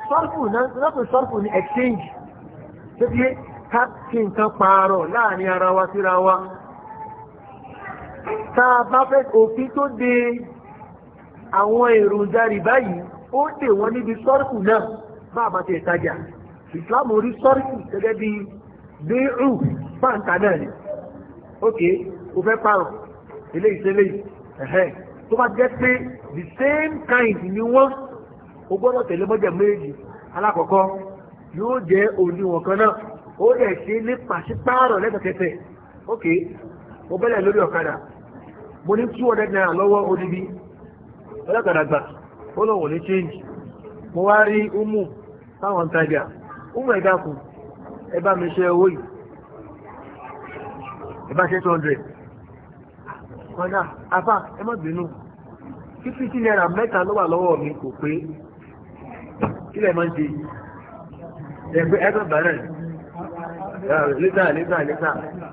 sọ́rfù náà sọ́rfù ní exchange tó bí káàkì nǹkan pààrọ̀ láàrin ara wa síra wa ta bá fẹ́ òfin tó de àwọn èròjà rìbá yìí ó dè wọ́n níbi sọ́rìkù náà bá a bá ti ìtajà ìsìláàmù orí sọ́rìkù gẹ́gẹ́ bí bíhù pàǹtà náà ni ok o fẹ́ pààrọ̀ eléyìí sí ẹ̀hẹ́ tó bá jẹ́ pé the same kind ni wọ́n o gbọ́dọ̀ tẹ̀lé mọ́jẹ̀ méjì alákọ̀ọ́kọ́ yóò jẹ́ na kan náà ó lè ṣe ní pàṣípààrọ̀ lẹ́sẹ̀kẹsẹ̀ ok mo bẹ́lẹ̀ lórí ọ̀kadà mo ní two hundred naira lọ́wọ́ odidi ọlọ́kadà gbà ó lọ́wọ́ ní change mo wá rí umu táwọn tajà umu ẹ̀dá kù ẹ mi ṣe owó yìí ẹ bá ṣe afá ẹ má bínú fifty lọ́wọ́ mi kò pé kí ẹgbẹ́ ẹgbẹ́ bàrẹ̀ lítà lítà lítà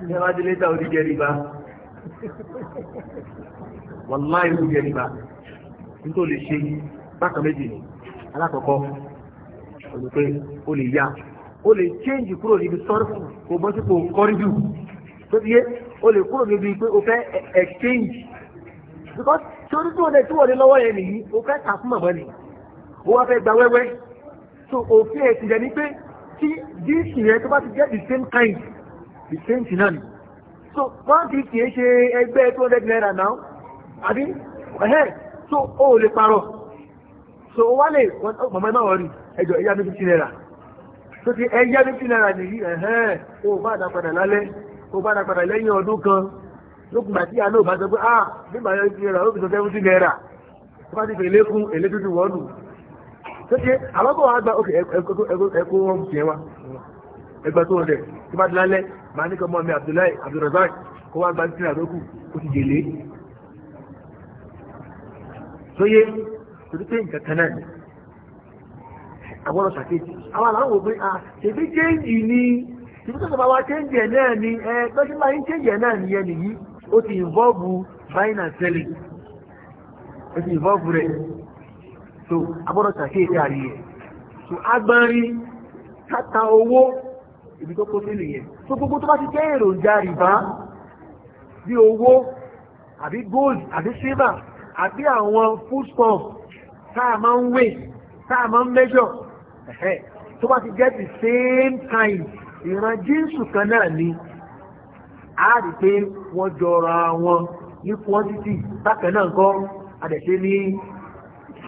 ní wájú lítà ó ti jẹ́ rí bá wàláì ó ti jẹ́ rí bá nítorí lè ṣe bákan méjì alákọ̀ọ́kọ́ ó lè yá ó lè change kúrò níbi sọ́rọ̀fù kò bọ́ sípò kọ́rídù tó ti yé ó lè kúrò níbi pé o fẹ́ because torí tí wọ́n lè tí wọ́n lọ́wọ́ yẹn nìyí o fẹ́ tà fún màmá ni o wá fẹ́ gba wẹ́wẹ́. so òfin ẹ̀sìn rẹ̀ ni pé tí díìsì rẹ̀ tó bá ti jẹ́ the same kind the same thing náà ni so one fifty ẹ ṣe ẹgbẹ́ two hundred naira now àbí ẹ̀hẹ́ so o ò lè parọ́ so o wá lè mọ̀mọ́ ẹ má wọ̀ rí ẹjọ́ ẹ̀yá mi fifty naira So ti ẹ̀yá mi fifty naira nìyí ẹ̀hẹ́ o bá dá padà lálẹ́ o bá dá padà lẹ́yìn ọdún kan lókùnbà tí a náà bá sọ pé ah bí màá yọ fifty naira ó fi sọ seventy naira tó bá ti fẹ́ lékún èlé tuntun wọ́ọ̀nù ṣe àwọn kò wá wọn tiẹ̀ wa ẹgbẹ́ rẹ̀ tí bá dilálẹ̀ máa ní kọ́ mi Abdullahi Abdulrazak kó wá gba nítorí àdókù ó ti délé. sóyè torí nǹkan kan náà àwọn ọ̀sàkéjì àwọn àlàáwò pé a ṣèbí chéǹjì ni ṣèbí tó wa chéǹjì ẹ̀ náà ni ẹ gbẹ́sí máa ń ẹ̀ náà nìyẹn nìyí ó ti involve buying so agbọ́dọ̀ ṣàkíyèsí àrí ẹ̀ so agbọ́nrí káta owó ibi tó kó sí nìyẹn so gbogbo tó bá ti jẹ́ èròjà rìbá bí owó àbí gold àbí silver àbí àwọn food stuff táà máa ń wé táà máa ń measure ẹ̀hẹ́ tó bá ti jẹ́ the same kind ìran jíǹsù kan náà ni a rí pé wọ́n jọra wọn ní quantity bákan náà kọ́ adẹ̀ṣe ní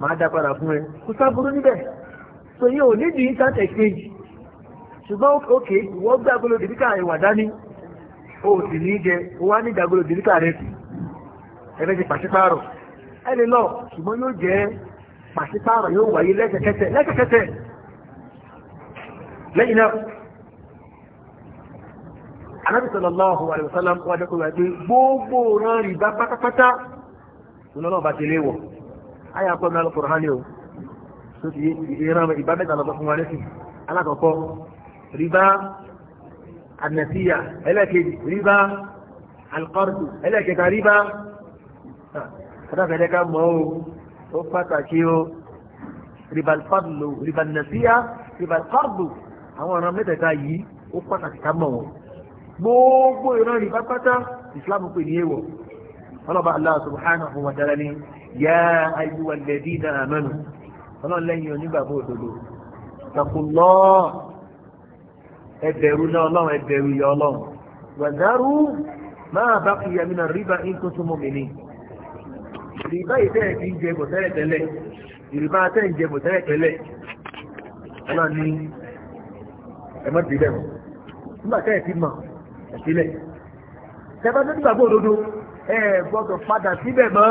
máa dá padà fún ẹ kò sáburú níbẹ̀ so yóò nídìí instant exchange ṣùgbọ́n òkè wọ́n gbé agolo dìbíkà ìwà dání o sì ní jẹ o wá ní ìdàgolo dìbíkà rẹ sí ẹgbẹ́ ti pàṣípààrọ̀ ẹ lè lọ ṣùgbọ́n yóò jẹ́ pàṣípààrọ̀ yóò wáyé lẹ́sẹ̀kẹsẹ̀ lẹ́sẹ̀kẹsẹ̀ lẹ́yìn náà anábì sallallahu alaihi wasallam wájẹ́ kó wáyé pé gbogbo rán rìbá pátápátá lọ́nà ayé akọ́ ní alukọ̀rọ̀ ní o tó ti ìran ìbá mẹ́ta lọ́tọ́ fún wa lẹ́sìn alákọ̀ọ́kọ́ rìbá ànàsíyà ẹlẹ́kejì rìbá alukọ́rọ̀tù ẹlẹ́kẹta rìbá ọ̀dọ́fẹ̀lẹ́ ká mọ́ o ó pàtàkì o rìbá alfadlu rìbá ànàsíyà rìbá alukọ́rọ̀tù àwọn ọ̀ràn mẹ́tẹ̀ẹ̀ta yìí ó pàtàkì ká mọ̀ wọn gbogbo ìran rìbá pátá yá ayúwa lẹ́bí náà mẹ́nu ọlọ́run lẹ́yìn onígbàgbọ́ òdodo takulọ́ ẹbẹ̀rù náà ọlọ́run ẹbẹ̀rù yọ ọlọ́run wàdárù máa bá fi yàmínà rìbá nǹkan tó mọ̀ mí ni ìrìbá ìfẹ́ ẹ̀ ti ń jẹ bọ̀tẹ́lẹ̀ tẹ́lẹ̀ ìrìbá tẹ́ ń jẹ bọ̀tẹ́lẹ̀ tẹ́lẹ̀ ọlọ́run ní ẹ̀mọ́ ti bẹ̀rù nígbà tẹ́ ẹ̀ ti mọ̀ ẹ̀sílẹ̀ tẹ́fẹ́ tó ti gbàgbọ́ òdodo ẹ̀ gbọ́dọ̀ padà síbẹ̀ mọ́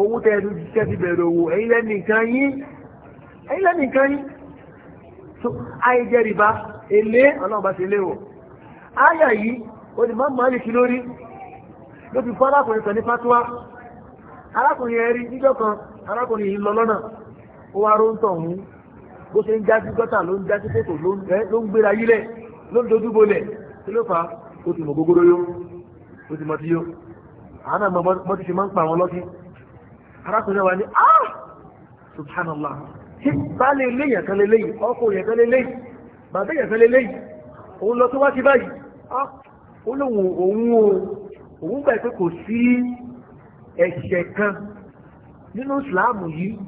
owó tẹ́ẹ̀dù jíṣẹ́ ti bẹ̀rẹ̀ owó ẹ̀yin lẹ́ni nǹkan yín ẹ̀yin lẹ́ni nǹkan yín so àìjẹ́ rìbá èlé ọlọ́run bá ti lé wọ̀ áyà yìí onímọ̀ mọ́lìkì lórí ló fi fọ́ arákùnrin kan ní fatuwa arákùnrin ẹ̀rí níjọ́ kan arákùnrin yìí lọ lọ́nà ó wá ró ń tọ̀ hún bó ṣe ń já sí gọ́tà ló ń já sí kòtò ló ń gbéra yílẹ̀ ló ń dojú bolẹ̀ kí ló fà ti ṣe máa ń pa lọ́sí arákùnrin wa ní ah subhanallah tí bá lè lé yẹn kan lélẹ́yìí ọkọ̀ yẹn kan lélẹ́yìí bàbá yẹn kan lélẹ́yìí òun lọ tó wá sí báyìí ah olóhùn òun o òun gbà pé kò sí ẹ̀ṣẹ̀ kan nínú ìsìláàmù yìí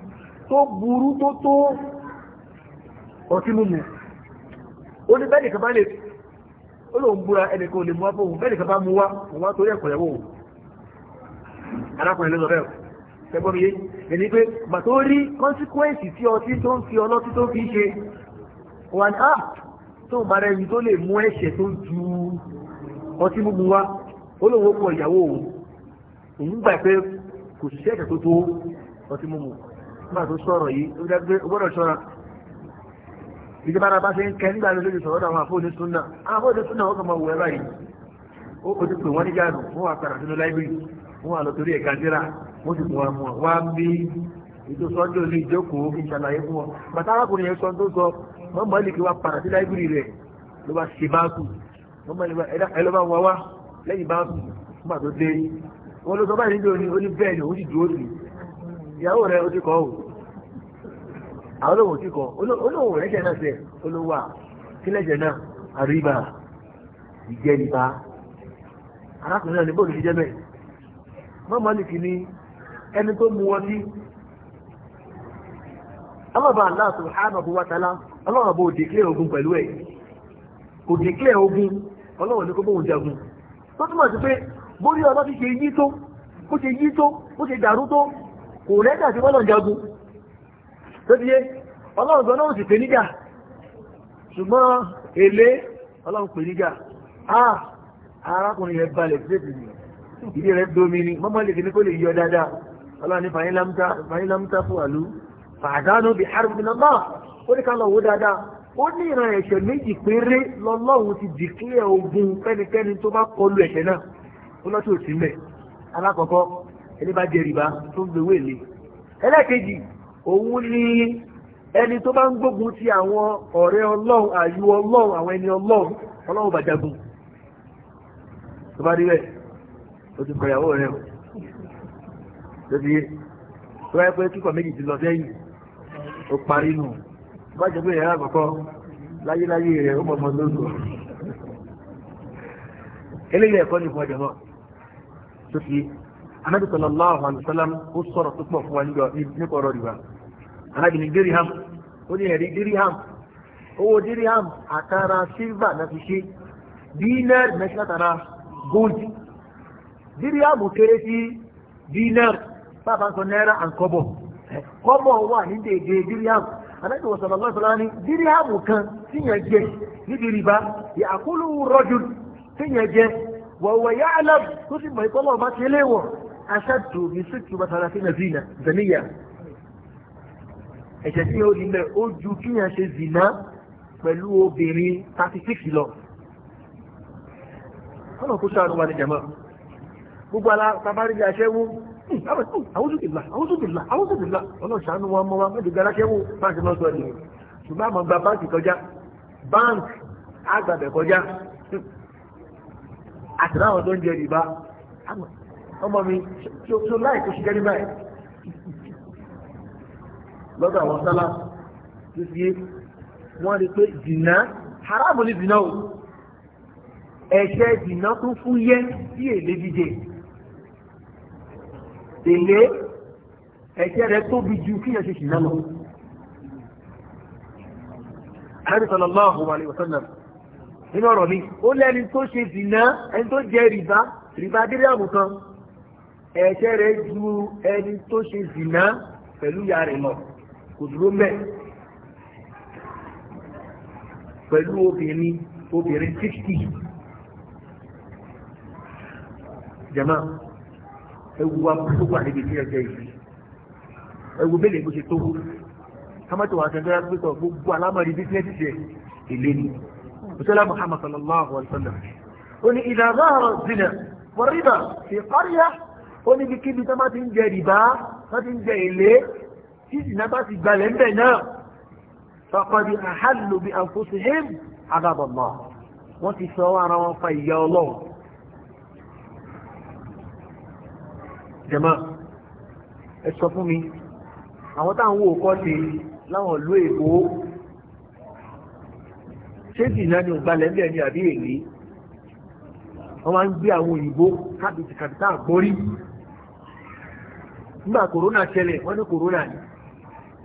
tó burú tó tó ọtí mímu ó ní bẹ́ẹ̀ nìkan bá lè ó búra ẹnìkan ò lè mú wá fóun bẹ́ẹ̀ nìkan bá mú wá òun wá torí ẹ̀kọ́ ìyàwó arákùnrin ló bẹ́ẹ̀ tẹgbọ́n yé ẹni pé gbà rí consequence tí ọtí tó ń fi ọlọ́tí tó fi ṣe one act ah, tó ń bára ẹni tó lè mú ẹ̀ṣẹ̀ tó ju ọtí múmu wá ó lóun ó pọ̀ ìyàwó òun òun gbà pé kò sí ẹ̀ṣẹ̀ tó tó ọtí múmu nígbà tó sọ̀rọ̀ yìí ó dágbé ó gbọ́dọ̀ ṣọ́ra ìdí bára bá ṣe ń kẹ nígbà lórí sọ̀rọ̀ àwọn àfóòdé súnà wọn àlọ́ torí ẹ̀ka dírà wọ́n sì fún wa mú wa bí ìtòsọ́jọ́ ní ìjókòó kí ṣàlàyé fún ọ bàtà arákùnrin yẹn sọ tó sọ mọ́ mọ́lìkì wa padà sí láìbírì rẹ̀ ló bá ṣe báàkù mọ́ mọ́lìkì ẹ lọ́ bá wà wá lẹ́yìn báàkù nígbà tó dé wọn ló sọ báyìí nílò ní ó ní bẹ́ẹ̀ ni òun sì dúró sí ìyàwó rẹ̀ ó ti kọ́ ò àwọn olóhùn ti kọ́ olóhùn ẹ̀ṣẹ̀ náà ṣe olówó à náà àríbà arákùnrin náà ní bóòlù bẹ́ẹ̀ mọ́mọ́lìkì ni ẹni tó mú wọn sí ọlọ́ba Allah subhanahu wa ta'ala ọlọ́run bó dèkílẹ̀ ogun pẹ̀lú ẹ̀ kò dèkílẹ̀ ogun ọlọ́run ní kó bóun jagun tó túmọ̀ sí pé bórí ọlọ́ ti ṣe yí tó bó ṣe yí tó bó ṣe dàrú tó kò lẹ́jà sí ọlọ́run jagun tó ti yé ọlọ́run gan náà sì pé níjà ṣùgbọ́n èlé ọlọ́run pè níjà ah arákùnrin yẹn balẹ̀ sí ètò ìyẹn ìdí rẹ̀ domi ni mọ́mọ́ lè kíní kó lè yọ dáadáa ọlọ́run ní fàyín lámúta fún àlú fàdánù bí harbi nàmbà ó ní ká lọ wó dáadáa ó ní ìran ẹ̀ṣẹ̀ méjì péré lọ́lọ́run ti dìkílẹ̀ ogun fẹ́nikẹ́ni tó bá kọlu ẹ̀ṣẹ̀ náà ó lọ́tí òsì mẹ́ alákọ̀ọ́kọ́ ẹni bá jẹ rìbá tó ń gbowó èlé ẹlẹ́ẹ̀kejì òun ni ẹni tó bá ń gbógun ti àwọn ọ̀rẹ́ ọlọ́run àyù ọlọ́run àwọn ẹni ọlọ́run ọlọ́run bàjágun tó bá rí bẹ́ẹ̀ ó ti kọyàwó rẹ̀ o lóbi tó wáyé pé kíkọ̀ méjì ti lọ sẹ́yìn ó parí nù bá jẹ́ pé ìyára àkọ́kọ́ láyéláyé rẹ̀ ó mọ̀mọ́ lóṣù eléyìí ẹ̀kọ́ ní ìfọ̀jọ̀ náà tó fi anábì sallallahu alaihi wasallam ó sọ̀rọ̀ tó pọ̀ fún wa nípa ọ̀rọ̀ rìbá anábì ní dirham ó ní ẹ̀rí dirham owó dirham àtàrà silver náà fi ṣe dínẹ́rì mẹ́sàn-án gold díríàmù kéré sí dinar bàbá ń sọ náírà and kọ́bọ̀ kọ́bọ̀ wà ní dèdè díríàmù anájú wọ̀sán lọ́wọ́ sọ́lá ní díríàmù kan tíyàn jẹ níbi rìbá yàkúlù rọ́jù tíyàn jẹ wọ̀wọ̀ yá aláb tó sì mọ̀ ìpọ́lọ̀ ọba ti léwọ̀ aṣáàtò ní sèkì bàtàrà sí nàìjíríà zaniya ẹ̀jẹ̀ tí ó nílẹ̀ ó ju kíyàn ṣe zìnà pẹ̀lú obìnrin 36 lọ. Wọ́n kó ṣàánú gbogbo ara tabari di aṣẹ́wó àwùjọbìlà àwùjọbìlà àwùjọbìlà ọlọ́ṣàánú wọn mọ́ wa mẹ́jọ gara aṣẹ́wó báńkì náà sọ ni ṣùgbọ́n àmọ́ gba báńkì kọjá báńkì àgbàbẹ̀ kọjá hmm. àtìláwọn tó ń jẹ ìbá ọmọ mi tó láì tó ṣiṣẹ́ nígbà yẹn lọ́dọ̀ àwọn sálá tó fi wọ́n rí pé dìnnà haramu ni dìnnà o ẹ̀ṣẹ̀ dìnnà tó fún yẹ sí èlé jíjẹ èlé ẹ̀jẹ̀ rẹ̀ tóbi ju kí ẹ̀ ṣe ṣì náà lọ. Ànábì sallallahu alaihi wasallam nínú ọ̀rọ̀ mi ó lẹ́ni tó ṣe zìnà ẹni tó jẹ rìbá rìbá pẹ̀lú obìnrin obìnrin 60 jama ẹwù wa tó wà níbi tí ẹjẹ yìí ẹwù mélòó bó ṣe tó kámẹ́tò wà sẹ́ńtẹ́ rẹ̀ pípọ̀ gbogbo alámọ̀rí bísíǹsì ṣe èlé ni musala muhammad sallallahu alaihi wa sallam ó ní ìdá záhàrọ̀ zina wọ́rìbà fi kọ́ríyá ó ní kíbi tó máa ti ń jẹ rìbá tó ti ń jẹ èlé tí ìsìnà bá ti gbalẹ̀ ń bẹ̀ náà fàkọ́dí àhàlù bí àfọ́síhìm àbábọ̀mọ́ wọ́n ti sọ ara wọn fa ìyá ọlọ́run Jamaa, ẹ sọ fún mi àwọn táwọn wò kọ́ ti láwọn ìlú èkó ṣé ìdìnnà ni ni àbí èlé wọ́n máa ń gbé àwọn òyìnbó kábìtì ka àgbórí nígbà kòrónà ṣẹlẹ̀ wọ́n ní kòrónà ni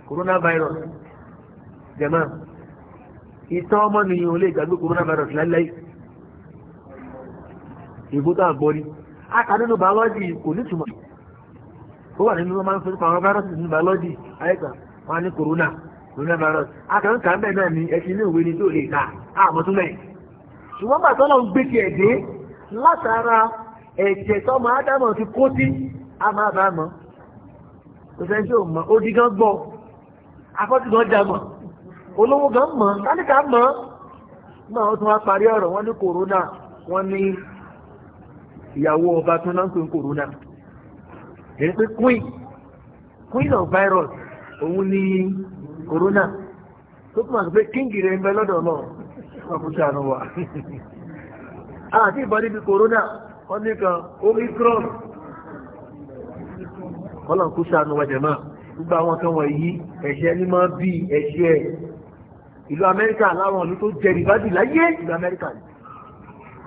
kòrónà virus jẹ̀mọ́ ìtàn ọmọnìyàn ò lè kòrónà virus láíláí ìbò àgbórí a kà nínú bàbá jì kò ní túmọ̀ ó wà nínú wọn ma ń fojú pa virus nínú biology àyíká wọn ní corona corona virus A kan bẹ́ẹ̀ náà ni ẹ̀sìn inú ìwé ni tó lè ta àmọ́ ṣùgbọ́n bàtọ́ náà ń gbé látara ẹ̀jẹ̀ ti kó sí kò tí ò mọ̀ ó di gan gbọ́ afọ́tí gan olówó gan mọ̀ mọ̀ náà wọ́n tún wá parí ọ̀rọ̀ ní èyí pé queen queen of virus òun ni corona tó kún àti pé king rẹ̀ ń bẹ lọ́dọ̀ náà wọ́n kú sànù wà. àti ìbọ̀dí bíi corona wọ́n ní kan omicron kọ́lọ̀ kú sànù wà jẹ̀mọ́ gbogbo àwọn kan wọ̀nyí ẹ̀ṣẹ̀ ní máa bí ẹ̀ṣẹ̀ ìlú amẹ́ríkà láwọn ìlú tó jẹ́ ìbádìí láyé ìlú amẹ́ríkà ni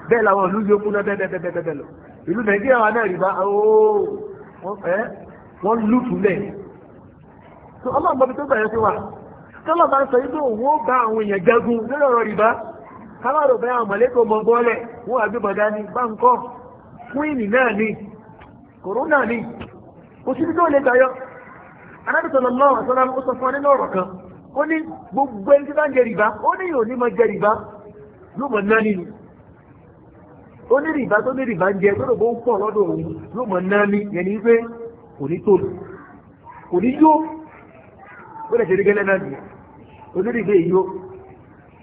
bẹ́ẹ̀ làwọn ìlú yókù náà bẹ́ẹ̀ bẹ́ẹ̀ bẹ́ẹ̀ bẹ́ẹ̀ lọ ìlú nàìjíríà wà náà rí bá ooo. wọ́n lùtùlẹ̀ tó ọlọ́mọbi tó bẹ̀rẹ̀ sí wa tọ́lọ̀ bá ń sọ ibi òun ó bá àwọn èèyàn jagun lórí ọ̀rọ̀ rìbá káwàrò bẹ́ àwọn mọ̀lẹ́kọ̀ọ́ mọ̀ wọ́n àgbébọ̀dá ní báńkọ́ kúìnì náà ní kòrónà ó ní rìbá tó ní rìbá ń jẹ gbọ́dọ̀ bó ń pọ̀ lọ́dọ̀ òun ló mọ̀ náà ní yẹn ní pé kò ní tó kò ní yó gbọ́dọ̀ ṣe rí gẹ́lẹ́ náà nìyẹn onírìbá èyó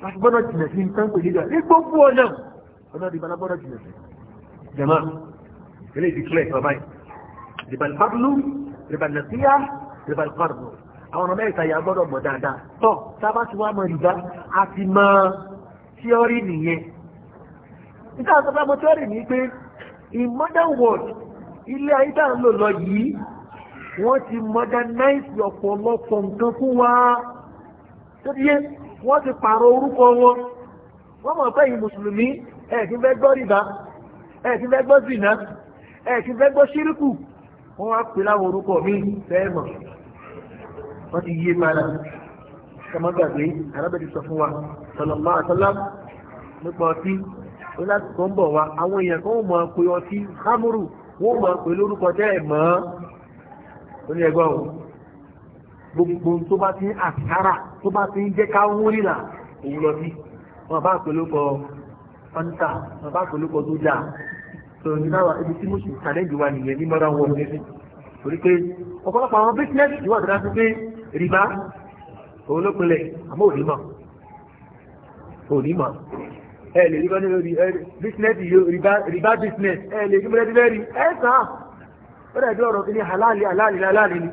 láti gbọ́dọ̀ jìnà sí nǹkan pè nígbà ní gbogbo ọ̀nà ọ̀nà ìdìbà lágbọ́dọ̀ jìnà sí jama ilé ìdíkílẹ̀ ìfọ̀bá ìdìbà ìfàbùlù ìdìbà nàfíà ìdìbà ìfàbùlù àwọn ọmọ mẹ́ta yà gbọ́dọ̀ mọ̀ dáadáa tọ́ sábà tí wọ́n mọ̀ ìdá àti mọ̀ tíọ́rì nìyẹn nígbà tó bá mo tẹ́rì ní pé in modern world ilé ayé tá ń lò lọ yìí wọ́n ti modernize ọ̀pọ̀lọpọ̀ nǹkan fún wa tó ti yé wọ́n ti pààrọ̀ orúkọ wọn wọ́n mọ̀ pé yìí mùsùlùmí ẹ̀ẹ̀kí fẹ́ gbọ́ rìbá ẹ̀ẹ̀kí fẹ́ gbọ́ zìnà ẹ̀ẹ̀kí fẹ́ gbọ́ ṣíríkù wọ́n wá pè láwọn orúkọ mi fẹ́ẹ̀mọ̀ wọ́n ti yé mara kàmọ́gbàgbé arábẹ́ni sọ fún wa sallallahu alaihi wasallam nípa ọtí ó láti kan bọ̀ wá àwọn èèyàn kan ó mọ̀ pé ọtí hámúrù wọ́n mọ̀ pé lórúkọ tẹ́ ẹ̀ mọ́ ó ní ẹgbọ́n o gbogbo tó bá ti ń àkàrà tó bá ti ń jẹ́ ká ń rìnà òun lọ sí wọn bá pè lóko fanta wọn bá pè lóko tó dáa tó ní náà ibi tí mo sì challenge wa nìyẹn ní mọ́ra wọn níbi torí pé ọ̀pọ̀lọpọ̀ àwọn bísíǹnẹ́sì ìwà tó dájú pé rìbá òun ló pinlẹ̀ àmọ́ òní mọ̀ ẹ lè rí bọ́nú lórí bísínẹ́sì yóò rìbá bísínẹ́sì ẹ lè rí búrẹ́dì bẹ́ẹ̀rì ẹ sàn án ó dàbí ọ̀rọ̀ kí ní halali halali halali ni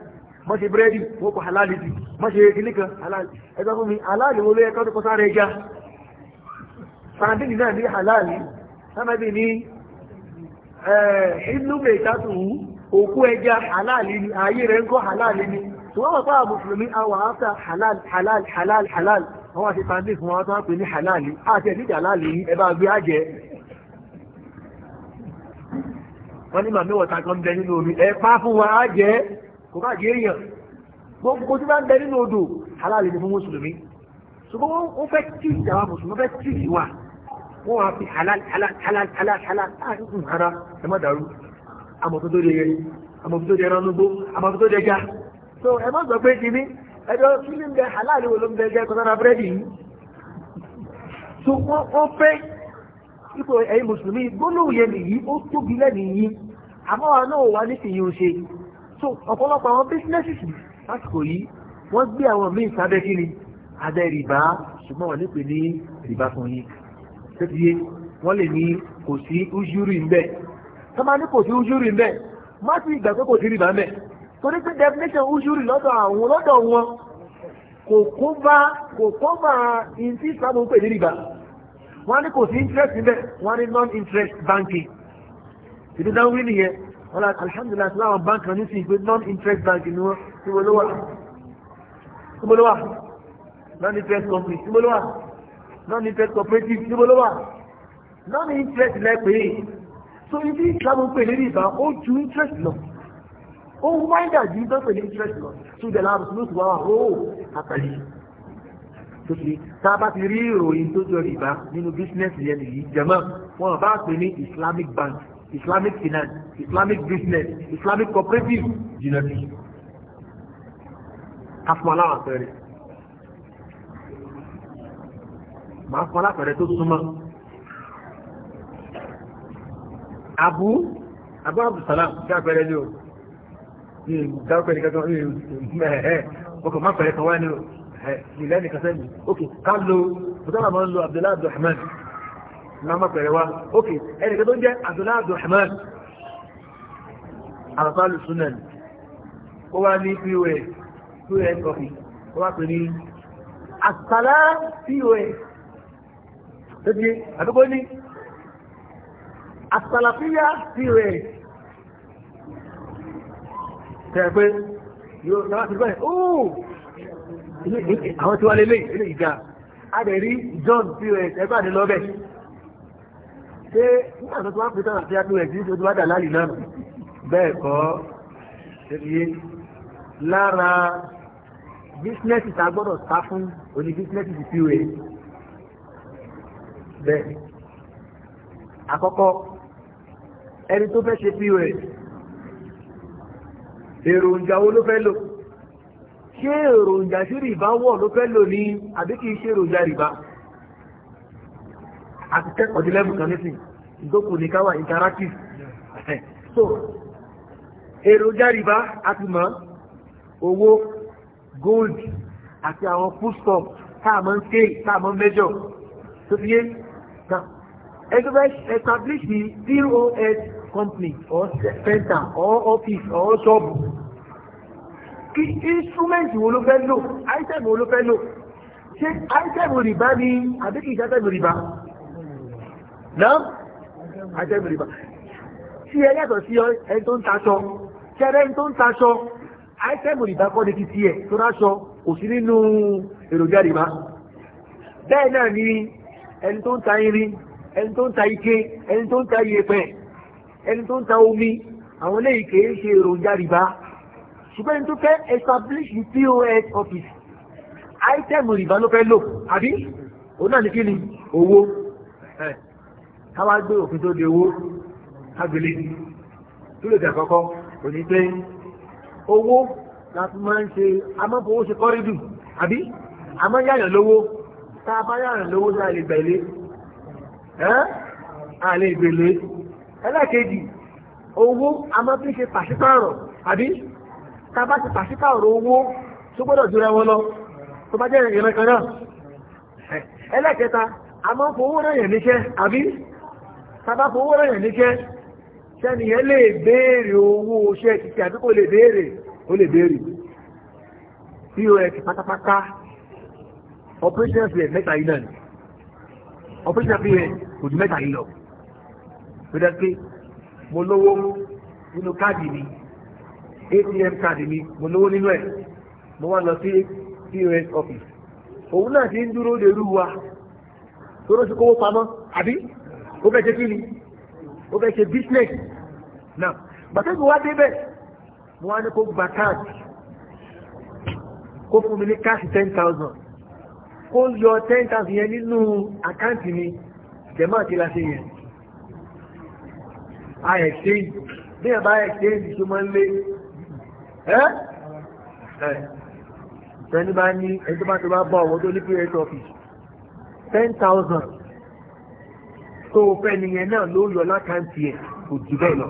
mọ́ ṣe búrẹ́dì wọ́n kọ halali sí mọ́ ṣe kíní kan halali ẹ sọ fún mi halali wo ló yẹ ká tó kọ sára ẹja sàndínì náà ní halali sábàbí ní inú mẹ́tàtù òkú ẹja halali ni ààyè rẹ̀ ń kọ́ halali ni ṣùgbọ́n wọ́n pàà mùsùlùmí àwọn àáfà halal halal halal wọ́n wá sí pandis wọn tó ń pè ní halali àti ẹ̀dídà halali ẹ bá gbé àjẹ wọ́n ní màmí wọ̀ta kan bẹ nínú omi ẹ pa fún wa àjẹ kò bá jẹ èèyàn gbogbo tí bá ń bẹ nínú odò halali ni fún mùsùlùmí ṣùgbọ́n wọ́n fẹ́ tí ìjàwá mùsùlùmí fẹ́ tí ìwà wọ́n wá fi halal halal halal halal halal láti fún ara ẹ má dàrú àmọ̀tò tó dé ẹran nugbó àmọ̀tò tó dé ga so ẹ má gbọ́ pé kìíní ẹjọ́ kí ní bẹ aláàlú wo ló ń bẹ jẹ́ kọ́tọ́ra búrẹ́dì yìí tó wọ́n fẹ́ ipò ẹ̀yin mùsùlùmí gbólóhùn yẹn nìyí ó tóbi lẹ́nu yìí àmọ́ wa náà wà ní tìyí ò ṣe so ọ̀pọ̀lọpọ̀ àwọn bísínẹ́sì lásìkò yìí wọ́n gbé àwọn míì sábẹ́ kí ni adẹ́ rìbá ṣùgbọ́n wọ́n nípe ní rìbá fún yín tẹ́tíyé wọ́n lè ní kò sí ujúrì ń bẹ tọ́ bá ní kò sí ujúrì ń bẹ má sì torí pé definition ushuri lọ́dọ̀ àwọn lọ́dọ̀ wọn kò kó bá kò kó bá ìdí ìsìlámù ń pè ní rìbá wọ́n ní kò sí interest níbẹ̀ wọ́n ní non interest banking ìdí dáhùn wí nìyẹn wọ́n láti alhamdulilah sí láwọn bank kan nísìnyí pé non interest banking ni wọ́n tí wọ́n ló tí wọ́n ló non interest company tí wọ́n ló non interest cooperative tí wọ́n ló non interest lẹ́pẹ́ so ìdí ìsìlámù ń pè ní rìbá ó ju interest lọ. No ó ń wáyà jù tó pè ní interest lọ tó dẹ̀ láàrú tó lóṣù wá ó àtàlẹ́ tó ti tá a bá ti rí ìròyìn tó jọ rìbá nínú business yẹn nìyí jẹ̀mọ́ wọn bá pè ní Islamic bank Islamic finance Islamic business Islamic cooperative jìnnà sí afọlá àpẹẹrẹ máa fọlá àpẹẹrẹ tó súnmọ́ abu abu abdulsalam sí àpẹẹrẹ ní o dáwọ́pẹ́ nìkan kan ẹ̀ẹ́ ọkọ̀ má pẹ̀lẹ́ kan wá ní ilẹ̀ nìkan sẹ́yìn ok ká lo bùtọ́lá máa ń lo Abdullahi Abdulrahman máa má pẹ̀lẹ́ wá ok ẹnìkan tó ń jẹ́ Abdullahi Abdulrahman àbáfáàlù sunan ó wá ní pos pos coffee ó wá pè ní àsálá pos tó ti àdúgbò ní àsálàfíà pos tẹ́ẹ̀pẹ́ yóò sáwá ti bẹ́ẹ̀ ooo àwọn tí wá lé lé ìgbà adẹ̀rí john pos ẹgbẹ́ àdé lọ́bẹ̀ ṣé nígbà tó wá pè tán àti apos ní tó wá dà lálì náà bẹ́ẹ̀ kọ́ ṣèlúyé lára bísínẹ́sì tá a gbọ́dọ̀ sá fún oní bísínẹ́sì ti pos bẹ́ẹ̀ àkọ́kọ́ ẹni tó fẹ́ ṣe pos èròjà wo ló fẹ́ lò ṣé èròjà sí rìbá wọ̀ ló fẹ́ lò ní àbí kìí ṣe èròjà rìbá àti kẹ́kọ̀ọ́ di lẹ́bù kan nísìn ìdókòó ní káwà interactive so èròjà rìbá àti mọ́ owó gold àti àwọn foodstuff táàmọ́ ń ké táàmọ́ mẹ́jọ tó fi yé ẹgbẹ́ establish the company or center or office or shop kí instrument wo ló fẹ́ lò item wo ló fẹ́ lò ṣé item rìbá ni àbí kì í ṣe item rìbá náà item rìbá tí ẹ yàtọ̀ sí ẹni tó ń taṣọ tí ẹni tó ń taṣọ item rìbá kọ́ ni ti tiẹ̀ tó ráṣọ kò sí nínú èròjà rìbá bẹ́ẹ̀ náà ni ẹni tó ń ta irin ẹni tó ń ta ike ẹni tó ń ta iyẹ̀pẹ̀ ẹni tó ń ta omi àwọn eléyìí kì í ṣe èròjà rìbá ṣùgbọ́n ẹni tó fẹ́ establish the POS office item rìbá ló fẹ́ lò àbí òun náà ní kí ni owó káwá gbé òfin tó de owó kágbélé tó lè dà kọ́kọ́ kò ní pé owó la fi máa ń ṣe amọ́fowó ṣe kọ́rídù àbí àmọ́ yáyàn lówó tá a bá yáyàn lówó sí àlè gbẹ̀lé àlè gbẹ̀lé ẹlẹ́ẹ̀kejì owó a máa fi ṣe pàṣípààrọ̀ àbí ta bá ti pàṣípààrọ̀ owó tó gbọ́dọ̀ jura wọn lọ tó bá jẹ́ ìran kan náà ẹlẹ́ẹ̀kẹta a máa ń fowó rẹ̀yàn níṣẹ́ àbí ta bá fowó rẹ̀yàn níṣẹ́ sẹ́niyàn lè béèrè owó iṣẹ́ títí àbí kò lè béèrè ó lè béèrè pos pátápátá operation fẹ̀ mẹ́ta yìí náà ni operation fẹ̀ kò ju mẹ́ta yìí lọ tó jẹ́ pé mo lówó nínú káàdì mi atm káàdì mi mo lówó nínú ẹ̀ mo wá lọ sí pos office òun náà ti ń dúró de irú wa tó ló ti kówó pamọ́ àbí ó fẹ́ ṣe kí ni ó fẹ́ ṣe business náà gbàtẹ́gùn wá débẹ̀ mo wá ní kó gba káàdì kó fún mi ní káàsì ten thousand kó yọ ten thousand yẹn nínú àkáǹtì mi jẹ̀mọ́ àti láti yẹn a exchange bí ẹ̀ bá exchange tó máa ń lé ẹ́ ẹni bá ní ẹni tó bá tó bá bọ́ ọ̀wọ́ tó ní pos office ten thousand tó fẹ́ nìyẹn náà ló yọ lákàntì ẹ̀ kò jù bẹ́ẹ̀ lọ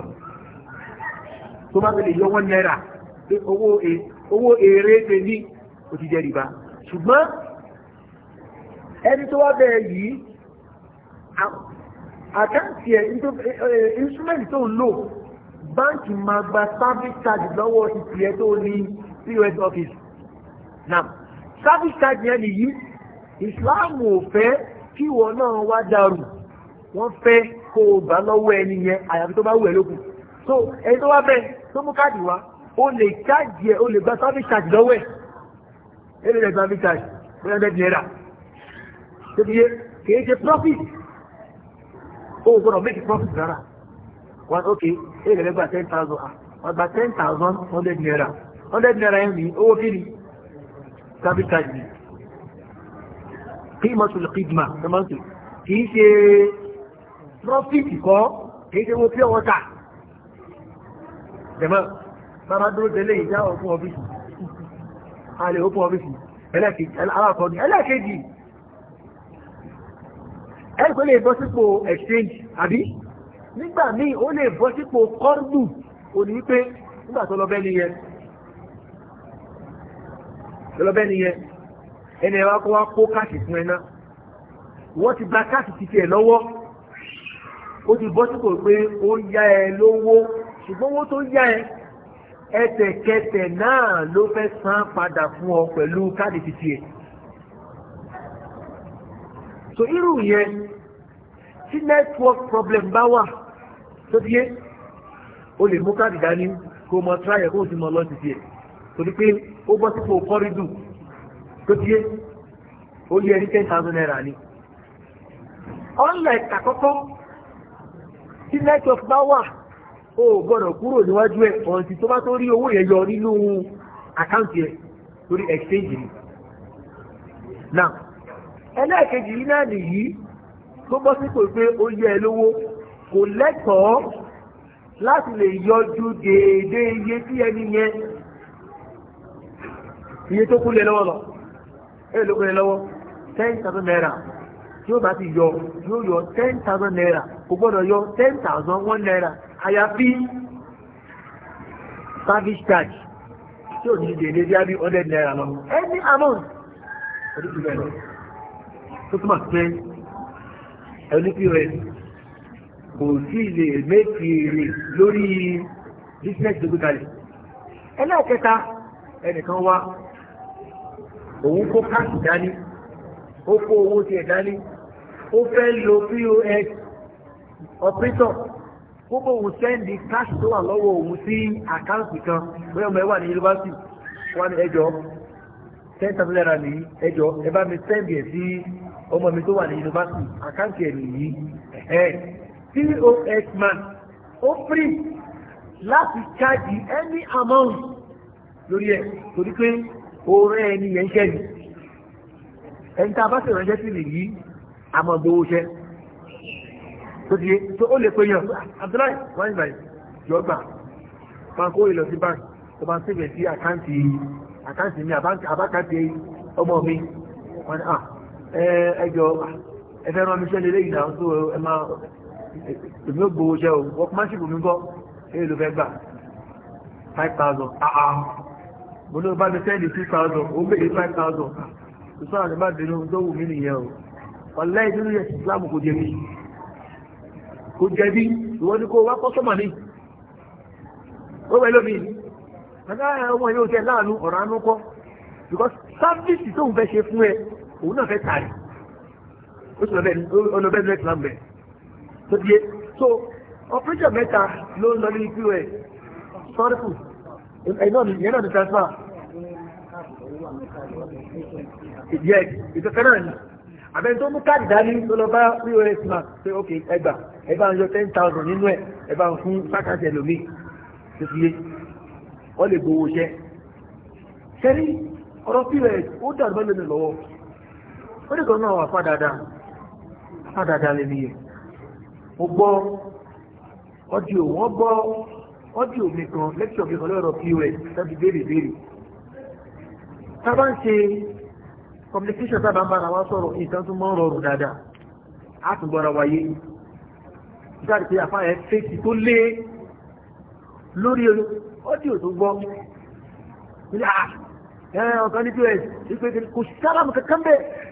tó bá fi lè yọ wọ́n náírà owó èrè e, ṣe ní ó ti jẹ́ rìbá ṣùgbọ́n ẹni tó wá bẹ́ẹ̀ yìí àkáǹtì ẹ̀ instrument tó ń lò báńkì máa gba service charge lọ́wọ́ ìpìlẹ̀ tó ní pos office now service charge yẹn nìyí ìsìláàmù ò fẹ́ kí ìwọ náà wá dàrú wọ́n fẹ́ kó o bá lọ́wọ́ ẹni yẹn àyàfi tó bá wù ẹ́ lókun so ẹni tó wá bẹ́ẹ̀ tó mú káàdì wá o lè káàdì ẹ̀ o lè gba service charge lọ́wọ́ ẹ̀ ẹ̀ lè gba service charge one hundred naira tó fi yé kì í profit ó gbọ́dọ̀ make profit rárá wọn ok èlé lẹ́gbà ten thousand ah, wọn gba ten thousand hundred naira hundred naira yẹn ní owó kí ni capital ni kí mọ́tòlù kìdìmà ẹ máa ń tò kì í ṣe profit kọ́ kì í ṣe wo pure water jẹ̀mọ́ bàbá dúró délé ìjà òkun ọ̀fíìsì a lè òkun ọ̀fíìsì ẹlẹ́kejì alákọ̀ọ́ni ẹlẹ́kejì ẹ̀rì kó lè bọ́ sípò exchange àbí nígbà míì o lè bọ́ sípò kọ́rùnù òní pé nígbà tó lọ́bẹ́ nìyẹn lọ́bẹ́ nìyẹn ẹni ẹ̀rọ akọ́wá kó káàsì fún ẹ náà wọ́n ti gba káàsì ti tiẹ̀ lọ́wọ́ ó ti bọ́ sípò pé ó yá ẹ lówó ṣùgbọ́n owó tó yá ẹ ẹsẹ̀kẹsẹ̀ náà ló fẹ́ san padà fún ọ pẹ̀lú káàdì ti tiẹ̀ so irú yẹn tí network problem bá wà tó bí yé o lè mú káàdì dání kó o mọ tíráyẹ̀ kó o sì mọ lọ sí tiẹ̀ torí pé ó bọ́ sípò kọ́rídù tó bí yé ó yẹ ten thousand naira ni unlike àkọ́kọ́ tí network bá wà o gbọ́dọ̀ kúrò níwájú ẹ̀ ọ̀ǹtì tó bá tó rí owó yẹn yọ nínú àkáǹtì ẹ̀ torí exchange ni now ẹlẹ́ẹ̀kejì yìí náà nìyí tó bọ́ sípò pé ó yẹ ẹ lówó kò lẹ́tọ̀ọ́ láti lè yọjú déédéé iye tí ẹni yẹn iye tó kúlẹ̀ lọ́wọ́ lọ èyí ló kúlẹ̀ lọ́wọ́ ten thousand naira tí ó bá ti yọ yóò yọ ten thousand naira kò gbọ́dọ̀ yọ ten thousand one naira àyàfi service charge tí ò ní déédéé bí i hundred naira lọ any amount tó túmọ̀ pé ẹnipí rẹ kò sí lè méjì èrè lórí business tó gbé kalẹ̀ ẹlẹ́ẹ̀kẹta ẹnìkan wá òun kó káàkì dání ó kó owó tiẹ̀ dání ó fẹ́ lo pos operator gbogbo òun sẹ́ndì káàkì tó wà lọ́wọ́ òun sí àkáǹtì kan bóyá ọmọ ẹ wà ní yunifásitì wà ní ten thousand naira nìyí ẹjọ́ ẹ bá mi sẹ́ndì ẹ̀ sí ọmọ mi tó wà ní yunifásitì àkáǹtì ẹ̀rù yìí ẹ̀ẹ́ pos man ó free láti charge any amount lórí ẹ̀ torí pé oore ẹni yẹn ṣẹ́ ni ẹni tá a bá sì ránṣẹ́ sí lè yí àmọ́ gbowó ṣẹ́ tó ti yé tó ó lè pe yàn Abdullahi wáyé báyìí jọgbà máa kó ìlọ sí báńkì tó máa ń sèbẹ̀ sí àkáǹtì àkáǹtì mi àbáǹtì ọmọ mi wọn ni ah ẹjọ́ ẹfẹ́ mi sẹ́lẹ̀ lẹ́yìn náà tó ẹ máa èmi ó gbowó jẹ́ o workmanship mi kọ́ èyí fẹ́ gbà five thousand àà ah, ah. mo ló bá mi sẹ́lẹ̀ two thousand ó béèrè five thousand ìṣọ́ àti bá dènà tó wù mí nìyẹn o ọ̀lẹ́ ìdílé yẹn Islam kò jẹ̀bi kò jẹ̀bi ìwọ ni kò wá kọ́sọ́mà ni ó wẹ̀ lómi ọ̀gá ọmọ yóò jẹ́ láàánú because service tó ń fẹ́ ṣe fún ẹ òun náà fẹ́ tààrí ó sì lọ́bẹ̀ ní islam bẹ̀ tó di so operation mẹ́ta ló ń lọ ní pos sọ́rẹ́kù ìyẹn náà ní transfer yes ìfẹ́fẹ́ náà ni àbẹ́ni tó mú káàdì dání ló lọ bá pos man pé ok ẹgbà ẹ bá ń yọ ten thousand nínú ẹ ẹ bá ń fún sákàtì ẹlòmíì tó ti yé wọ́n lè gbowó iṣẹ́ sẹ́ni ọ̀rọ̀ pos ó dàrú mẹ́lẹ́nu lọ́wọ́ ó dìkan náà wà fádàdà fádàdà lè nìyẹ mo gbọ́ ọdíò wọ́n gbọ́ ọdíò kan kan lọ́rọ̀ pos láti béèrè béèrè tábà ṣe communication tábà bára wá sọ̀rọ̀ nǹkan tó mọ́ rọrùn dáadáa á tún wáyé jáde pé àfáà ẹ̀ fèsì tó lé lórí gbọ́ ah, ní pos kò kankan bẹ́ẹ̀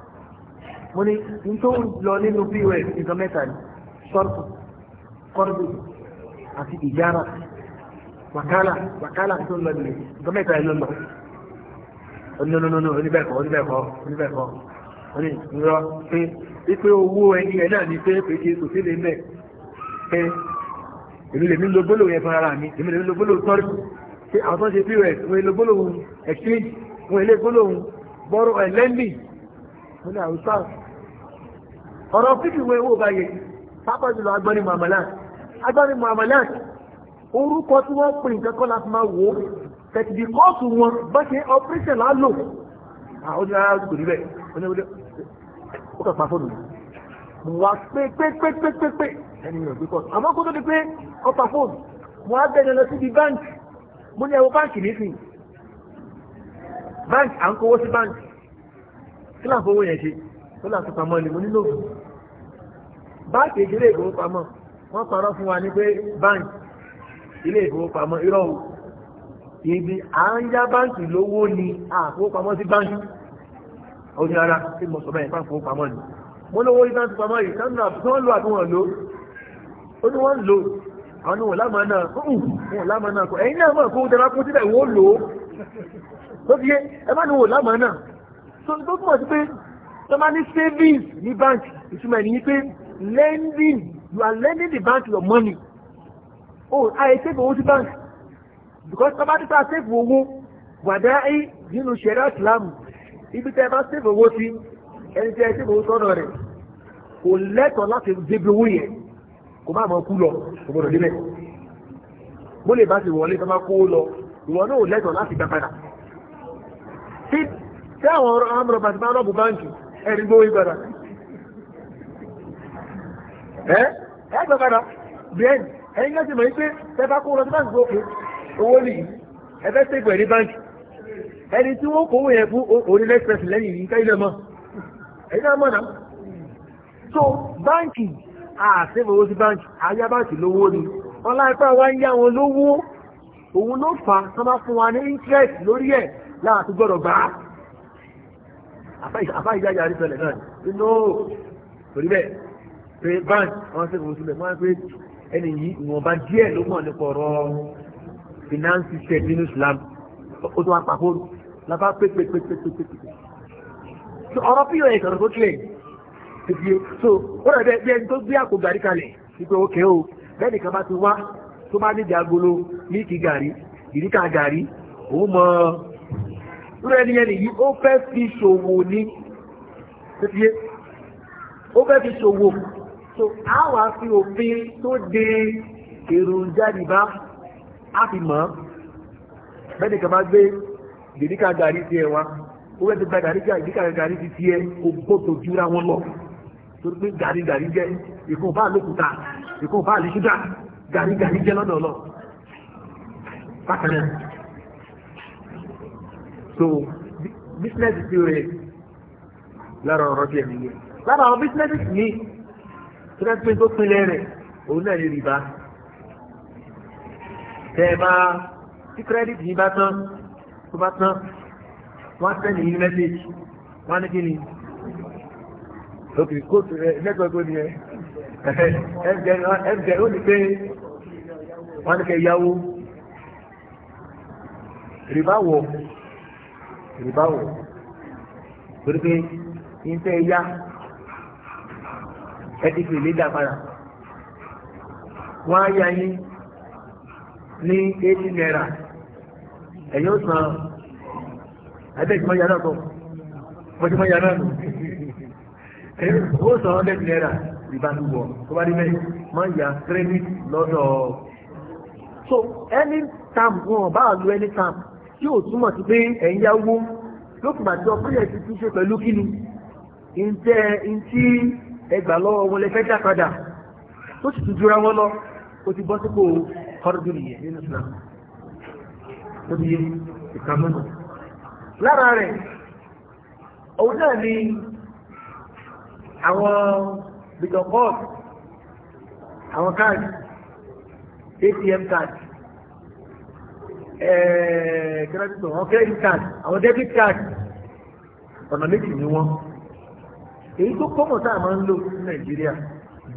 mo ní n tó ń lọ nínú pos nǹkan mẹ́ta ni ṣọ́ọ̀tù kọ́ọ̀dù àti ìjára wàkálà wàkálà tó ń lọ nìyẹn nǹkan mẹ́ta yìí ló lọ. onínúnúnú oníbẹ̀kọ̀ oníbẹ̀kọ̀ oníbẹ̀kọ̀ oní ìrọ pé wípé owó ẹni ẹ̀ náà ni pé pèsè kò sí lè mẹ́ pé èmi lèmi lo gbólóhùn yẹn fún ara mi èmi lèmi lo gbólóhùn sọ́ọ̀rì ṣe àwọn tó ń ṣe pos wọn lo gbólóhùn exchange wọn ilé gbólóhùn bọ́rọ̀ ẹ̀ lẹ́ndì wọn ni àwùjọ ọ̀rọ̀ fífi wo ewó báyìí pápá jùlọ agbọ́ni muamalat agbọ́ni muamalat orúkọ tí wọ́n pè nǹkan kọ́ láti máa wò ó tẹ̀tì bí kóòtù wọn bá ṣe operation lálò àwọn oníwà ara ah, kò níbẹ̀ oníwà ó kà pa fóònù mo wá pé pé pé pé pé pé ẹni yàn gbé kóòtù àmọ́ kó tó di pé ó pa fóònù mo á bẹ̀rẹ̀ lọ síbi báǹkì mo ní ẹwọ báǹkì nísìnyí báǹkì à ń kówó dọ́là tó pamọ́ ni mo nílò òògùn báńkì ìdílé ìfowópamọ́ wọ́n parọ́ fún wa ní pé báńkì ilé ìfowópamọ́ irọ́ o ibi à ń yá báńkì lówó ni àfowópamọ́ sí báńkì ó ní ara tí mo sọ bẹ́ẹ̀ fún àfowópamọ́ ni mo lówó ní báńkì pamọ́ yìí sánú àti wọ́n lo àti wọ́n lo ó ní wọ́n lo àwọn ní wọ́n lámà náà kóhùn wọ́n lámà náà kó ẹ̀yin náà mọ̀ kó dára kó síbẹ̀ wọ́n lò ó tó fi yé ẹ tó bá ní savings ní bank ìtumọ̀ ẹni pé lending you are lending the bank your money oh àyè save owó sí bank because tó bá ti ta save owó wàdá ẹ nínú ṣẹ̀dá ìsìlámù ibi tẹ́ bá save owó sí ẹni tẹ́ save owó sọ́dọ̀ rẹ̀ kò lẹ́tọ̀ọ́ láti débi owó yẹn kò má mọ̀ kú lọ kò gbọdọ̀ débẹ̀ bó lè bá ti wọlé tó bá kó lọ ìwọ náà lẹ́tọ̀ọ́ láti gbà padà tí àwọn ọmọ rẹ̀ bàtí máa rọ́bù báńkì ẹ̀rí gbówó ìgbàdà ẹ́ ẹgbẹ̀gbàdà bẹ́ẹ̀ni ẹ̀yìn láti mọ̀ wípé tẹ́bá kó lọ sí báńkì gbókè owó nìyí ẹfẹ́ sí ìpẹ̀rí báńkì ẹni tí wọ́n kówó yẹn fún orí lẹ́sẹ̀sì lẹ́yìn yìí káyílẹ̀ mọ́ ẹ̀yìn náà mọ̀ náà so báńkì àṣẹ́fowó sí báńkì ayá báńkì lówó ni ọlá ipá wa ń yá wọn lówó òun ló fà á sọ́mọ́ fún wa ní interest lórí ẹ̀ láti gbọ́dọ̀ gbà àfáà ìjájà rí sọlẹ̀ náà ní no torí bẹ́ẹ̀ pé báńkì àwọn ṣe kò sílẹ̀ máa ń pé ẹni yìí ìwọ̀nba díẹ̀ ló mọ̀ nípa ọ̀rọ̀ finance tech nínú Islam ó tún wá pàkó lábá pépépépépépé ọ̀rọ̀ pí ọ̀yẹ̀ ìkànnì tó tilẹ̀ ìdí so ó rẹ̀ bẹ́ẹ̀ bí ẹni tó gbé àpò gàrí kalẹ̀ wípé ó kẹ́ o bẹ́ẹ̀ nìkan bá ti wá tó bá nídìí agolo mílíkì gàrí ìdíkà gàrí òun mọ̀ ọ́ lórí ẹni ẹni yìí ó fẹ́ fi ṣòwò ní títí ó fẹ́ fi ṣòwò so àwọn àfi òfin tó de èròjà nìbá á fi mọ̀ bẹ́ẹ̀ nìkan máa gbé dèdíkà gàrí sí ẹ wa ó fẹ́ fi gba gàrí jà dèdíkà gàrí sí tiẹ̀ kò gbọ́dọ̀ jura wọn lọ torí pé gàrí gàrí jẹ́ ìkùn bá lókùúta ìkùn bá lè ṣúgà gàrí gàrí jẹ́ lọ́dọ̀ lọ so business ti rẹ̀ lára ọ̀rọ̀ díẹ̀ nìyẹn lára àwọn business ní tẹ́lẹ̀tẹ́ tó pinlẹ̀ rẹ̀ òun náà lè rìbá tẹ́ ẹ máa tí credit yìí bá tán tó bá tán wọ́n á sẹ́ni yìí message wọ́n á ní kí ni ok kóòtù rẹ̀ network ó ní ẹ ẹ̀ẹ́dẹ̀ ó ní pé wọ́n á ní kẹ́ yáwó rìbá wọ̀ rìbá wò torí pé iṣẹ́ yá ẹ ti fi ìlédà padà wọ́n á yá yín ní eighty naira ẹ̀yin ó san ẹ̀ẹ́dẹ́gbẹ̀mọ́ yàrá tó mọ́júmọ́ yàrá nù ẹ̀yin ó san hundred naira ìbálùwọ̀ tó bá rí mẹ́rin máa ń ya credit lọ́dọ̀ so any time wọn bá lu any time. tí túmọ̀ sí pé ẹ̀ yáwó lókùnbà tí ọkùnrin ẹ̀ ti tún ṣe pẹ̀lú kíni ǹjẹ́ ǹtí ẹgbà lọ́wọ́ wọn lè fẹ́ dá padà tó sì tún jura wọn lọ ó ti bọ́ sípò nìyẹn nínú Islam atm káàdì kẹ́rẹ́dìtì eh, àwọn credit card àwọn debit card ọ̀nà méjì ni wọ́n èyí tó kọ́mọ̀ tá a máa ń lò ní nàìjíríà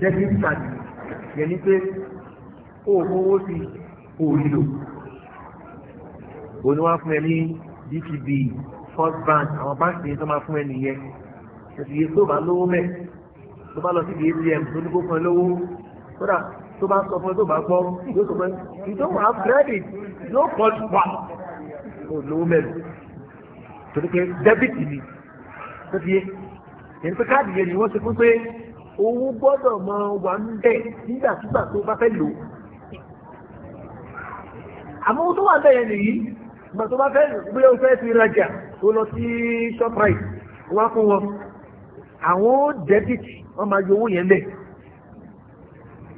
debit card yẹn ni pé ó mówó sí òòlò òní wá fún ẹ ní dtb first bank àwọn báńkì yẹn tó máa fún ẹ nìyẹn ẹ̀sìn yẹn tó bá lówó mẹ́ tó bá lọ sí atm tó ní kó fún ẹ lówó kódà tó bá sọ fún ẹ tó bá gbọ́ yóò sọ fún ẹ you don't have credit no call wa kò lówó mẹ́rin torí pé debit ni tó fi yé èyí pé káàdì yẹn ni wọ́n ṣe fún pé owó gbọ́dọ̀ máa wà ń bẹ̀ nígbàkúgbà tó bá fẹ́ lò àmọ́ owó tó wà bẹ́ẹ̀ yẹn nìyí ìgbà tó bá fẹ́ gbé o fẹ́ fi rajà tó lọ sí shoprite wá fún wọn àwọn debit wọ́n máa yọ owó yẹn bẹ́ẹ̀.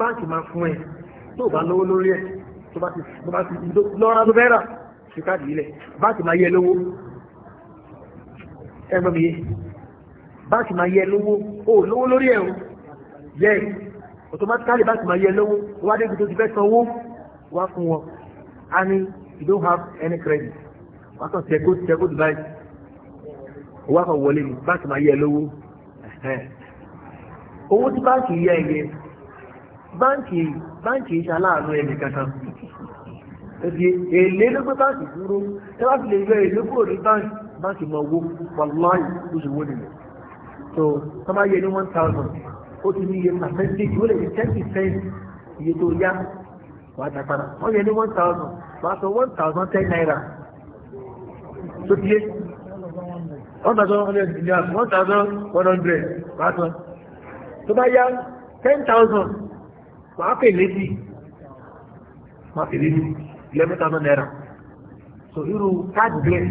báńkì máa fún ẹ tó bá lówó lórí ẹ tó bá ti lọ́ra tó fẹ́ràn ṣe káàdì ilẹ̀ báńkì máa yẹ lówó ẹgbẹ́ mi báńkì máa yẹ lówó ó lówó lórí ẹ o yẹ automatically báńkì máa yẹ lówó wá débi tó ti fẹ́ sanwó wá fún wọn a ní you don't have any credit wá kàn tẹ́kó tẹ́kó dubai wá kàn wọlé ní báńkì máa yẹ lówó owó tí báńkì yẹ ẹ̀yẹ báǹkì báǹkì ìṣàláàánú ẹnì kankan ẹbí èlé ló gbé báǹkì dúró ẹ bá fi lè yọ èlé kúrò ní báǹkì báǹkì mọ owó wàláì ló ṣe wó nìyẹn so tó bá yẹ ní one thousand ó ti ní iye percentage ó lè ní ten percent iye tó yá wà á dàgbára wọ́n yẹ ní one thousand sọ one thousand naira tó tiye one thousand sọ tó máa pè lébi máa pè lébi eleven thousand naira so irú káàdì díẹ̀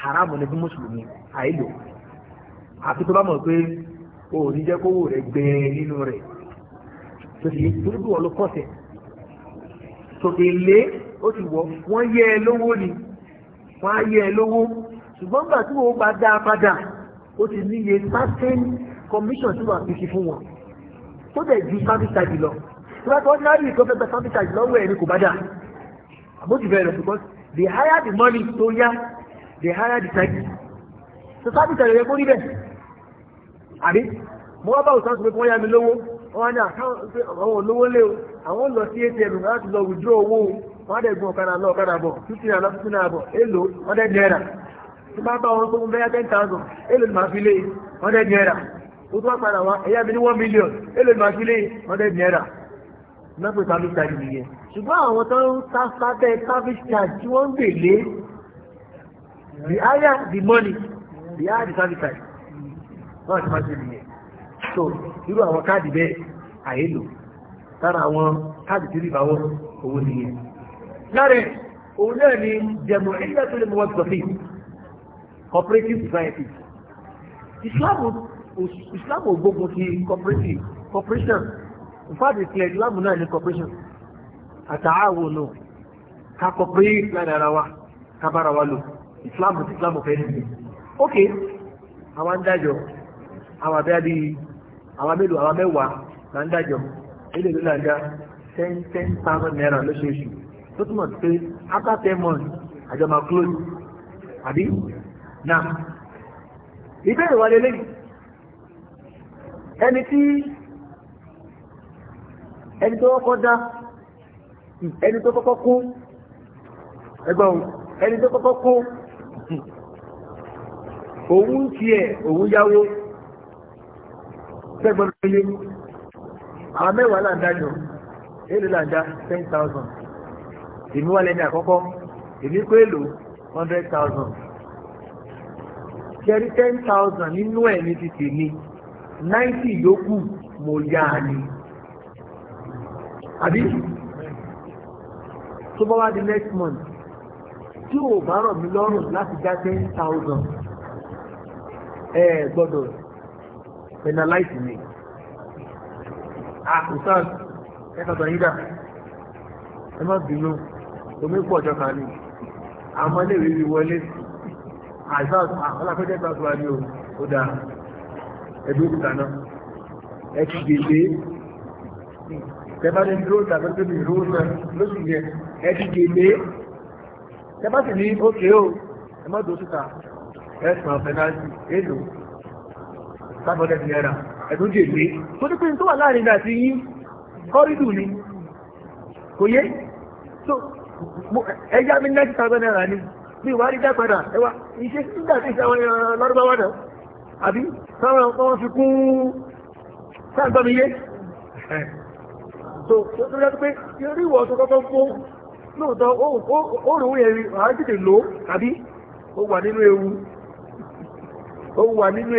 haramu ni fún mùsùlùmí àìlò àfi tó bá mọ̀ pé o ò ní jẹ́ kówó rẹ̀ gbẹ̀ẹ́ nínú rẹ̀ tó sì torí bí wọ́n ló kọ̀sẹ̀ so èlé ó ti wọ̀ wọ́n yẹ ẹ lówó ni wọ́n á yẹ ẹ lówó ṣùgbọ́n gbà tí wọ́n bá dá a padà ó ti níye certain commission tí wọ́n á fi ṣe fún wọn tó dẹ̀ ju service charge lọ. Because ordinarily, the government something that is not where any kubada. Most because they hire the money to ya, they hire the site. So service are very best. Àbí, mo wá bá òsán sọ pé wọ́n yá mi lówó, wọ́n wá ní àwọn olówó lé o, àwọn lọ sí ATM láti lọ withdraw owó o, wọ́n á dẹ̀ gun ọ̀kadà lọ ọ̀kadà bọ̀, fifty naira fifty naira bọ̀, èlò hundred naira. Tí bá bá wọn naira. tún wá lọ́pọ̀ service charge nìyẹn ṣùgbọ́n àwọn tó ń sáfẹ́ service charge tí wọ́n ń gbèlé the higher the money the higher the service charge wọ́n ti máa ṣe nìyẹn so irú àwọn káàdì bẹ́ẹ̀ àyèlò lára àwọn káàdì tí rí ìbáwọ́ owó nìyẹn lára òun náà ni jẹ̀mọ̀ ẹ̀yà tó lè mọ́ wọ́n sọ̀fì cooperative society Islam ò gbógun ti cooperative cooperation in fact ìpìlẹ̀ náà ní cooperation àtàáwòlò ká cooperate lára ara wa ká wa lò ìsìláàmù ti ìsìláàmù fẹ́ nìyí ok àwa ń dájọ́ abẹ́ bíi àwa mélòó àwa ten naira lóṣooṣù tó túmọ̀ sí pé after 10 months àjọ máa close àbí now ìbéèrè wa lélẹ́yìn ẹni tí ẹni tó kọ́kọ́ dá ẹni tó kọ́kọ́ kú ẹgbọ́n ẹni tó kọ́kọ́ kú òun ti ẹ̀ òun yáwó sẹ́gbọ́n lóye àwọn mẹ́wàá là ń dá jọ èlò là ń dá ten thousand èmi wà lẹ́ni àkọ́kọ́ èmi kó èlò hundred thousand kẹrí ten thousand nínú ẹ̀ ní ti tèmi ninety yòókù mo yá a ni àbí tó bá wá di next month tí ò bá rọ̀ mí lọ́rùn láti já ten thousand ẹ gbọ́dọ̀ penalize mi àkùsàn ah, ẹ̀ka gbàyídà ẹ má bínú omi pọ̀ ọjọ́ kan ní àmọ́ ilé ìrírí wọlé àìsàn alákọ̀ọ́jẹ́ ah, gbàgbà ni ó dáa ẹ̀dùn òkúta náà ẹ ti gbèsè tẹ́bàtí dúró tàbí tó bìí rúrú náà lóṣù yẹ ẹ̀dí gèlè tẹ́bàtí ní ókè ó ẹmọ́dọ̀ síta ẹ̀sùn àfẹ́nájì èlò sábọ́dẹ̀ náírà ẹ̀dún gèlè tó ní pé tó wà láàrin náà ti yí kọ́rídù ni kò yé tó ẹjá mi náà ti sábẹ́ náírà ni bí wàá rí dápadà ẹwà iṣẹ́ nígbà tí ìṣàwọn lọ́rùbáwá náà àbí sáwọn ọmọ fi kún sáǹtọ́ mi yé tó tó yẹ́ ewu